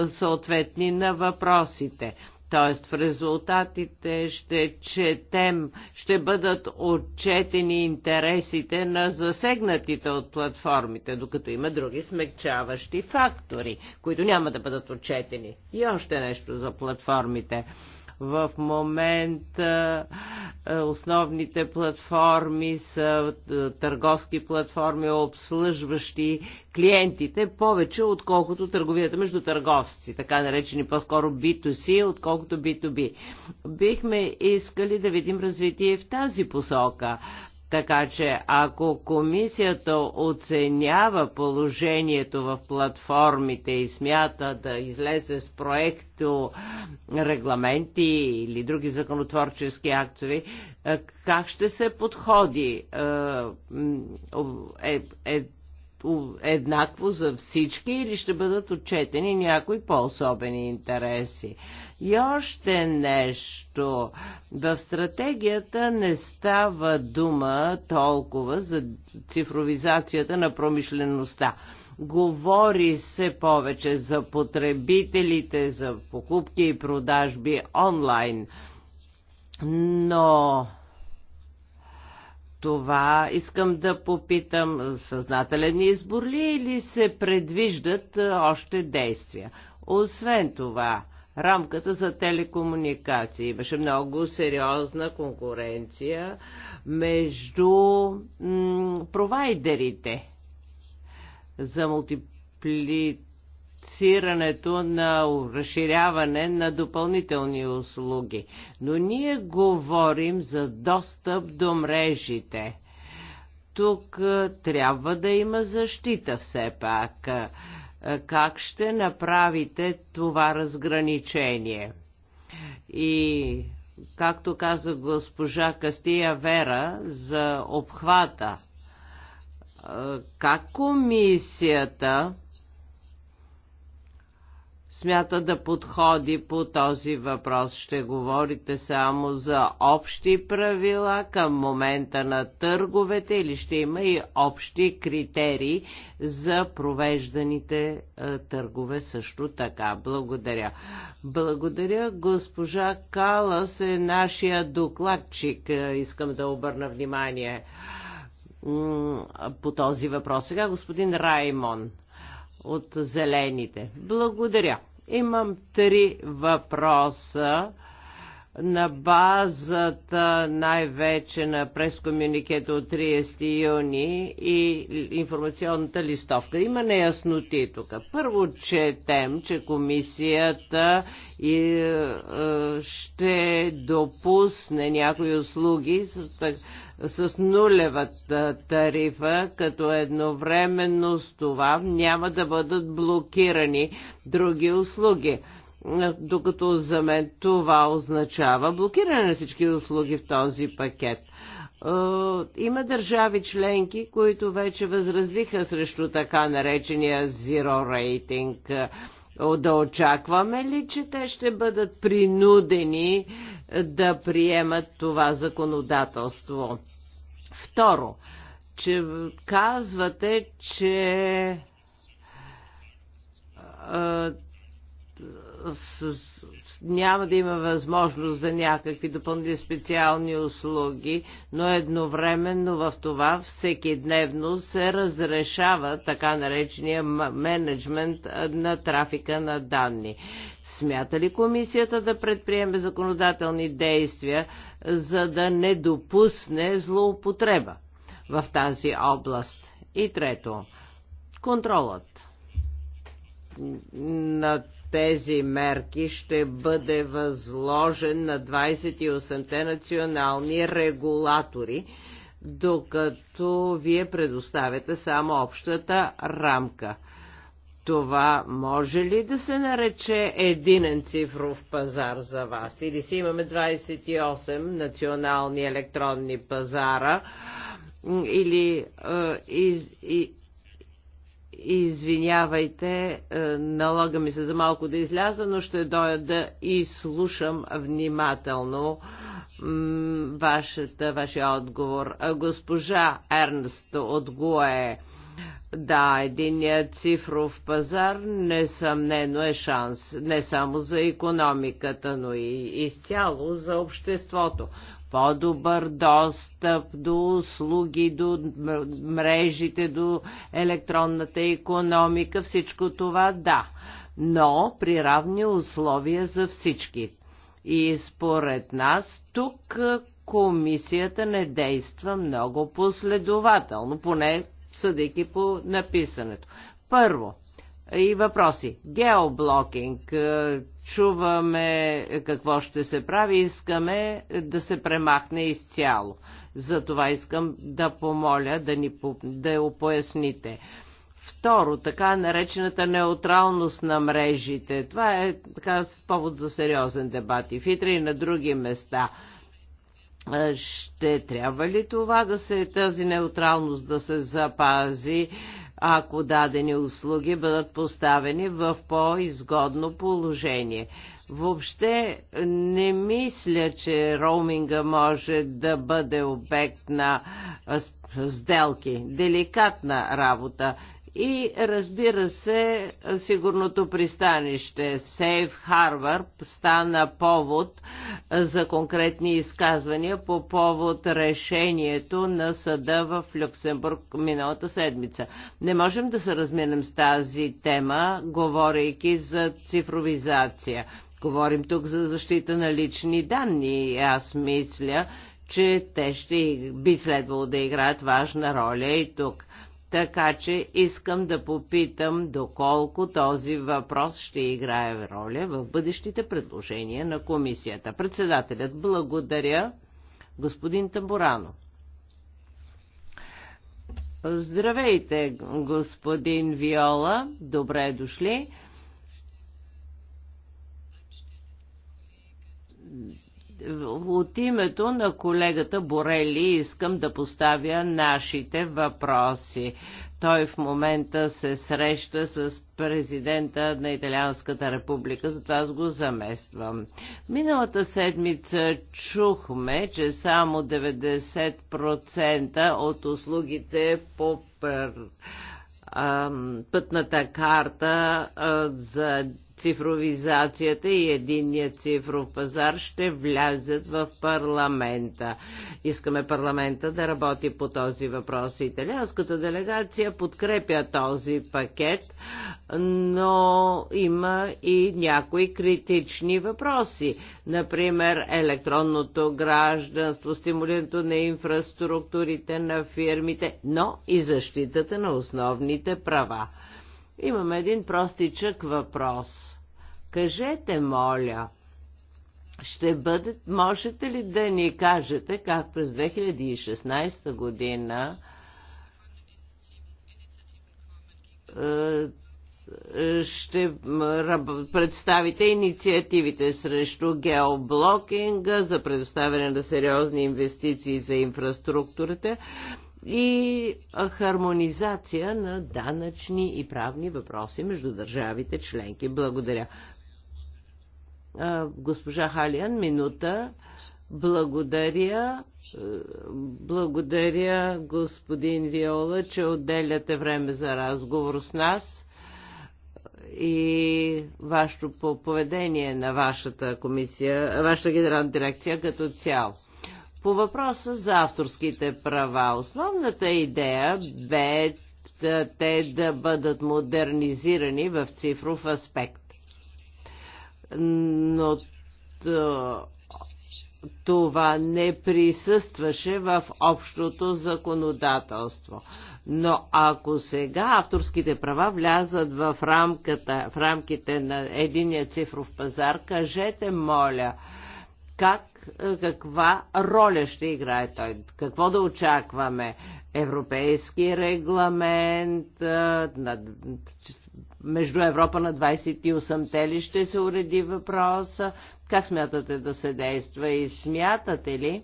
съответни на въпросите. Т.е. в резултатите ще четем, ще бъдат отчетени интересите на засегнатите от платформите, докато има други смягчаващи фактори, които няма да бъдат отчетени. И още нещо за платформите. В момента основните платформи са търговски платформи, обслужващи клиентите повече, отколкото търговията между търговци, така наречени по-скоро B2C, отколкото B2B. Бихме искали да видим развитие в тази посока. Така че ако комисията оценява положението в платформите и смята да излезе с проекто регламенти или други законотворчески актови, е, как ще се подходи? Е, е, е еднакво за всички или ще бъдат отчетени някои по-особени интереси. И още нещо. В стратегията не става дума толкова за цифровизацията на промишлеността. Говори се повече за потребителите, за покупки и продажби онлайн. Но това искам да попитам, съзнателен е избор ли или се предвиждат още действия? Освен това, рамката за телекомуникации. Имаше много сериозна конкуренция между провайдерите за мултипли финансирането на разширяване на допълнителни услуги. Но ние говорим за достъп до мрежите. Тук трябва да има защита все пак. Как ще направите това разграничение? И както каза госпожа Кастия Вера за обхвата, как комисията смята да подходи по този въпрос? Ще говорите само за общи правила към момента на търговете или ще има и общи критерии за провежданите е, търгове също така? Благодаря. Благодаря. Госпожа Калас е нашия докладчик. Е, искам да обърна внимание по този въпрос. Сега господин Раймон от Зелените. Благодаря. Имам три въпроса на базата най-вече на прескомюникето от 30 юни и информационната листовка. Има неясноти тук. Първо четем, че комисията и, е, ще допусне някои услуги с нулевата тарифа, като едновременно с това няма да бъдат блокирани други услуги. Докато за мен това означава блокиране на всички услуги в този пакет. Е, има държави членки, които вече възразиха срещу така наречения zero рейтинг. Да очакваме ли, че те ще бъдат принудени да приемат това законодателство? Второ, че казвате, че с, с, няма да има възможност за някакви допълнителни специални услуги, но едновременно в това всеки дневно се разрешава така наречения менеджмент на трафика на данни. Смята ли комисията да предприеме законодателни действия, за да не допусне злоупотреба в тази област? И трето, контролът на тези мерки ще бъде възложен на 28-те национални регулатори, докато вие предоставяте само общата рамка. Това може ли да се нарече единен цифров пазар за вас? Или си имаме 28 национални електронни пазара? Или, е, и, и, Извинявайте, е, налага ми се за малко да изляза, но ще дойда да и слушам внимателно вашата, вашия отговор. Е, госпожа Ернст от ГУЕ да, единият цифров пазар несъмнено е шанс не само за економиката, но и изцяло за обществото. По-добър достъп до услуги, до мрежите, до електронната економика, всичко това да, но при равни условия за всички. И според нас тук комисията не действа много последователно, поне съдейки по написането. Първо, и въпроси. Геоблокинг. Е, чуваме какво ще се прави. Искаме да се премахне изцяло. Затова искам да помоля да ни да опоясните. Второ, така наречената неутралност на мрежите. Това е така повод за сериозен дебат и в итри и на други места. Ще трябва ли това да се, тази неутралност да се запази, ако дадени услуги бъдат поставени в по-изгодно положение? Въобще не мисля, че роуминга може да бъде обект на сделки. Деликатна работа и разбира се, сигурното пристанище Сейф Харвар стана повод за конкретни изказвания по повод решението на съда в Люксембург миналата седмица. Не можем да се разминем с тази тема, говорейки за цифровизация. Говорим тук за защита на лични данни. Аз мисля, че те ще би следвало да играят важна роля и тук. Така че искам да попитам доколко този въпрос ще играе роля в бъдещите предложения на комисията. Председателят, благодаря господин Таборано, Здравейте, господин Виола, добре дошли. От името на колегата Борели искам да поставя нашите въпроси. Той в момента се среща с президента на Италианската република, затова аз го замествам. Миналата седмица чухме, че само 90% от услугите по пътната карта за цифровизацията и единния цифров пазар ще влязат в парламента. Искаме парламента да работи по този въпрос. Италианската делегация подкрепя този пакет, но има и някои критични въпроси. Например, електронното гражданство, стимулирането на инфраструктурите на фирмите, но и защитата на основните права. Имам един простичък въпрос. Кажете, моля, ще бъде, можете ли да ни кажете как през 2016 година е, е, ще представите инициативите срещу геоблокинга за предоставяне на сериозни инвестиции за инфраструктурата и хармонизация на данъчни и правни въпроси между държавите членки. Благодаря. Госпожа Халиан, минута. Благодаря. Благодаря, господин Виола, че отделяте време за разговор с нас и вашето поведение на вашата комисия, вашата генерална дирекция като цяло. По въпроса за авторските права, основната идея бе да е, те да бъдат модернизирани в цифров аспект. Но е, това не присъстваше в общото законодателство. Но ако сега авторските права влязат в, рамката, в рамките на единия цифров пазар, кажете, моля, как каква роля ще играе той, какво да очакваме. Европейски регламент, между Европа на 28-те ли ще се уреди въпроса, как смятате да се действа и смятате ли,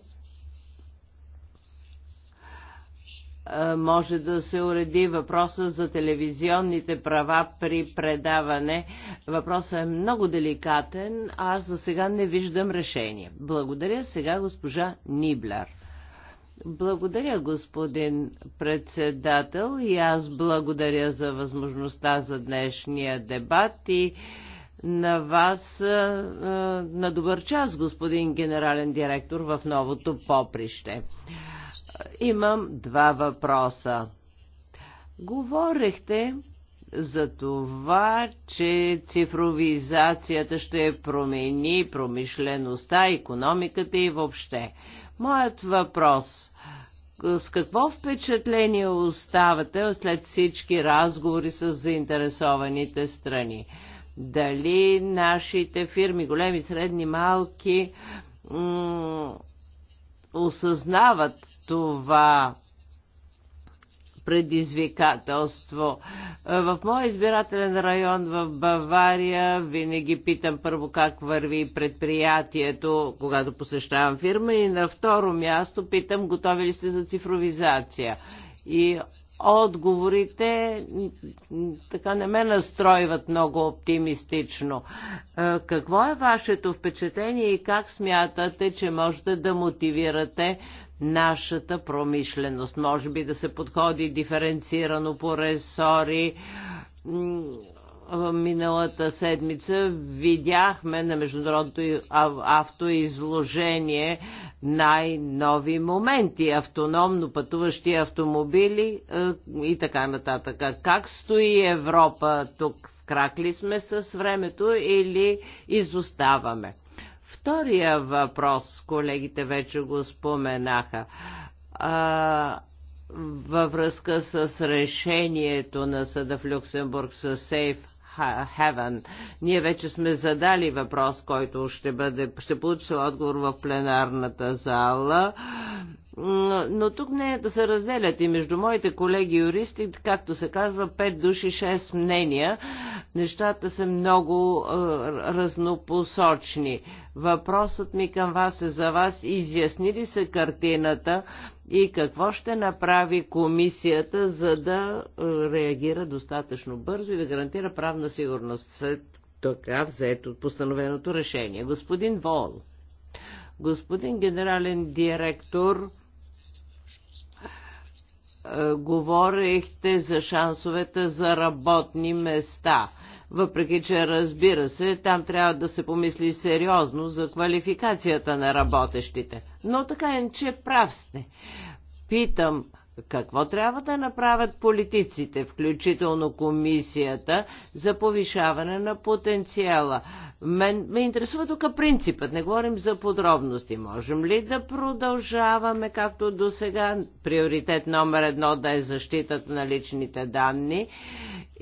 Е, може да се уреди въпроса за телевизионните права при предаване. Въпросът е много деликатен, а аз за сега не виждам решение. Благодаря сега госпожа Нибляр. Благодаря, господин председател, и аз благодаря за възможността за днешния дебат и на вас е, е, на добър час, господин генерален директор, в новото поприще. Имам два въпроса. Говорехте за това, че цифровизацията ще промени промишлеността, економиката и въобще. Моят въпрос с какво впечатление оставате след всички разговори с заинтересованите страни? Дали нашите фирми, големи, средни, малки, осъзнават това предизвикателство. В моя избирателен район в Бавария винаги питам първо как върви предприятието, когато посещавам фирма и на второ място питам готови ли сте за цифровизация. И отговорите така не ме настройват много оптимистично. Е, какво е вашето впечатление и как смятате, че можете да мотивирате нашата промишленост. Може би да се подходи диференцирано по ресори. Миналата седмица видяхме на международното автоизложение най-нови моменти, автономно пътуващи автомобили е, и така нататък. Как стои Европа тук? В крак ли сме с времето или изоставаме? втория въпрос, колегите вече го споменаха. А, във връзка с решението на съда в Люксембург с Safe Heaven. Ние вече сме задали въпрос, който ще, бъде, ще получи отговор в пленарната зала. Но тук не е да се разделят и между моите колеги юристи, както се казва, пет души, шест мнения. Нещата са много е, разнопосочни. Въпросът ми към вас е за вас. Изясни ли се картината и какво ще направи комисията, за да реагира достатъчно бързо и да гарантира правна сигурност след така взето постановеното решение? Господин Вол господин генерален директор, е, говорехте за шансовете за работни места. Въпреки, че разбира се, там трябва да се помисли сериозно за квалификацията на работещите. Но така е, че прав сте. Питам, какво трябва да направят политиците, включително комисията, за повишаване на потенциала? Мен ме интересува тук принципът, не говорим за подробности. Можем ли да продължаваме, както до сега, приоритет номер едно да е защитата на личните данни?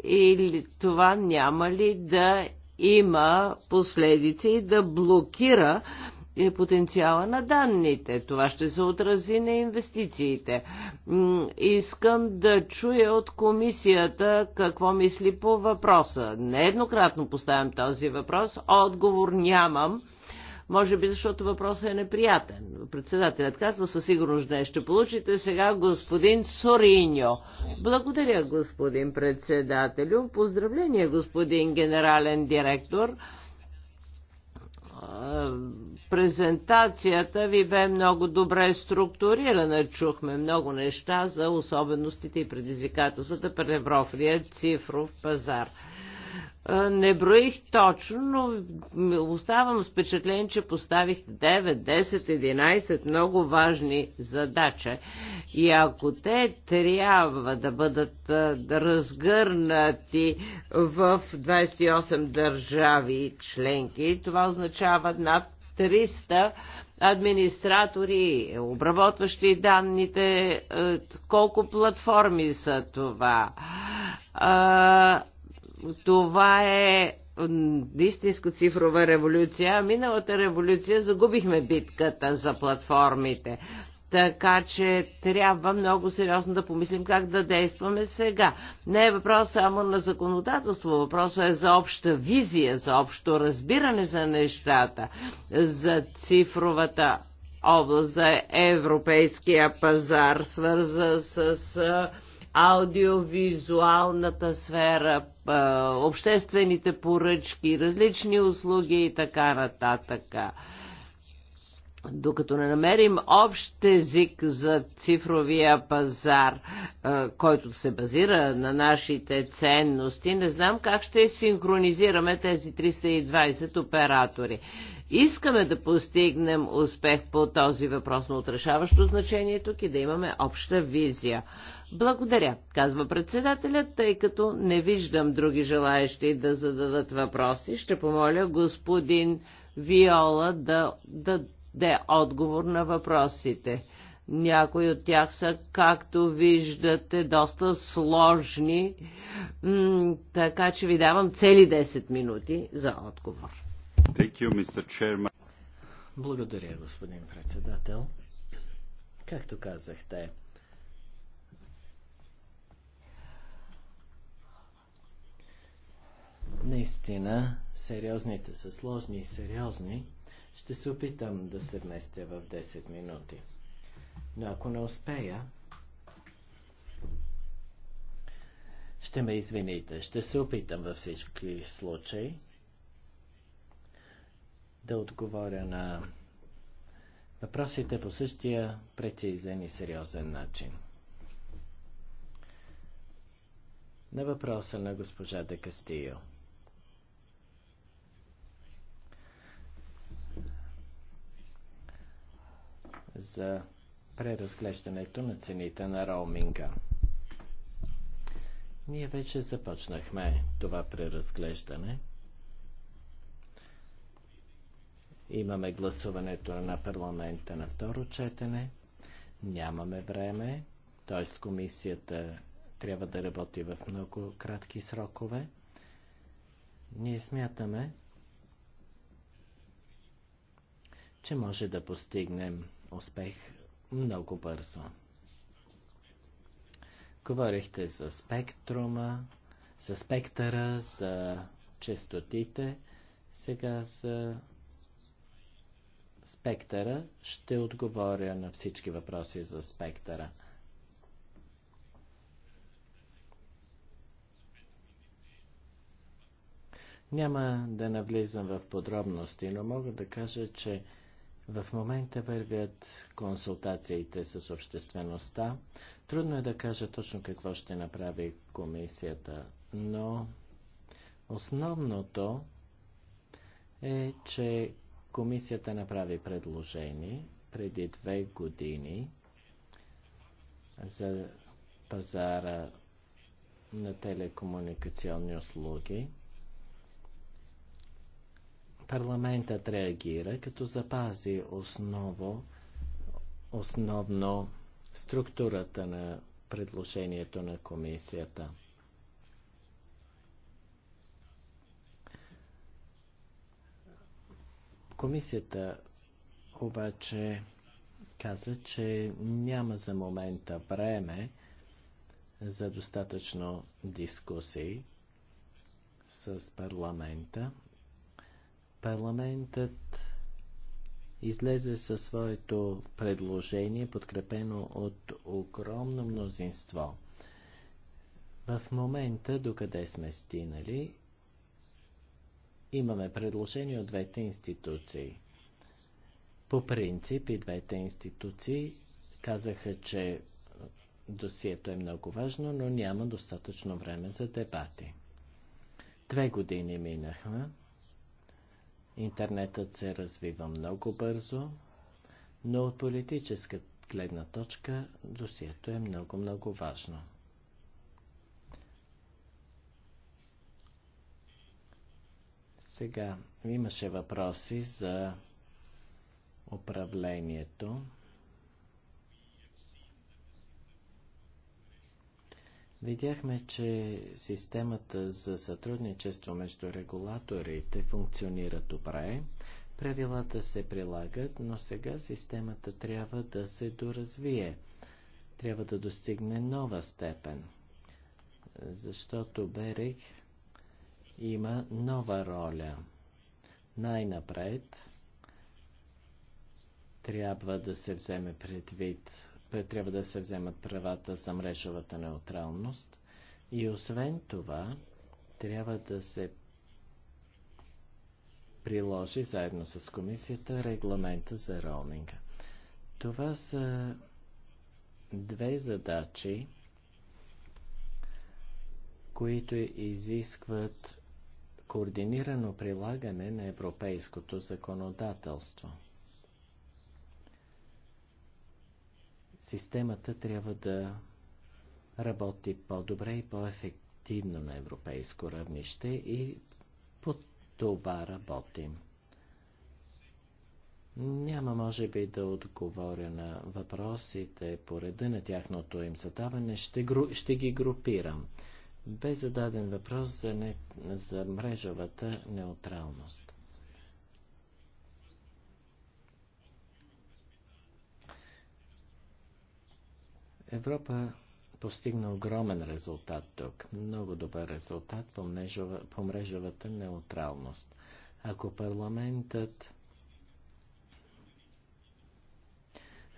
Или това няма ли да има последици и да блокира е потенциала на данните. Това ще се отрази на инвестициите. Искам да чуя от комисията какво мисли по въпроса. Нееднократно поставям този въпрос. Отговор нямам. Може би защото въпросът е неприятен. Председателят казва със сигурност днес ще получите сега господин Сориньо. Благодаря господин председателю. Поздравление господин генерален директор презентацията ви бе много добре структурирана. Чухме много неща за особеностите и предизвикателствата пред Еврофлия цифров пазар. Е, не броих точно, но оставам с впечатление, че поставих 9, 10, 11 много важни задачи. И ако те трябва да бъдат е, разгърнати в 28 държави членки, това означава над 300 администратори, обработващи данните, е, колко платформи са това. Това е истинска цифрова революция. Миналата революция загубихме битката за платформите. Така че трябва много сериозно да помислим как да действаме сега. Не е въпрос само на законодателство, въпросът е за обща визия, за общо разбиране за нещата, за цифровата област, за европейския пазар, свърза с аудиовизуалната сфера, обществените поръчки, различни услуги и така нататък докато не намерим общ език за цифровия пазар, който се базира на нашите ценности, не знам как ще синхронизираме тези 320 оператори. Искаме да постигнем успех по този въпрос на отрешаващо значение тук и е да имаме обща визия. Благодаря, казва председателят, тъй като не виждам други желаящи да зададат въпроси. Ще помоля господин Виола да, да даде отговор на въпросите. Някои от тях са, както виждате, доста сложни, така че ви давам цели 10 минути за отговор. You, Благодаря, господин председател. Както казахте, наистина сериозните са сложни и сериозни. Ще се опитам да се вместя в 10 минути. Но ако не успея, ще ме извините. Ще се опитам във всички случаи да отговоря на въпросите по същия прецизен и сериозен начин. На въпроса на госпожа Де Кастио – за преразглеждането на цените на роуминга. Ние вече започнахме това преразглеждане. Имаме гласуването на парламента на второ четене. Нямаме време, т.е. комисията трябва да работи в много кратки срокове. Ние смятаме, че може да постигнем успех много бързо. Говорихте за спектрума, за спектъра, за частотите. Сега за спектъра ще отговоря на всички въпроси за спектъра. Няма да навлизам в подробности, но мога да кажа, че в момента вървят консултациите с обществеността. Трудно е да кажа точно какво ще направи комисията, но основното е, че комисията направи предложение преди две години за пазара на телекомуникационни услуги парламентът реагира, като запази осново, основно структурата на предложението на комисията. Комисията обаче каза, че няма за момента време за достатъчно дискусии с парламента Парламентът излезе със своето предложение, подкрепено от огромно мнозинство. В момента, докъде сме стинали, имаме предложение от двете институции. По принцип и двете институции казаха, че досието е много важно, но няма достатъчно време за дебати. Две години минахме. Интернетът се развива много бързо, но от политическа гледна точка досието е много-много важно. Сега имаше въпроси за управлението. Видяхме, че системата за сътрудничество между регулаторите функционира добре, правилата се прилагат, но сега системата трябва да се доразвие, трябва да достигне нова степен, защото Берег има нова роля. Най-напред трябва да се вземе предвид е, трябва да се вземат правата за мрежовата неутралност и освен това трябва да се приложи заедно с комисията регламента за роуминга. Това са две задачи, които изискват координирано прилагане на европейското законодателство – Системата трябва да работи по-добре и по-ефективно на европейско равнище и по това работим. Няма, може би, да отговоря на въпросите по реда на тяхното им задаване. Ще, гру... ще ги групирам. Бе зададен въпрос за, не... за мрежовата неутралност. Европа постигна огромен резултат тук. Много добър резултат по, мрежова, по мрежовата неутралност. Ако парламентът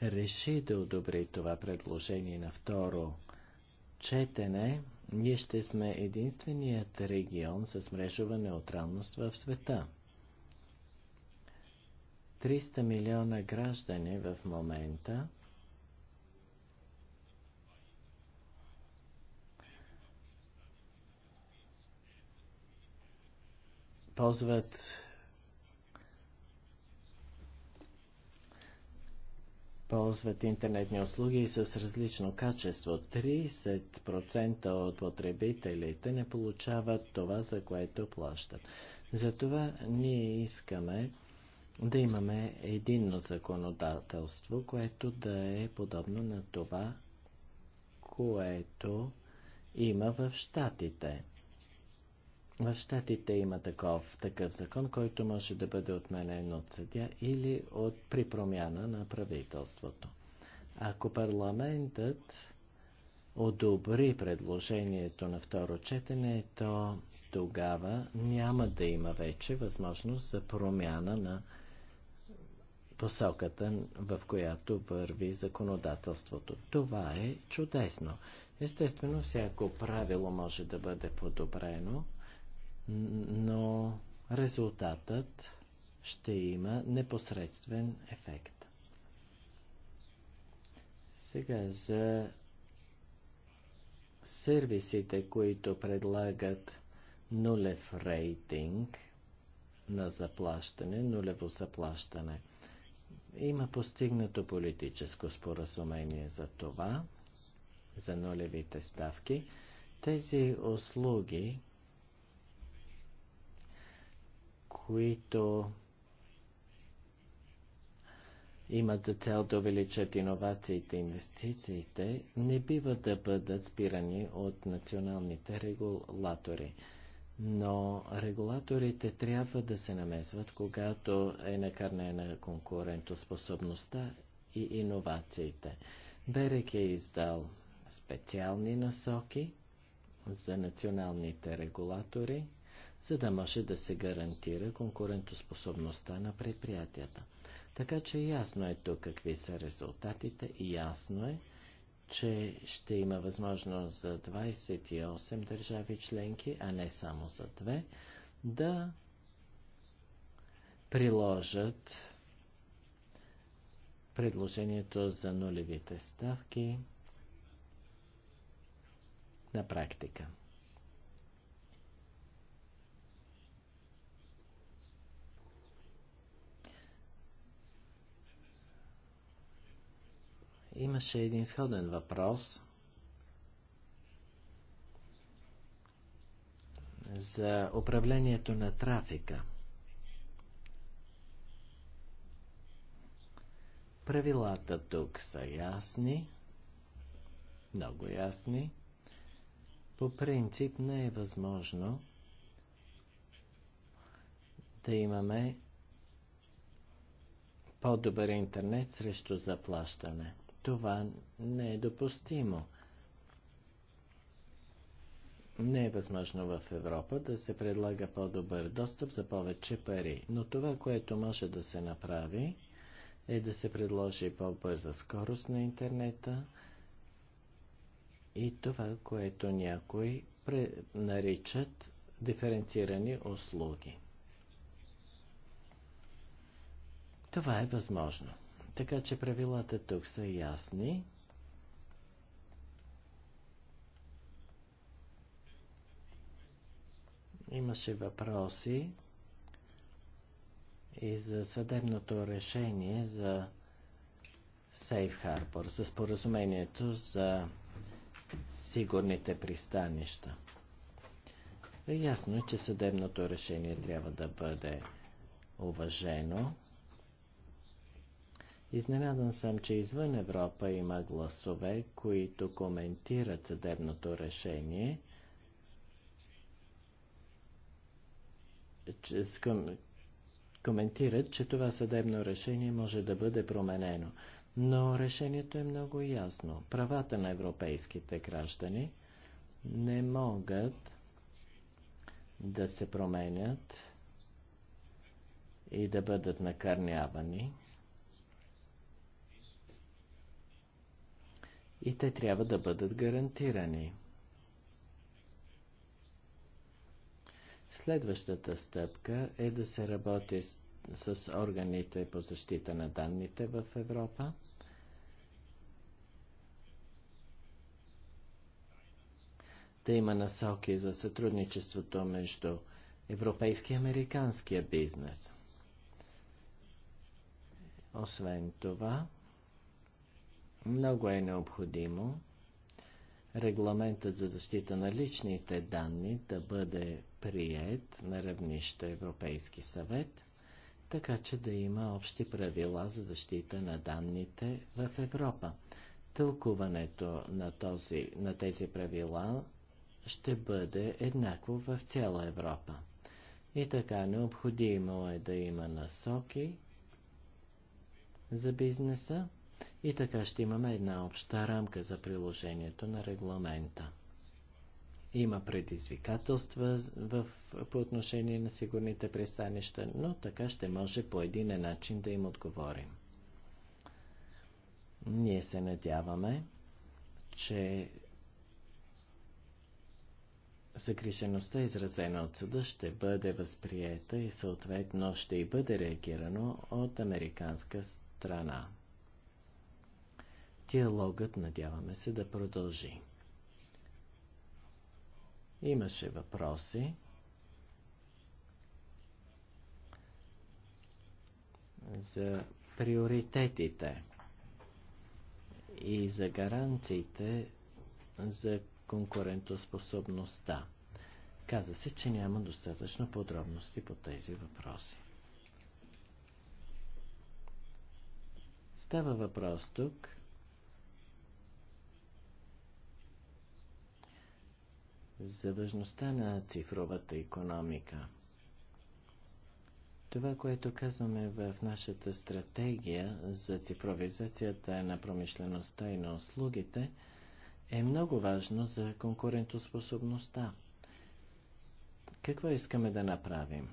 реши да одобри това предложение на второ четене, ние ще сме единственият регион с мрежова неутралност в света. 300 милиона граждани в момента ползват ползват интернетни услуги с различно качество. 30% от потребителите не получават това, за което плащат. Затова ние искаме да имаме единно законодателство, което да е подобно на това, което има в Штатите. В щатите има такъв, такъв закон, който може да бъде отменен от съдя или от при промяна на правителството. Ако парламентът одобри предложението на второ четене, то тогава няма да има вече възможност за промяна на посоката, в която върви законодателството. Това е чудесно. Естествено, всяко правило може да бъде подобрено но резултатът ще има непосредствен ефект. Сега за сервисите, които предлагат нулев рейтинг на заплащане, нулево заплащане. Има постигнато политическо споразумение за това, за нулевите ставки. Тези услуги които имат за цел да увеличат иновациите и инвестициите, не бива да бъдат спирани от националните регулатори. Но регулаторите трябва да се намесват, когато е накърнена конкурентоспособността и иновациите. Берек е издал специални насоки за националните регулатори – за да може да се гарантира конкурентоспособността на предприятията. Така че ясно е тук какви са резултатите и ясно е, че ще има възможност за 28 държави членки, а не само за две, да приложат предложението за нулевите ставки на практика. Имаше един сходен въпрос за управлението на трафика. Правилата тук са ясни, много ясни. По принцип не е възможно да имаме по-добър интернет срещу заплащане. Това не е допустимо. Не е възможно в Европа да се предлага по-добър достъп за повече пари, но това, което може да се направи, е да се предложи по-бърза скорост на интернета и това, което някои наричат диференцирани услуги. Това е възможно. Така че правилата тук са ясни. Имаше въпроси и за съдебното решение за Сейф Харбор, за споразумението за сигурните пристанища. Е ясно е, че съдебното решение трябва да бъде уважено. Изненадан съм, че извън Европа има гласове, които коментират съдебното решение, че, скъм, коментират, че това съдебно решение може да бъде променено. Но решението е много ясно. Правата на европейските граждани не могат да се променят и да бъдат накърнявани. и те трябва да бъдат гарантирани. Следващата стъпка е да се работи с, с органите по защита на данните в Европа. Да има насоки за сътрудничеството между европейски и американския бизнес. Освен това, много е необходимо регламентът за защита на личните данни да бъде прият на равнище Европейски съвет, така че да има общи правила за защита на данните в Европа. Тълкуването на, този, на тези правила ще бъде еднакво в цяла Европа. И така необходимо е да има насоки за бизнеса, и така ще имаме една обща рамка за приложението на регламента. Има предизвикателства в, по отношение на сигурните пристанища, но така ще може по един е начин да им отговорим. Ние се надяваме, че загрижеността, изразена от съда, ще бъде възприета и съответно ще и бъде реагирано от американска страна диалогът, надяваме се, да продължи. Имаше въпроси. за приоритетите и за гаранциите за конкурентоспособността. Каза се, че няма достатъчно подробности по тези въпроси. Става въпрос тук за важността на цифровата економика. Това, което казваме в нашата стратегия за цифровизацията на промишлеността и на услугите, е много важно за конкурентоспособността. Какво искаме да направим?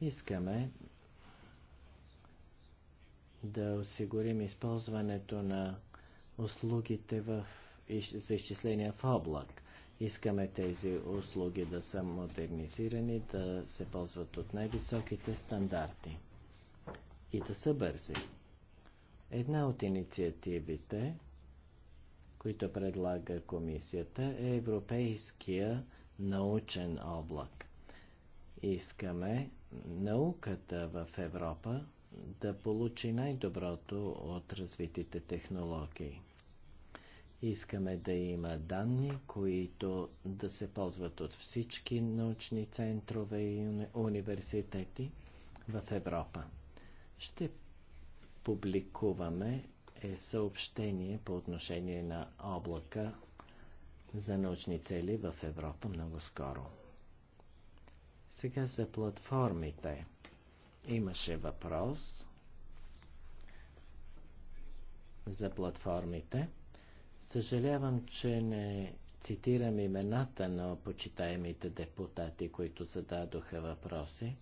Искаме да осигурим използването на услугите в, за изчисления в облак. Искаме тези услуги да са модернизирани, да се ползват от най-високите стандарти и да са бързи. Една от инициативите, които предлага комисията, е Европейския научен облак. Искаме науката в Европа да получи най-доброто от развитите технологии. Искаме да има данни, които да се ползват от всички научни центрове и университети в Европа. Ще публикуваме е съобщение по отношение на облака за научни цели в Европа много скоро. Сега за платформите. Имаше въпрос за платформите. Съжалявам, че не цитирам имената на почитаемите депутати, които зададоха въпроси,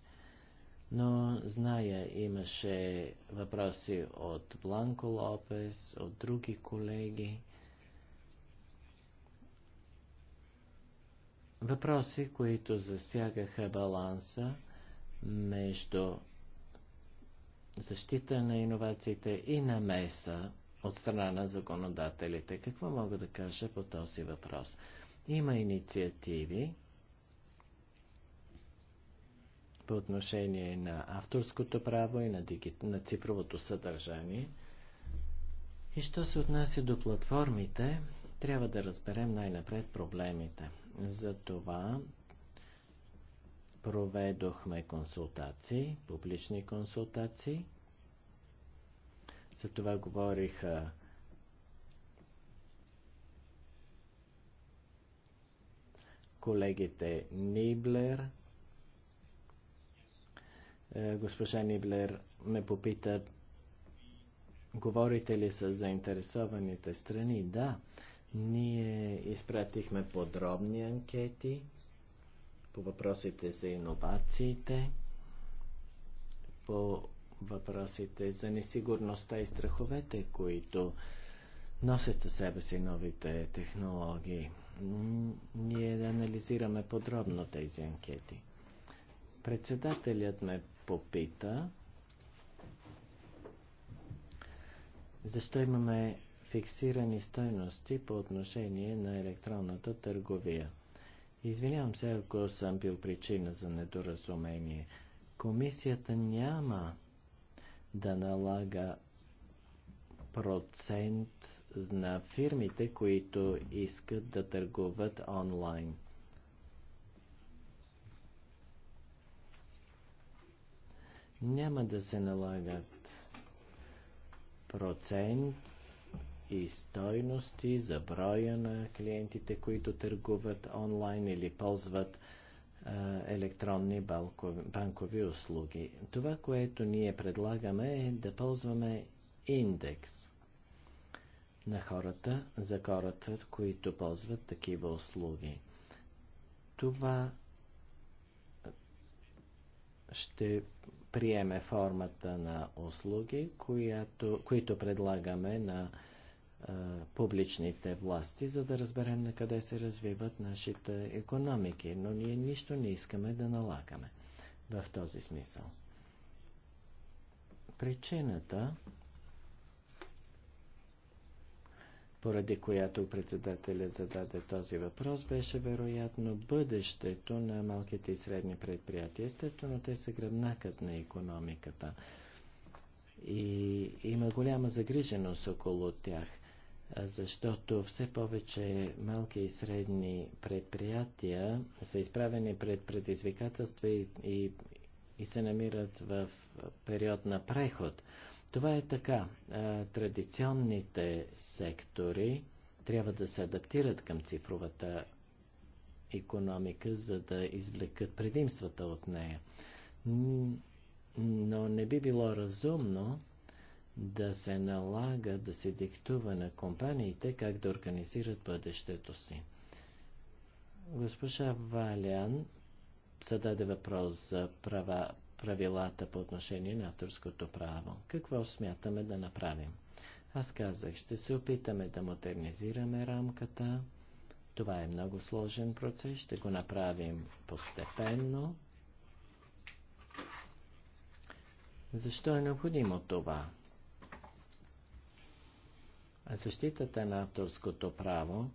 но зная, имаше въпроси от Бланко Лопес, от други колеги. Въпроси, които засягаха баланса между защита на иновациите и намеса от страна на законодателите. Какво мога да кажа по този въпрос? Има инициативи по отношение на авторското право и на, диги... на цифровото съдържание. И що се отнася до платформите, трябва да разберем най-напред проблемите. Затова проведохме консултации, публични консултации – за това говориха колегите Ниблер. Е, госпожа Ниблер ме попита, говорите ли с заинтересованите страни? Да, ние изпратихме подробни анкети по въпросите за иновациите, по въпросите за несигурността и страховете, които носят със себе си новите технологии. Ние да анализираме подробно тези анкети. Председателят ме попита защо имаме фиксирани стойности по отношение на електронната търговия. Извинявам се, ако съм бил причина за недоразумение. Комисията няма да налага процент на фирмите, които искат да търгуват онлайн. Няма да се налагат процент и стойности за броя на клиентите, които търгуват онлайн или ползват електронни банкови услуги. Това, което ние предлагаме е да ползваме индекс на хората, за хората, които ползват такива услуги. Това ще приеме формата на услуги, която, които предлагаме на публичните власти, за да разберем на къде се развиват нашите економики, но ние нищо не искаме да налагаме в този смисъл. Причината, поради която председателят зададе този въпрос, беше вероятно бъдещето на малките и средни предприятия. Естествено, те са гръбнакът на економиката и има голяма загриженост около тях – защото все повече малки и средни предприятия са изправени пред предизвикателства и, и, и се намират в период на преход. Това е така. Традиционните сектори трябва да се адаптират към цифровата економика, за да извлекат предимствата от нея. Но не би било разумно да се налага, да се диктува на компаниите как да организират бъдещето си. Госпожа Валян зададе въпрос за права, правилата по отношение на авторското право. Какво смятаме да направим? Аз казах, ще се опитаме да модернизираме рамката. Това е много сложен процес, ще го направим постепенно. Защо е необходимо това? А Защитата на авторското право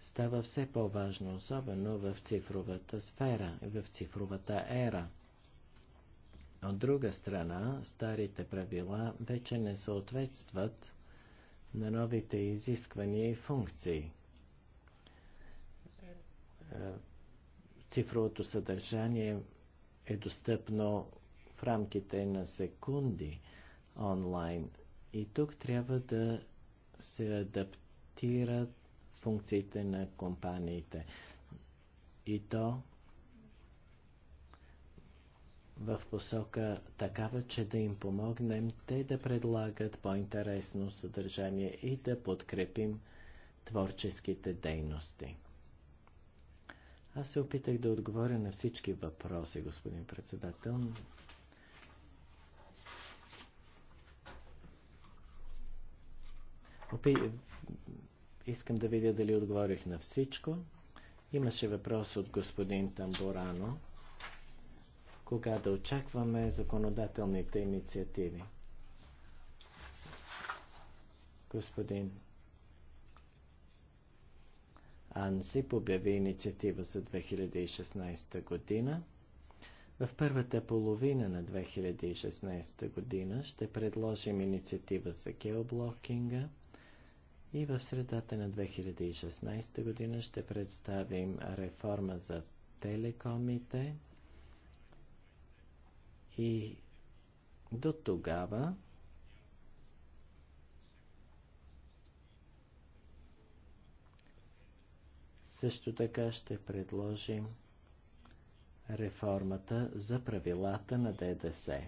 става все по-важно, особено в цифровата сфера, в цифровата ера. От друга страна, старите правила вече не съответстват на новите изисквания и функции. Е, цифровото съдържание е достъпно в рамките на секунди онлайн и тук трябва да се адаптират функциите на компаниите. И то в посока такава, че да им помогнем те да предлагат по-интересно съдържание и да подкрепим творческите дейности. Аз се опитах да отговоря на всички въпроси, господин председател. Опи... Искам да видя дали отговорих на всичко. Имаше въпрос от господин Тамборано. Кога да очакваме законодателните инициативи? Господин Анси, обяви инициатива за 2016 година. В първата половина на 2016 година ще предложим инициатива за геоблокинга – и в средата на 2016 година ще представим реформа за телекомите и до тогава също така ще предложим реформата за правилата на ДДС.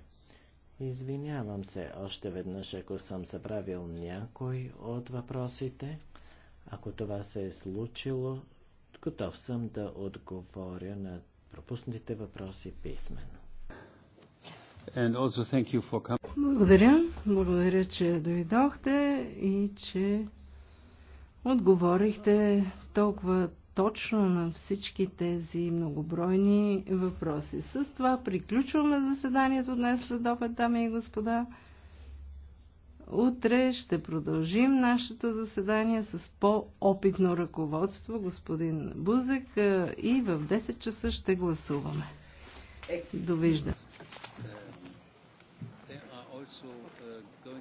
Извинявам се още веднъж, ако съм забравил някой от въпросите. Ако това се е случило, готов съм да отговоря на пропуснатите въпроси писменно. For... Благодаря. Благодаря, че дойдохте и че отговорихте толкова точно на всички тези многобройни въпроси. С това приключваме заседанието днес след обед, дами и господа. Утре ще продължим нашето заседание с по-опитно ръководство, господин Бузек, и в 10 часа ще гласуваме. Довиждане. Е,